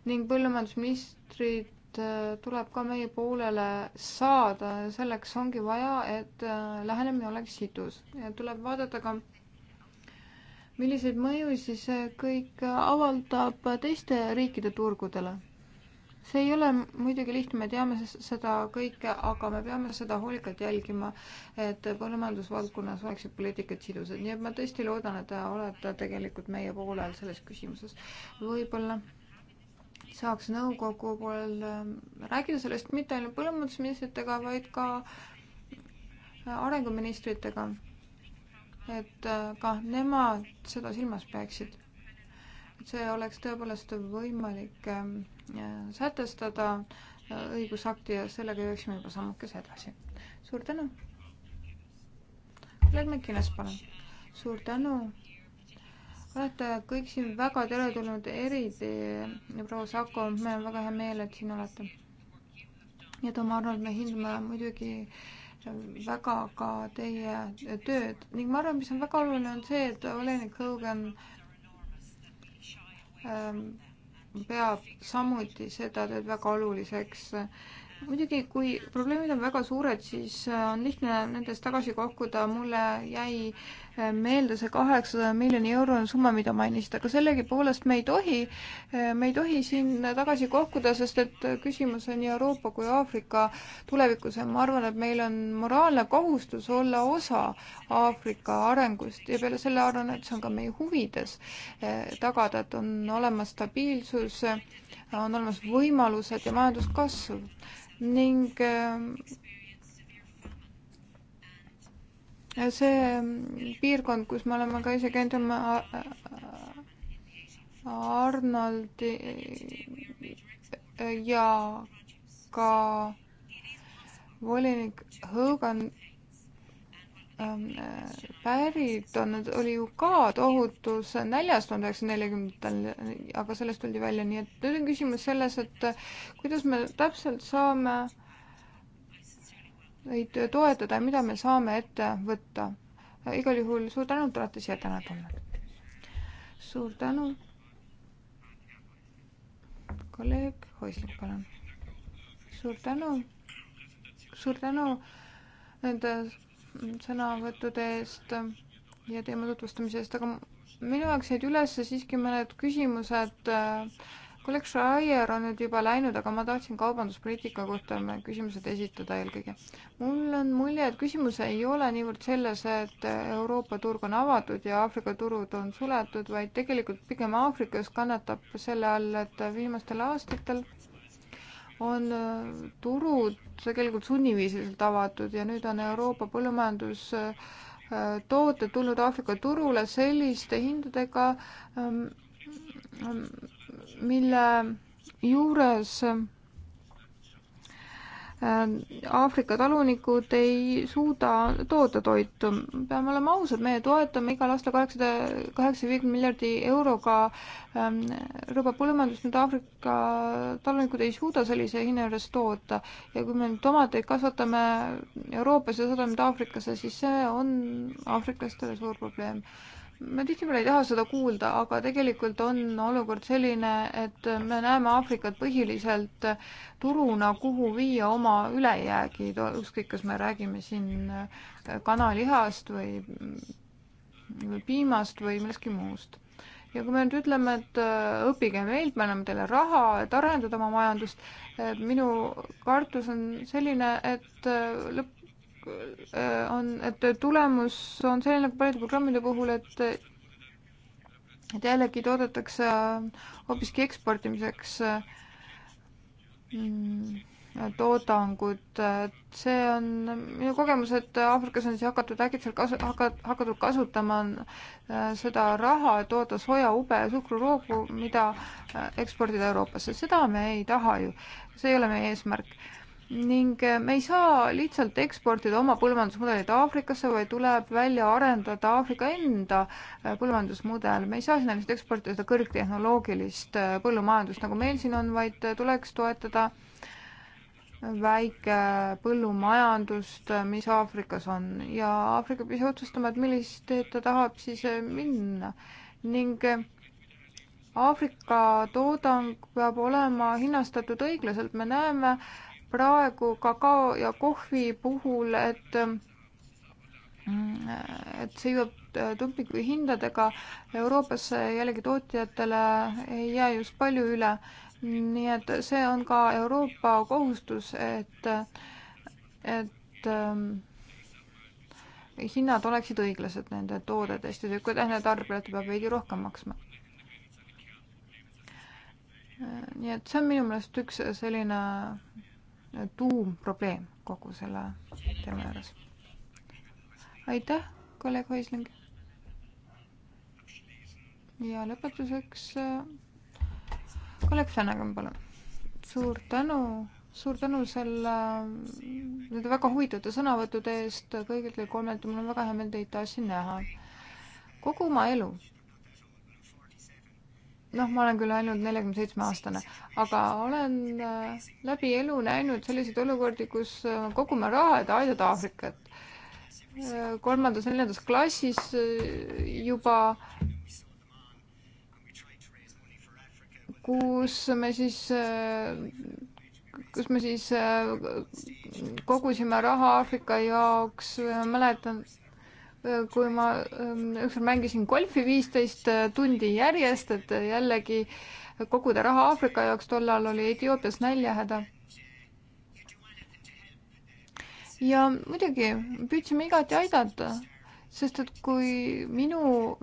ning põllumajandusministrid Äh, tuleb ka meie poolele saada, selleks ongi vaja, et äh, lähenemine oleks sidus ja tuleb vaadata ka, milliseid mõjusid see kõik avaldab teiste riikide turgudele. see ei ole muidugi lihtne, me teame seda kõike, aga me peame seda hoolikalt jälgima, et põllumajandusvaldkonnas oleksid poliitikad sidusad, nii et ma tõesti loodan, et te olete tegelikult meie poolel selles küsimuses. võib-olla saaks nõukogu poolel ähm, rääkida sellest mitte ainult põllumajandusministritega, vaid ka äh, arenguministritega. et äh, ka nemad seda silmas peaksid. et see oleks tõepoolest võimalik ähm, äh, sätestada õigusakti ja sellega jõuaksime juba sammukese edasi. suur tänu! Lähme kinnas, palun. suur tänu, olete kõik siin väga teretulnud, eriti proua Sako, meil on väga hea meel, et siin olete. ja Tom Arnold, me hindame muidugi väga ka teie tööd ning ma arvan, mis on väga oluline, on see, et Olenik Hogan ähm, peab samuti seda tööd väga oluliseks äh, muidugi, kui probleemid on väga suured, siis äh, on lihtne nendest tagasi kohkuda, mulle jäi äh, meelde see kaheksasaja miljoni eurone summa, mida mainisite, aga sellegipoolest me ei tohi, äh, me ei tohi siin tagasi kohkuda, sest et küsimus on nii Euroopa kui Aafrika tulevikus ja ma arvan, et meil on moraalne kohustus olla osa Aafrika arengust ja peale selle arvan, et see on ka meie huvides tagada, et on olemas stabiilsus, on olemas võimalused ja majanduskasv ning äh, see piirkond, kus me oleme ka ise käinud, on äh, Arnoldi äh, ja ka volinik Hogan Ähm, äh, pärit on, oli ju ka tohutus näljas tuhande üheksasaja neljakümnendatel, aga sellest tuldi välja, nii et nüüd on küsimus selles, et äh, kuidas me täpselt saame neid toetada ja mida me saame ette võtta. Äh, igal juhul suur tänu, et olete siia täna tulnud. suur tänu. kolleeg Hoislik, palun. suur tänu. suur tänu nende sõnavõttude eest ja teema tutvustamise eest, aga minu jaoks jäid üles siiski mõned küsimused. kolleeg Schreier on nüüd juba läinud, aga ma tahtsin kaubanduspoliitika kohta küsimused esitada eelkõige. mul on mulje, et küsimus ei ole niivõrd selles, et Euroopa turg on avatud ja Aafrika turud on suletud, vaid tegelikult pigem Aafrikas kannatab selle all, et viimastel aastatel on äh, turud tegelikult sunniviisiliselt avatud ja nüüd on Euroopa põllumajandustooted äh, tulnud Aafrika turule selliste hindadega, ähm, ähm, mille juures Äh, Aafrika talunikud ei suuda toota toitu. peame olema ausad, meie toetame igal aastal kaheksasada, kaheksa viiekümne miljardi euroga ähm, rõbapõllumajandust, mida Aafrika talunikud ei suuda sellise hinna juures toota. ja kui me nüüd tomateid kasvatame Euroopas ja sadame Aafrikasse, siis see on aafriklastele suur probleem me tihtipeale ei taha seda kuulda, aga tegelikult on olukord selline, et me näeme Aafrikat põhiliselt turuna, kuhu viia oma ülejäägid, ükskõik, kas me räägime siin äh, kanalihast või, või piimast või millestki muust. ja kui me nüüd ütleme, et äh, õppige meilt, me anname teile raha, et arendada oma majandust, äh, minu kartus on selline, et lõpp, on, et tulemus on selline nagu paljude programmide puhul, et et jällegi toodetakse hoopiski eksportimiseks mm, toodangut, et see on minu kogemus, et Aafrikas on siis hakatud äkitselt kasu-, haka-, hakatud kasutama äh, seda raha, et toota soja, ube ja suhkruroogu, mida äh, eksportida Euroopasse, seda me ei taha ju, see ei ole meie eesmärk ning äh, me ei saa lihtsalt eksportida oma põllumajandusmudelit Aafrikasse, vaid tuleb välja arendada Aafrika enda äh, põllumajandusmudel. me ei saa sinna lihtsalt eksportida seda kõrgtehnoloogilist äh, põllumajandust, nagu meil siin on, vaid tuleks toetada väikepõllumajandust, mis Aafrikas on ja Aafrika peab ise otsustama, et millist teed ta tahab siis minna ning Aafrika toodang peab olema hinnastatud õiglaselt, me näeme äh, praegu kakao ja kohvi puhul, et et see jõuab äh, dumpinguhindadega Euroopasse jällegi tootjatele ei jää just palju üle. nii et see on ka Euroopa kohustus, et, et ähm, hinnad oleksid õiglased nende toodete eest ja see tähendab, et tarbijate peab veidi rohkem maksma. Äh, nii et see on minu meelest üks selline tuumprobleem kogu selle teema juures. aitäh, kolleeg Hoisling. ja lõpetuseks äh, kolleeg Flanagan, palun. suur tänu, suur tänu selle, nende väga huvitavate sõnavõttude eest kõigilt kolmelt, mul on väga hea meel teid taas siin näha. kogu oma elu noh, ma olen küll ainult neljakümne seitsme aastane, aga olen äh, läbi elu näinud selliseid olukordi, kus äh, kogume raha, et aidata Aafrikat. Äh, kolmandas-neljandas klassis juba, kus me siis, kus me siis kogusime raha Aafrika jaoks, mäletan kui ma ähm, ükskord mängisin golfi viisteist äh, tundi järjest, et äh, jällegi koguda raha Aafrika jaoks, tollal oli Etioopias näljahäda. ja muidugi püüdsime igati aidata, sest et kui minu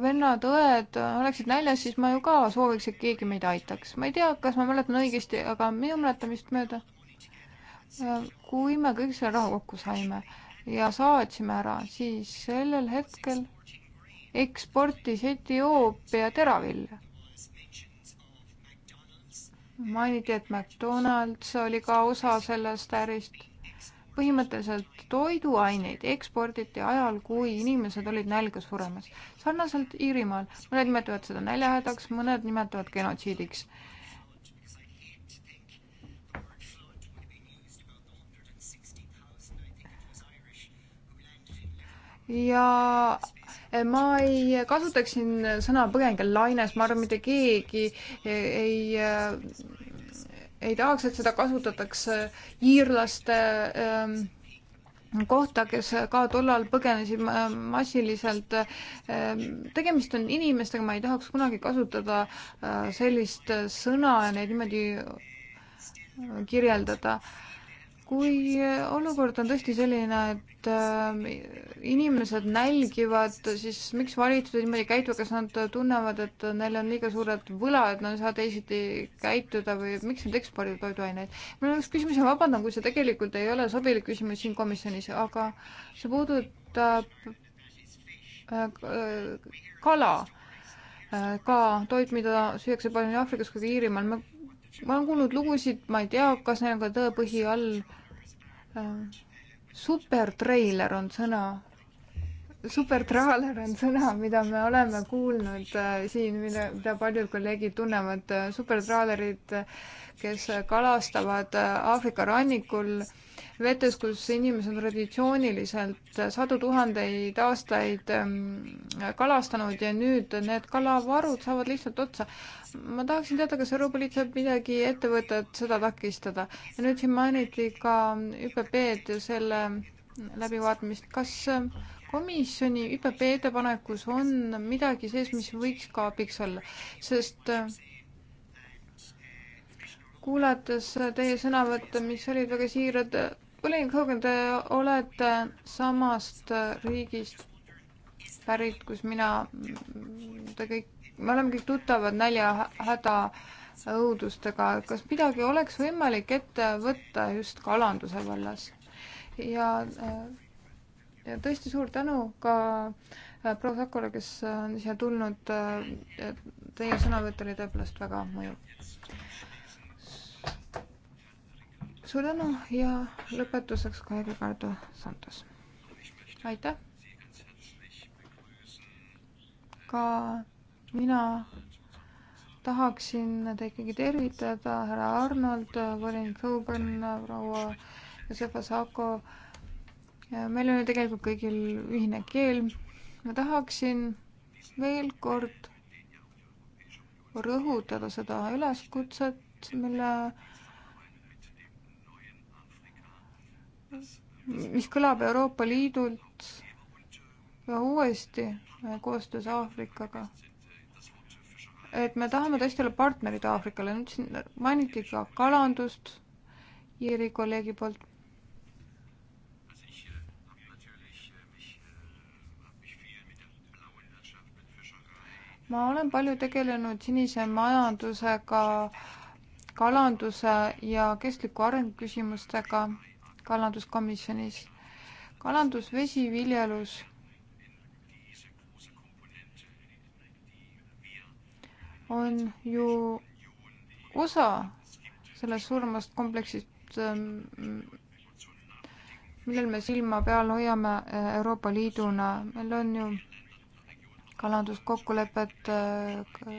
vennad-õed oleksid näljas, siis ma ju ka sooviks, et keegi meid aitaks. ma ei tea, kas ma mäletan õigesti, aga minu mäletamist mööda, äh, kui me kõik selle raha kokku saime ja saatsime ära, siis sellel hetkel eksportis Etioopia teravilja. mainiti, et McDonalds oli ka osa sellest ärist. põhimõtteliselt toiduaineid eksporditi ajal, kui inimesed olid nälga suremas. sarnaselt Iirimaal, mõned nimetavad seda näljahädaks, mõned nimetavad genotsiidiks ja eh, ma ei kasutaks siin sõna põgengelaines, ma arvan, mitte keegi eh, ei, ei, eh, ei tahaks, et seda kasutatakse iirlaste ähm, kohta, kes ka tollal põgenesid massiliselt. tegemist on inimestega, ma ei tahaks kunagi kasutada sellist sõna ja neid niimoodi kirjeldada kui äh, olukord on tõesti selline, et äh, inimesed nälgivad, siis miks valitsused niimoodi käituvad, kas nad tunnevad, et neil on liiga suured võlad, nad ei saa teisiti käituda või miks nad ekspordivad toiduaineid? mul on üks küsimus ja vabandan, kui see tegelikult ei ole sobilik küsimus siin komisjonis, aga see puudutab äh, kala, ka toit, mida süüakse palju nii Aafrikas kui ka Iirimaal. ma olen kuulnud lugusid, ma ei tea, kas neil on ka tõepõhi all Äh, supertreiler on sõna, supertraaler on sõna, mida me oleme kuulnud äh, siin, mille, mida paljud kolleegid tunnevad, äh, supertraalerid, kes kalastavad Aafrika rannikul vetes, kus inimesed on traditsiooniliselt sadu tuhandeid aastaid ähm, kalastanud ja nüüd need kalavarud saavad lihtsalt otsa ma tahaksin teada, kas Euroopa Liit saab midagi ette võtta, et seda takistada. ja nüüd siin mainiti ka ÜPP-d ja selle läbivaatamist. kas ähm, komisjoni ÜPP ettepanekus on midagi sees, mis võiks ka abiks olla, sest äh, kuulates teie sõnavõtte, mis olid väga siirad, Pauline äh, Kogan, te olete samast äh, riigist pärit, kus mina, mm, te kõik me oleme kõik tuttavad näljahäda õudustega, kas midagi oleks võimalik ette võtta just kalanduse vallas? ja, äh, ja tõesti suur tänu ka äh, proua Sakole, kes on siia tulnud. Äh, teie sõnavõtt oli tõepoolest väga mõjuv. suur tänu ja lõpetuseks ka Ricardo Santos. aitäh! ka mina tahaksin teid ikkagi tervitada, härra Arnold, volinik Coburn, proua Josefa Sako. meil on ju tegelikult kõigil ühine keel. ma tahaksin veel kord rõhutada seda üleskutset, mille, mis kõlab Euroopa Liidult ja uuesti koostöös Aafrikaga et me tahame tõesti olla partnerid Aafrikale, nüüd siin mainiti ka kalandust Iiri kolleegi poolt. ma olen palju tegelenud sinise majandusega, kalanduse ja kestliku arengu küsimustega kalanduskomisjonis. kalandus, vesiviljelus on ju osa sellest suuremast kompleksist, ähm, millel me silma peal hoiame äh, Euroopa Liiduna. meil on ju kalanduskokkulepet, äh,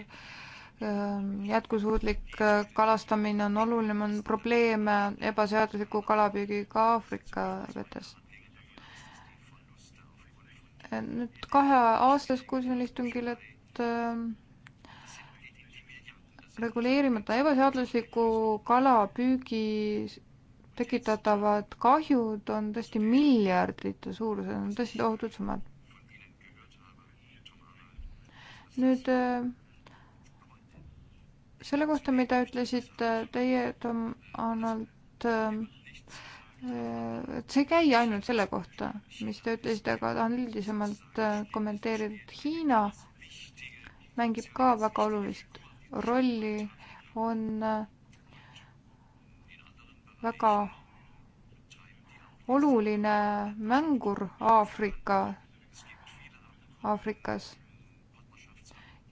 ähm, jätkusuutlik äh, kalastamine on oluline, on probleeme ebaseadusliku kalapüügiga Aafrika vetes nüüd kaheaastas kuulsin istungil, et ähm, reguleerimata ebaseadusliku kalapüügi tekitatavad kahjud on tõesti miljardite suurused, on tõesti tohutud summad. nüüd äh, selle kohta, mida ütlesite teie, Tom Arnold, äh, et see ei käi ainult selle kohta, mis te ütlesite, aga tahan üldisemalt äh, kommenteerida, et Hiina mängib ka väga olulist rolli on väga oluline mängur Aafrika, Aafrikas.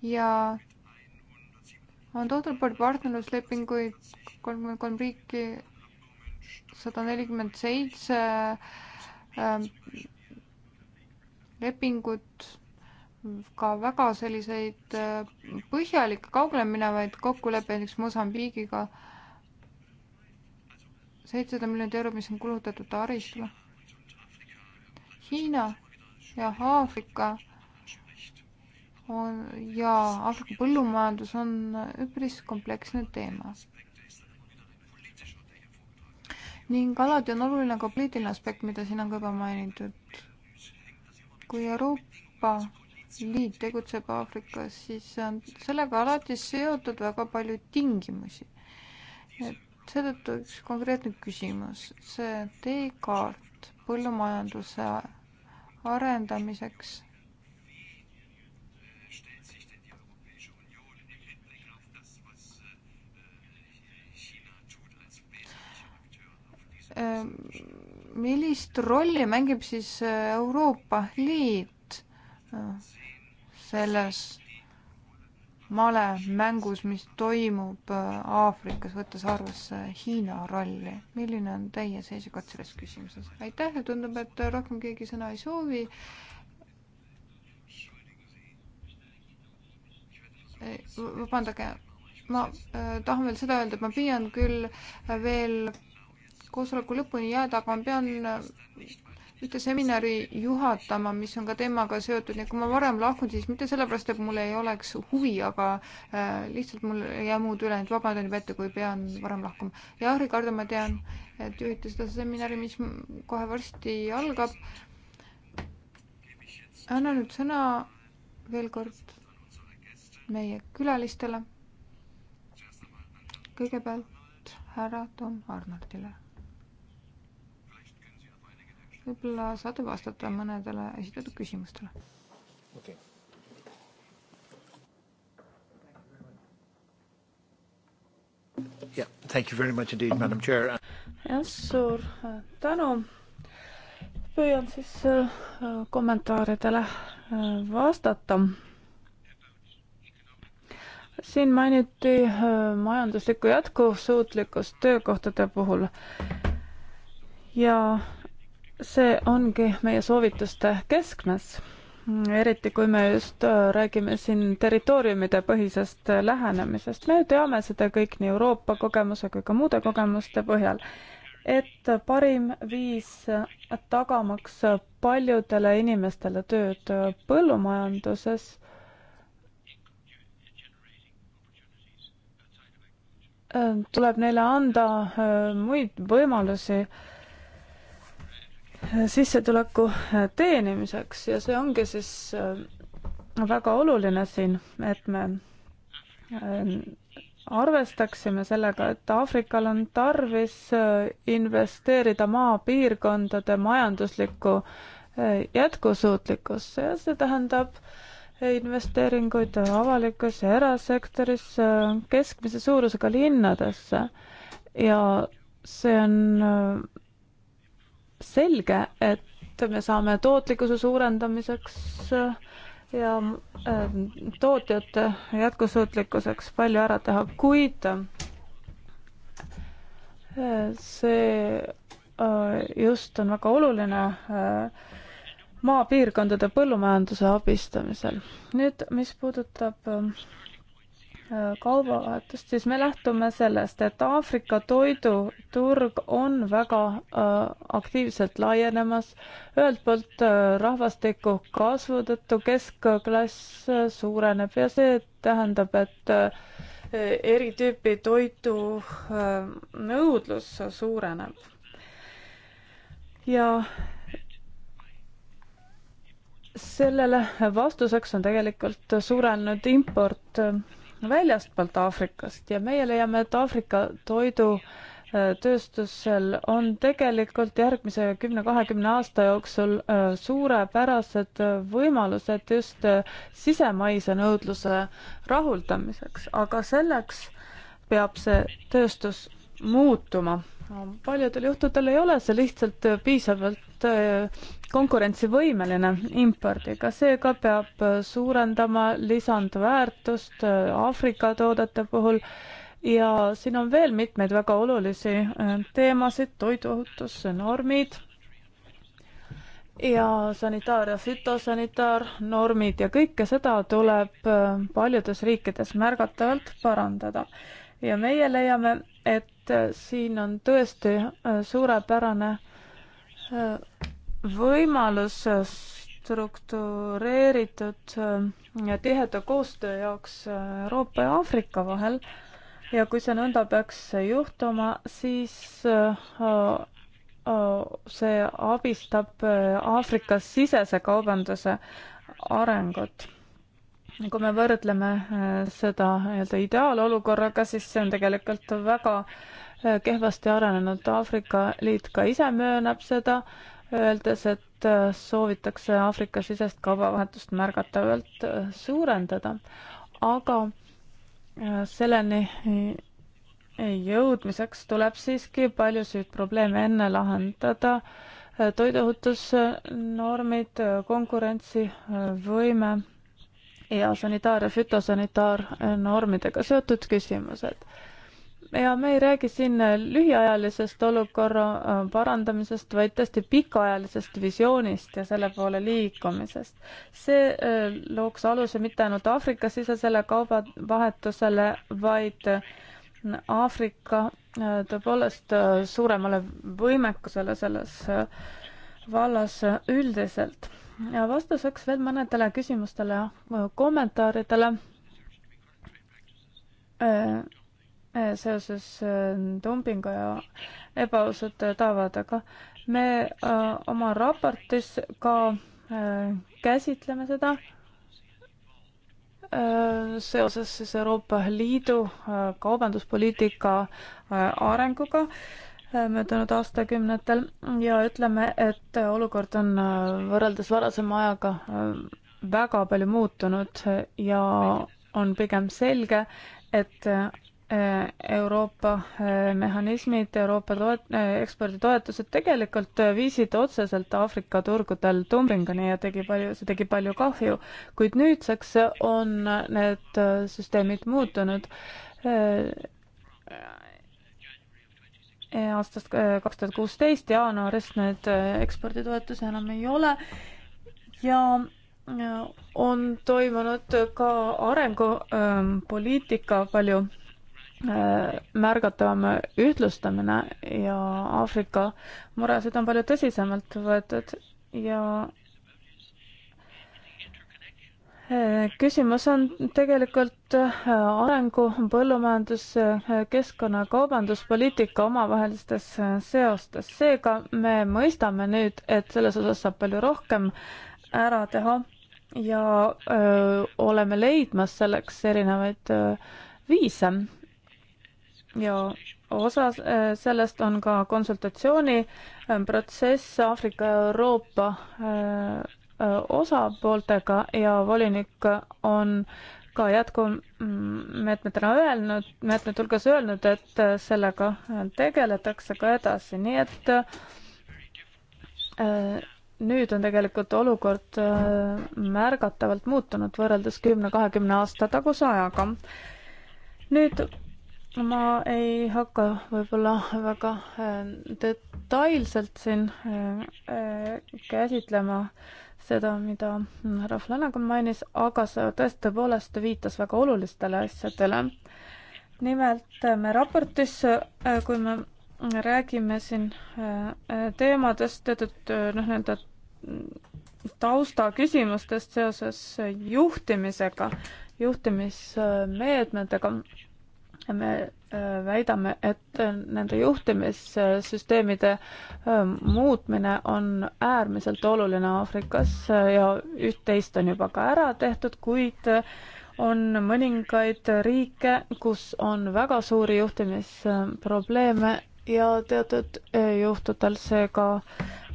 ja on toodud poolt partnerluslepinguid kolmkümmend kolm riiki, sada nelikümmend seitse ähm, lepingut ka väga selliseid äh, põhjalikke, kaugele minevaid kokkuleppeid näiteks Mosambiigiga. seitsesada miljonit eurot, mis on kulutatud taristule. Hiina ja Aafrika on ja Aafrika põllumajandus on üpris kompleksne teema. ning alati on oluline ka poliitiline aspekt, mida siin on ka juba mainitud. kui Euroopa Liit tegutseb Aafrikas, siis on sellega alati seotud väga palju tingimusi. et seetõttu üks konkreetne küsimus, see teekaart põllumajanduse arendamiseks ehm, millist rolli mängib siis Euroopa Liit? Noh, selles malemängus, mis toimub äh, Aafrikas, võttes arvesse Hiina rolli. milline on teie seisukoht selles küsimuses? aitäh ja tundub, et rohkem keegi sõna ei soovi. vabandage, ma äh, tahan veel seda öelda, et ma püüan küll veel koosoleku lõpuni jääda, aga ma pean äh, ühte seminari juhatama, mis on ka teemaga seotud, nii et kui ma varem lahkun, siis mitte sellepärast, et mul ei oleks huvi, aga äh, lihtsalt mul ei jää muud üle, et vabandan juba ette, kui pean varem lahkuma. jah, Ricardo, ma tean, et juhite seda seminari, mis kohe varsti algab. annan nüüd sõna veel kord meie külalistele. kõigepealt härra Tom Arnoldile võib-olla saate vastata mõnedele esitatud küsimustele. okei okay.. Yeah, thank you very much indeed, madam chair. jah, suur äh, tänu. püüan siis äh, kommentaaridele äh, vastata. siin mainiti majanduslikku jätkusuutlikkust töökohtade puhul ja see ongi meie soovituste keskmes, eriti kui me just äh, räägime siin territooriumide põhisest äh, lähenemisest. me ju teame seda kõik nii Euroopa kogemuse kui ka muude kogemuste põhjal, et parim viis äh, tagamaks paljudele inimestele tööd põllumajanduses tuleb neile anda muid võimalusi äh, sissetuleku äh, teenimiseks ja see ongi siis äh, väga oluline siin, et me ähm, arvestaksime sellega, et Aafrikal on tarvis äh, investeerida maapiirkondade majanduslikku jätkusuutlikkusse ja see tähendab investeeringuid avalikus ja erasektoris keskmise suurusega linnadesse ja see on selge, et me saame tootlikkuse suurendamiseks äh, ja äh, tootjate jätkusuutlikkuseks palju ära teha, kuid äh, see just on väga oluline maapiirkondade põllumajanduse abistamisel. nüüd, mis puudutab kaubavahetust, siis me lähtume sellest, et Aafrika toiduturg on väga äh, aktiivselt laienemas. ühelt poolt äh, rahvastiku kasvu tõttu keskklass äh, suureneb ja see tähendab, et äh, eri tüüpi toidu äh, nõudlus suureneb. ja sellele vastuseks on tegelikult suurenenud import äh, väljastpoolt Aafrikast ja meie leiame, et Aafrika toidutööstusel on tegelikult järgmise kümne-kahekümne aasta jooksul äh, suurepärased võimalused just äh, sisemaise nõudluse rahuldamiseks, aga selleks peab see tööstus muutuma. paljudel juhtudel ei ole see lihtsalt piisavalt ainult äh, konkurentsivõimeline impordiga, seega peab äh, suurendama lisandväärtust äh, Aafrika toodete puhul ja siin on veel mitmeid väga olulisi teemasid, toiduohutusnormid ja sanitaar- ja fütosanitaarnormid ja kõike seda tuleb paljudes riikides märgatavalt parandada. ja meie leiame, et siin on tõesti suurepärane võimalus struktureeritud äh, ja tiheda koostöö jaoks äh, Euroopa ja Aafrika vahel. ja kui see nõnda peaks juhtuma, siis äh, see abistab Aafrikas sisese kaubanduse arengut. kui me võrdleme seda nii-öelda ideaalolukorraga, siis see on tegelikult väga kehvasti arenenud. Aafrika Liit ka ise möönab seda öeldes, et äh, soovitakse Aafrika-sisest kaubavahetust märgatavalt äh, suurendada, aga äh, selleni jõudmiseks tuleb siiski paljusid probleeme enne lahendada, toiduohutusnormid, konkurentsivõime ja sanitaar- ja fütosanitaarnormidega seotud küsimused ja me ei räägi siin lühiajalisest olukorra äh, parandamisest, vaid tõesti pikaajalisest visioonist ja selle poole liikumisest. see äh, looks aluse mitte ainult Aafrika-sisesele kaubavahetusele, vaid äh, Aafrika tõepoolest suuremale võimekusele selles vallas üldiselt. ja vastuseks veel mõnedele küsimustele, kommentaaridele Äh, seoses äh, dumpingu ja ebaausate tavadega. me äh, oma raportis ka käsitleme seda seoses siis Euroopa Liidu kaubanduspoliitika arenguga möödunud aastakümnetel ja ütleme, et olukord on võrreldes varasema ajaga väga palju muutunud ja on pigem selge, et Äh, Euroopa äh, mehhanismid, Euroopa toet-, äh, eksporditoetused tegelikult viisid otseselt Aafrika turgudel tumbringuni ja tegi palju, see tegi palju kahju, kuid nüüdseks on need süsteemid muutunud. aastast kaks tuhat kuusteist jaanuarist need eksporditoetusi enam ei ole ja on toimunud ka arengupoliitika palju Äh, märgatavam ühtlustamine ja Aafrika muresid on palju tõsisemalt võetud ja äh, küsimus on tegelikult äh, arengu, põllumajandus, keskkonna, kaubanduspoliitika omavahelistes seostes. seega me mõistame nüüd, et selles osas saab palju rohkem ära teha ja öö, oleme leidmas selleks erinevaid öö, viise ja osa äh, sellest on ka konsultatsiooniprotsess äh, Aafrika ja Euroopa äh, osapooltega ja volinik on ka jätkumeetmetena öelnud, meetmete hulgas öelnud, et sellega tegeletakse ka edasi, nii et nüüd on tegelikult olukord märgatavalt muutunud võrreldes kümne-kahekümne aasta taguse ajaga. nüüd ma ei hakka võib-olla väga äh, detailselt siin äh, äh, käsitlema seda, mida härra Flanagan mainis, aga see tõesti tõepoolest viitas väga olulistele asjadele. nimelt me raportis, kui me räägime siin teemadest, teatud noh, nii-öelda taustaküsimustest seoses juhtimisega, juhtimismeetmetega ja me äh, väidame, et äh, nende juhtimissüsteemide äh, muutmine on äärmiselt oluline Aafrikas ja üht-teist on juba ka ära tehtud, kuid on mõningaid riike, kus on väga suuri juhtimisprobleeme ja teatud juhtudel see ka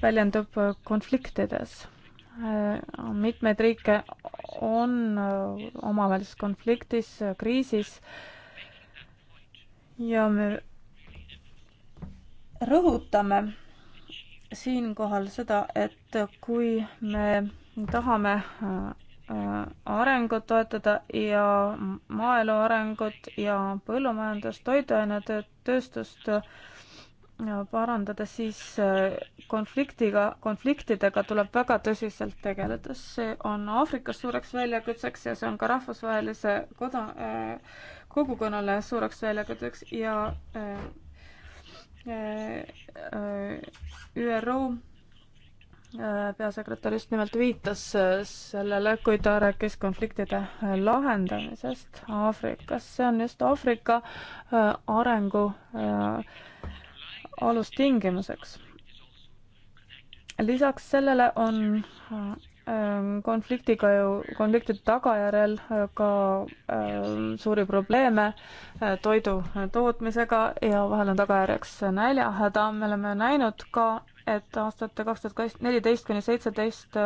väljendub konfliktides mitmeid riike on omavahelises konfliktis, kriisis ja me rõhutame siinkohal seda, et kui me tahame äh, arengut toetada ja maaelu arengut ja põllumajandust, toiduainetööstust äh, parandada, siis äh, konfliktiga, konfliktidega tuleb väga tõsiselt tegeleda. see on Aafrikas suureks väljakutseks ja see on ka rahvusvahelise koda, kogukonnale suureks väljakutseks ja äh, äh, äh, ÜRO peasekretär just nimelt viitas sellele, kui ta rääkis konfliktide lahendamisest Aafrikas. see on just Aafrika arengu alustingimuseks. lisaks sellele on Ehm, konfliktiga ju, konflikti tagajärjel äh, ka äh, suuri probleeme äh, toidu tootmisega ja vahel on tagajärjeks näljahäda. me oleme näinud ka, et aastate kaks tuhat neliteist kuni seitseteist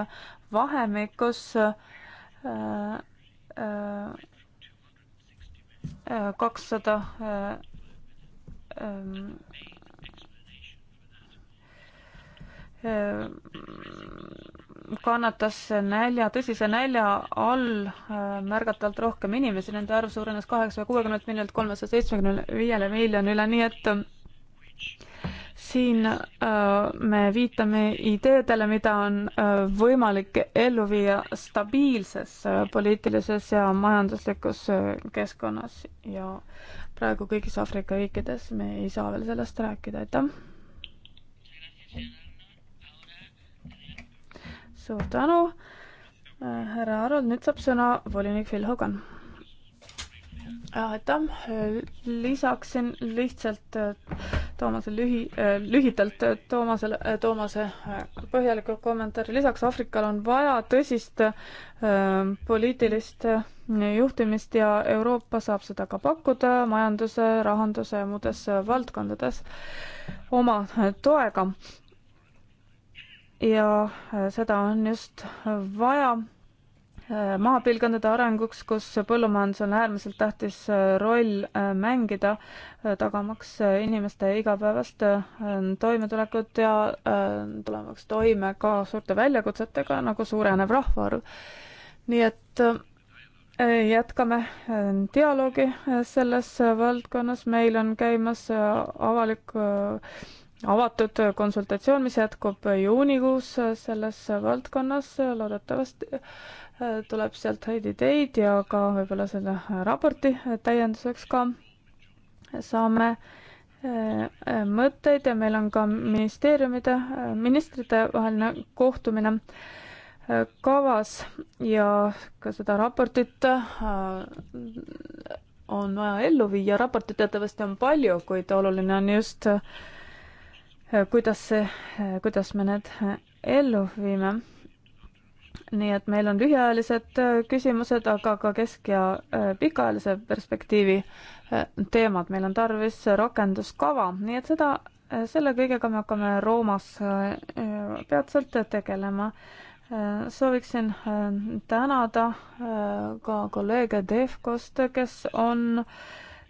vahemikus kakssada ähm, kannatas nälja, tõsise nälja all äh, märgatavalt rohkem inimesi, nende arv suurenes kaheksasaja kuuekümnelt miljonilt kolmesaja seitsmekümne viiele miljonile, nii et äh, siin äh, me viitame ideedele, mida on võimalik ellu viia stabiilses poliitilises ja majanduslikus keskkonnas ja praegu kõigis Aafrika riikides me ei saa veel sellest rääkida, aitäh! suur tänu, äh, härra Aron, nüüd saab sõna volinik Phil Hogan. aitäh, lisaksin lihtsalt äh, Toomase lühi, äh, lühidalt Toomasele, Toomase põhjaliku kommentaari, lisaks Aafrikal on vaja tõsist äh, poliitilist juhtimist ja Euroopa saab seda ka pakkuda majanduse, rahanduse ja muudes valdkondades oma toega ja äh, seda on just vaja äh, maapiirkondade arenguks, kus põllumajandus on äärmiselt tähtis äh, roll mängida, tagamaks inimeste igapäevast toimetulekut ja tulemaks toime ka suurte väljakutsetega, nagu suurenev rahvaarv. nii et jätkame dialoogi selles valdkonnas, meil on käimas avalik avatud konsultatsioon, mis jätkub juunikuus selles valdkonnas, loodetavasti äh, tuleb sealt häid ideid ja ka võib-olla selle raporti täienduseks ka saame äh, äh, mõtteid ja meil on ka ministeeriumide, ministrite vaheline kohtumine kavas ja ka seda raportit on vaja ellu viia, raportit teatavasti on palju, kuid oluline on just kuidas see, kuidas me need äh, ellu viime. nii et meil on lühiajalised äh, küsimused, aga ka kesk- ja äh, pikaajalise perspektiivi teemad, meil on tarvis rakenduskava, nii et seda, selle kõigega me hakkame Roomas peatselt tegelema sooviksin tänada ka kolleege Defcost, kes on äh,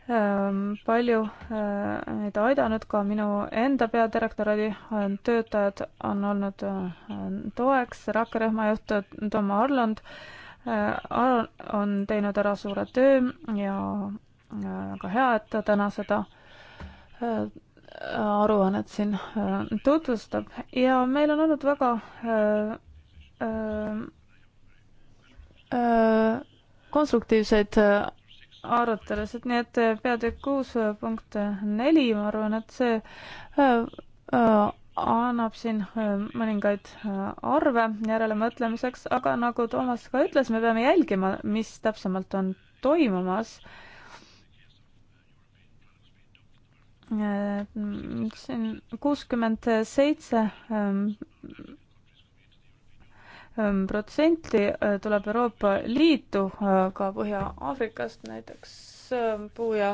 Ehm, palju neid eh, aidanud, ka minu enda peadirektoraadi töötajad on olnud eh, toeks, rakkerühma juht eh, Tom Arland on teinud ära suure töö ja väga hea, et ta täna seda aruannet siin tutvustab ja meil on olnud väga konstruktiivseid arutelusid, nii et peatükk kuus punkt neli, ma arvan, et see äh, äh, annab siin äh, mõningaid arve järelemõtlemiseks, aga nagu Toomas ka ütles, me peame jälgima, mis täpsemalt on toimumas. siin kuuskümmend seitse ähm, Ehm, protsenti äh, tuleb Euroopa Liitu, äh, ka Põhja-Aafrikast näiteks äh, puu- ja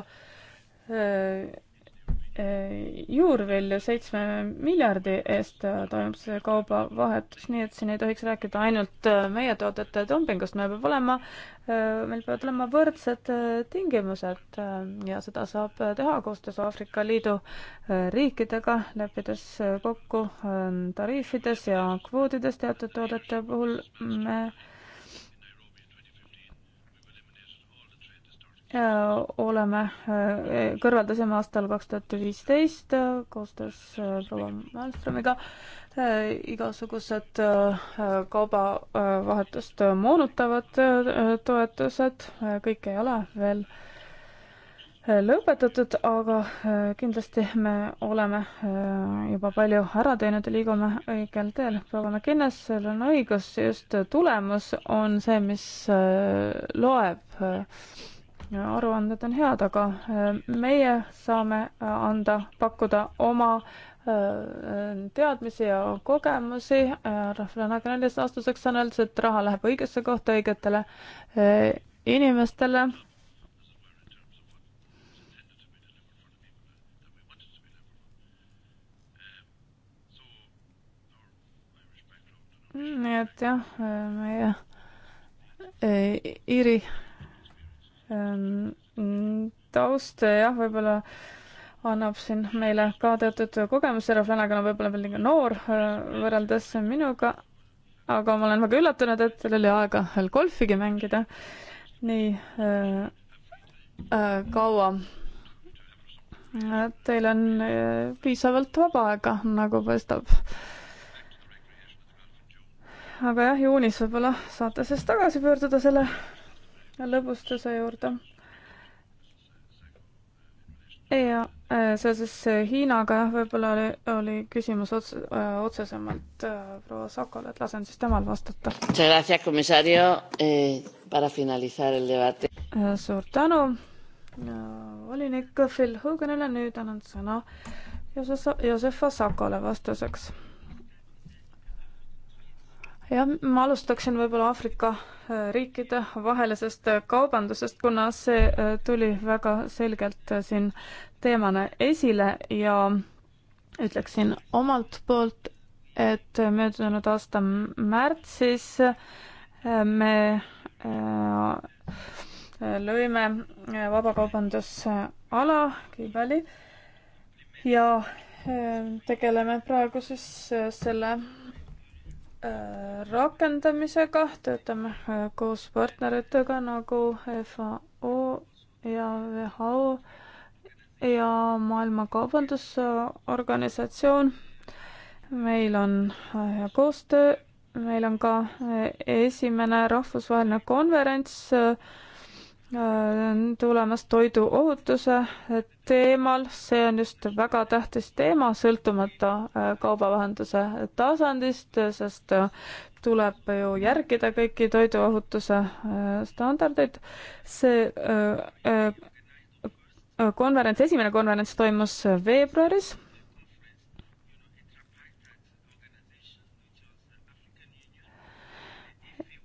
Äh, juurvilju seitsme miljardi eest äh, toimub see kaubavahetus, nii et siin ei tohiks rääkida ainult äh, meie toodete dumpingust, meil peab olema, meil peavad olema võrdsed tingimused ja seda saab teha koostöös Aafrika Liidu riikidega, leppides kokku tariifides ja kvoodides teatud toodete puhul me Äh, oleme, äh, kõrvaldasime aastal kaks tuhat viisteist äh, koostöös proua Malmströmiga igasugused kaubavahetust moonutavad toetused, kõik ei ole veel lõpetatud, aga kindlasti me oleme juba palju ära teinud ja liigume õigel teel. proua McInnes, sul on õigus, just tulemus on see, mis loeb aruanded on head, aga äh, meie saame äh, anda, pakkuda oma äh, teadmisi ja kogemusi. rahvanakanalist vastuseks on öeldud, et raha läheb õigesse kohta, õigetele inimestele. nii et jah, meie Iiri Ehm, taust jah, võib-olla annab siin meile ka teatud kogemusi, härra Flanagan on võib-olla veel liiga noor äh, võrreldes minuga, aga ma olen väga üllatunud, et tal oli aega veel golfigi mängida nii äh, äh, kaua. Teil on äh, piisavalt vaba aega, nagu paistab. aga jah, juunis võib-olla saate siis tagasi pöörduda selle lõbustuse juurde. ja äh, seoses äh, Hiinaga jah, võib-olla oli, oli küsimus ots-, äh, otsesemalt proua Sakole, et lasen siis temal vastata. Eh, suur tänu, volinik Phil Hoganile, nüüd annan sõna Josefa Sakole vastuseks jah, ma alustaksin võib-olla Aafrika äh, riikide vahelisest äh, kaubandusest, kuna see äh, tuli väga selgelt siin teemana esile ja ütleksin omalt poolt, et möödunud aasta märtsis me lõime vabakaubandusala Kibali ja tegeleme praegu siis selle Äh, rakendamisega, töötame äh, koos partneritega nagu FAO ja WHO ja Maailma Kaubandusorganisatsioon. meil on äh, hea koostöö, meil on ka esimene rahvusvaheline konverents Äh, tulemas toiduohutuse teemal, see on just väga tähtis teema, sõltumata äh, kaubavahenduse tasandist, sest äh, tuleb ju järgida kõiki toiduohutuse standardeid. see konverents, esimene konverents toimus veebruaris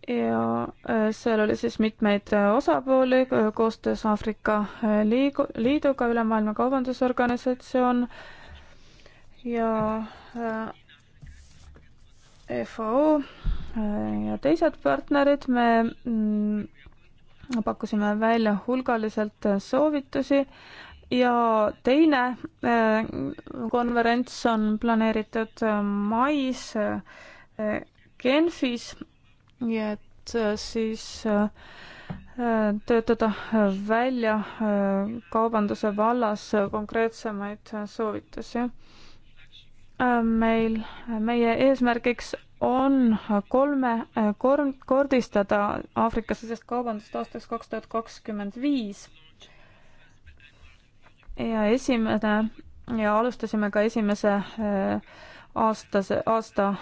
ja äh, seal oli siis mitmeid äh, osapooli äh, koostöös Aafrika liigu, Liiduga, Ülemaailmne Kaubandusorganisatsioon ja FAO ja teised partnerid. me mm, pakkusime välja hulgaliselt soovitusi ja teine konverents on planeeritud mais Genfis nii et äh, siis äh, töötada äh, välja kaubanduse vallas konkreetsemaid soovitusi. meil, meie eesmärgiks on kolme, kolm, kordistada Aafrika-sisest kaubandust aastaks kaks tuhat kakskümmend viis. ja esimene ja alustasime ka esimese aastase, aasta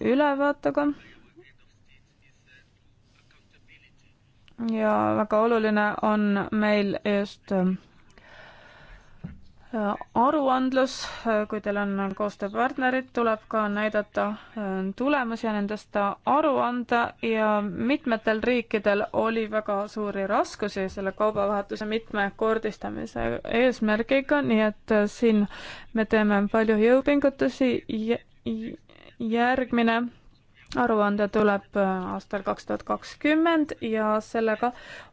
ülevaatega ja väga oluline on meil just äh, aruandlus, kui teil on koostööpartnerid, tuleb ka näidata äh, tulemusi ja nendest aru anda ja mitmetel riikidel oli väga suuri raskusi selle kaubavahetuse mitmekordistamise eesmärgiga, nii et äh, siin me teeme palju jõupingutusi. järgmine aruande tuleb äh, aastal kaks tuhat kakskümmend ja sellega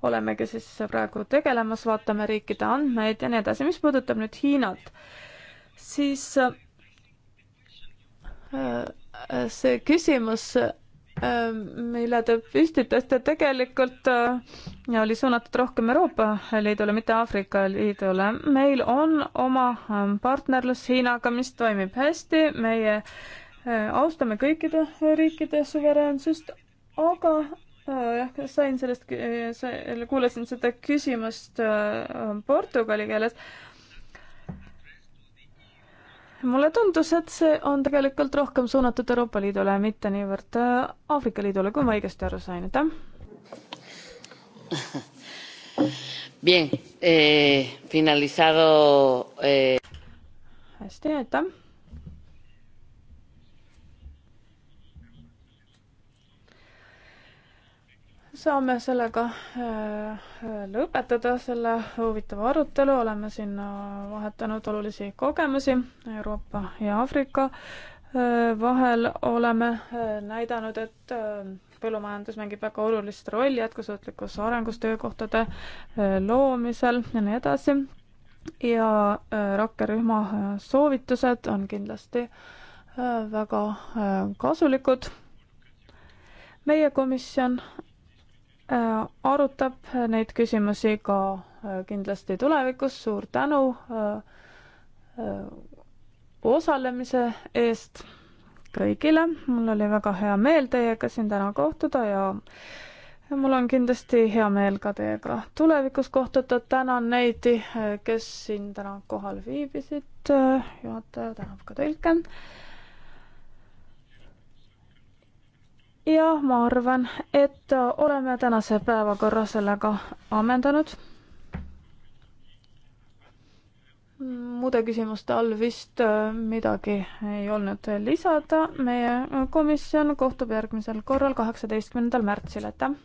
olemegi siis praegu tegelemas, vaatame riikide andmeid ja nii edasi. mis puudutab nüüd Hiinat, siis äh, äh, see küsimus, mille te püstitasite, tegelikult oli suunatud rohkem Euroopa Liidule, mitte Aafrika Liidule. meil on oma partnerlus Hiinaga, mis toimib hästi, meie Äh, austame kõikide riikide suveräänsust, aga äh, jah, sain sellest, äh, kuulasin seda küsimust portugali keeles. mulle tundus, et see on tegelikult rohkem suunatud Euroopa Liidule, mitte niivõrd Aafrika Liidule, kui ma õigesti aru sain, aitäh. Bien eh,, finalizado eh.... hästi, aitäh saame sellega äh, lõpetada selle huvitava arutelu, oleme siin äh, vahetanud olulisi kogemusi Euroopa ja Aafrika äh, vahel, oleme näidanud, et põllumajandus mängib väga olulist rolli jätkusuutlikus arengus, töökohtade loomisel ja nii edasi. ja rakkerühma soovitused on kindlasti väga kasulikud meie komisjon Äh, arutab neid küsimusi ka äh, kindlasti tulevikus, suur tänu äh, osalemise eest kõigile, mul oli väga hea meel teiega siin täna kohtuda ja ja mul on kindlasti hea meel ka teiega tulevikus kohtuda, tänan neid, kes siin täna kohal viibisid, juhataja tänab ka tõlke. ja ma arvan, et oleme tänase päevakorra sellega ammendanud. muude küsimuste all vist äh, midagi ei olnud lisada. meie komisjon kohtub järgmisel korral, kaheksateistkümnendal märtsil, aitäh!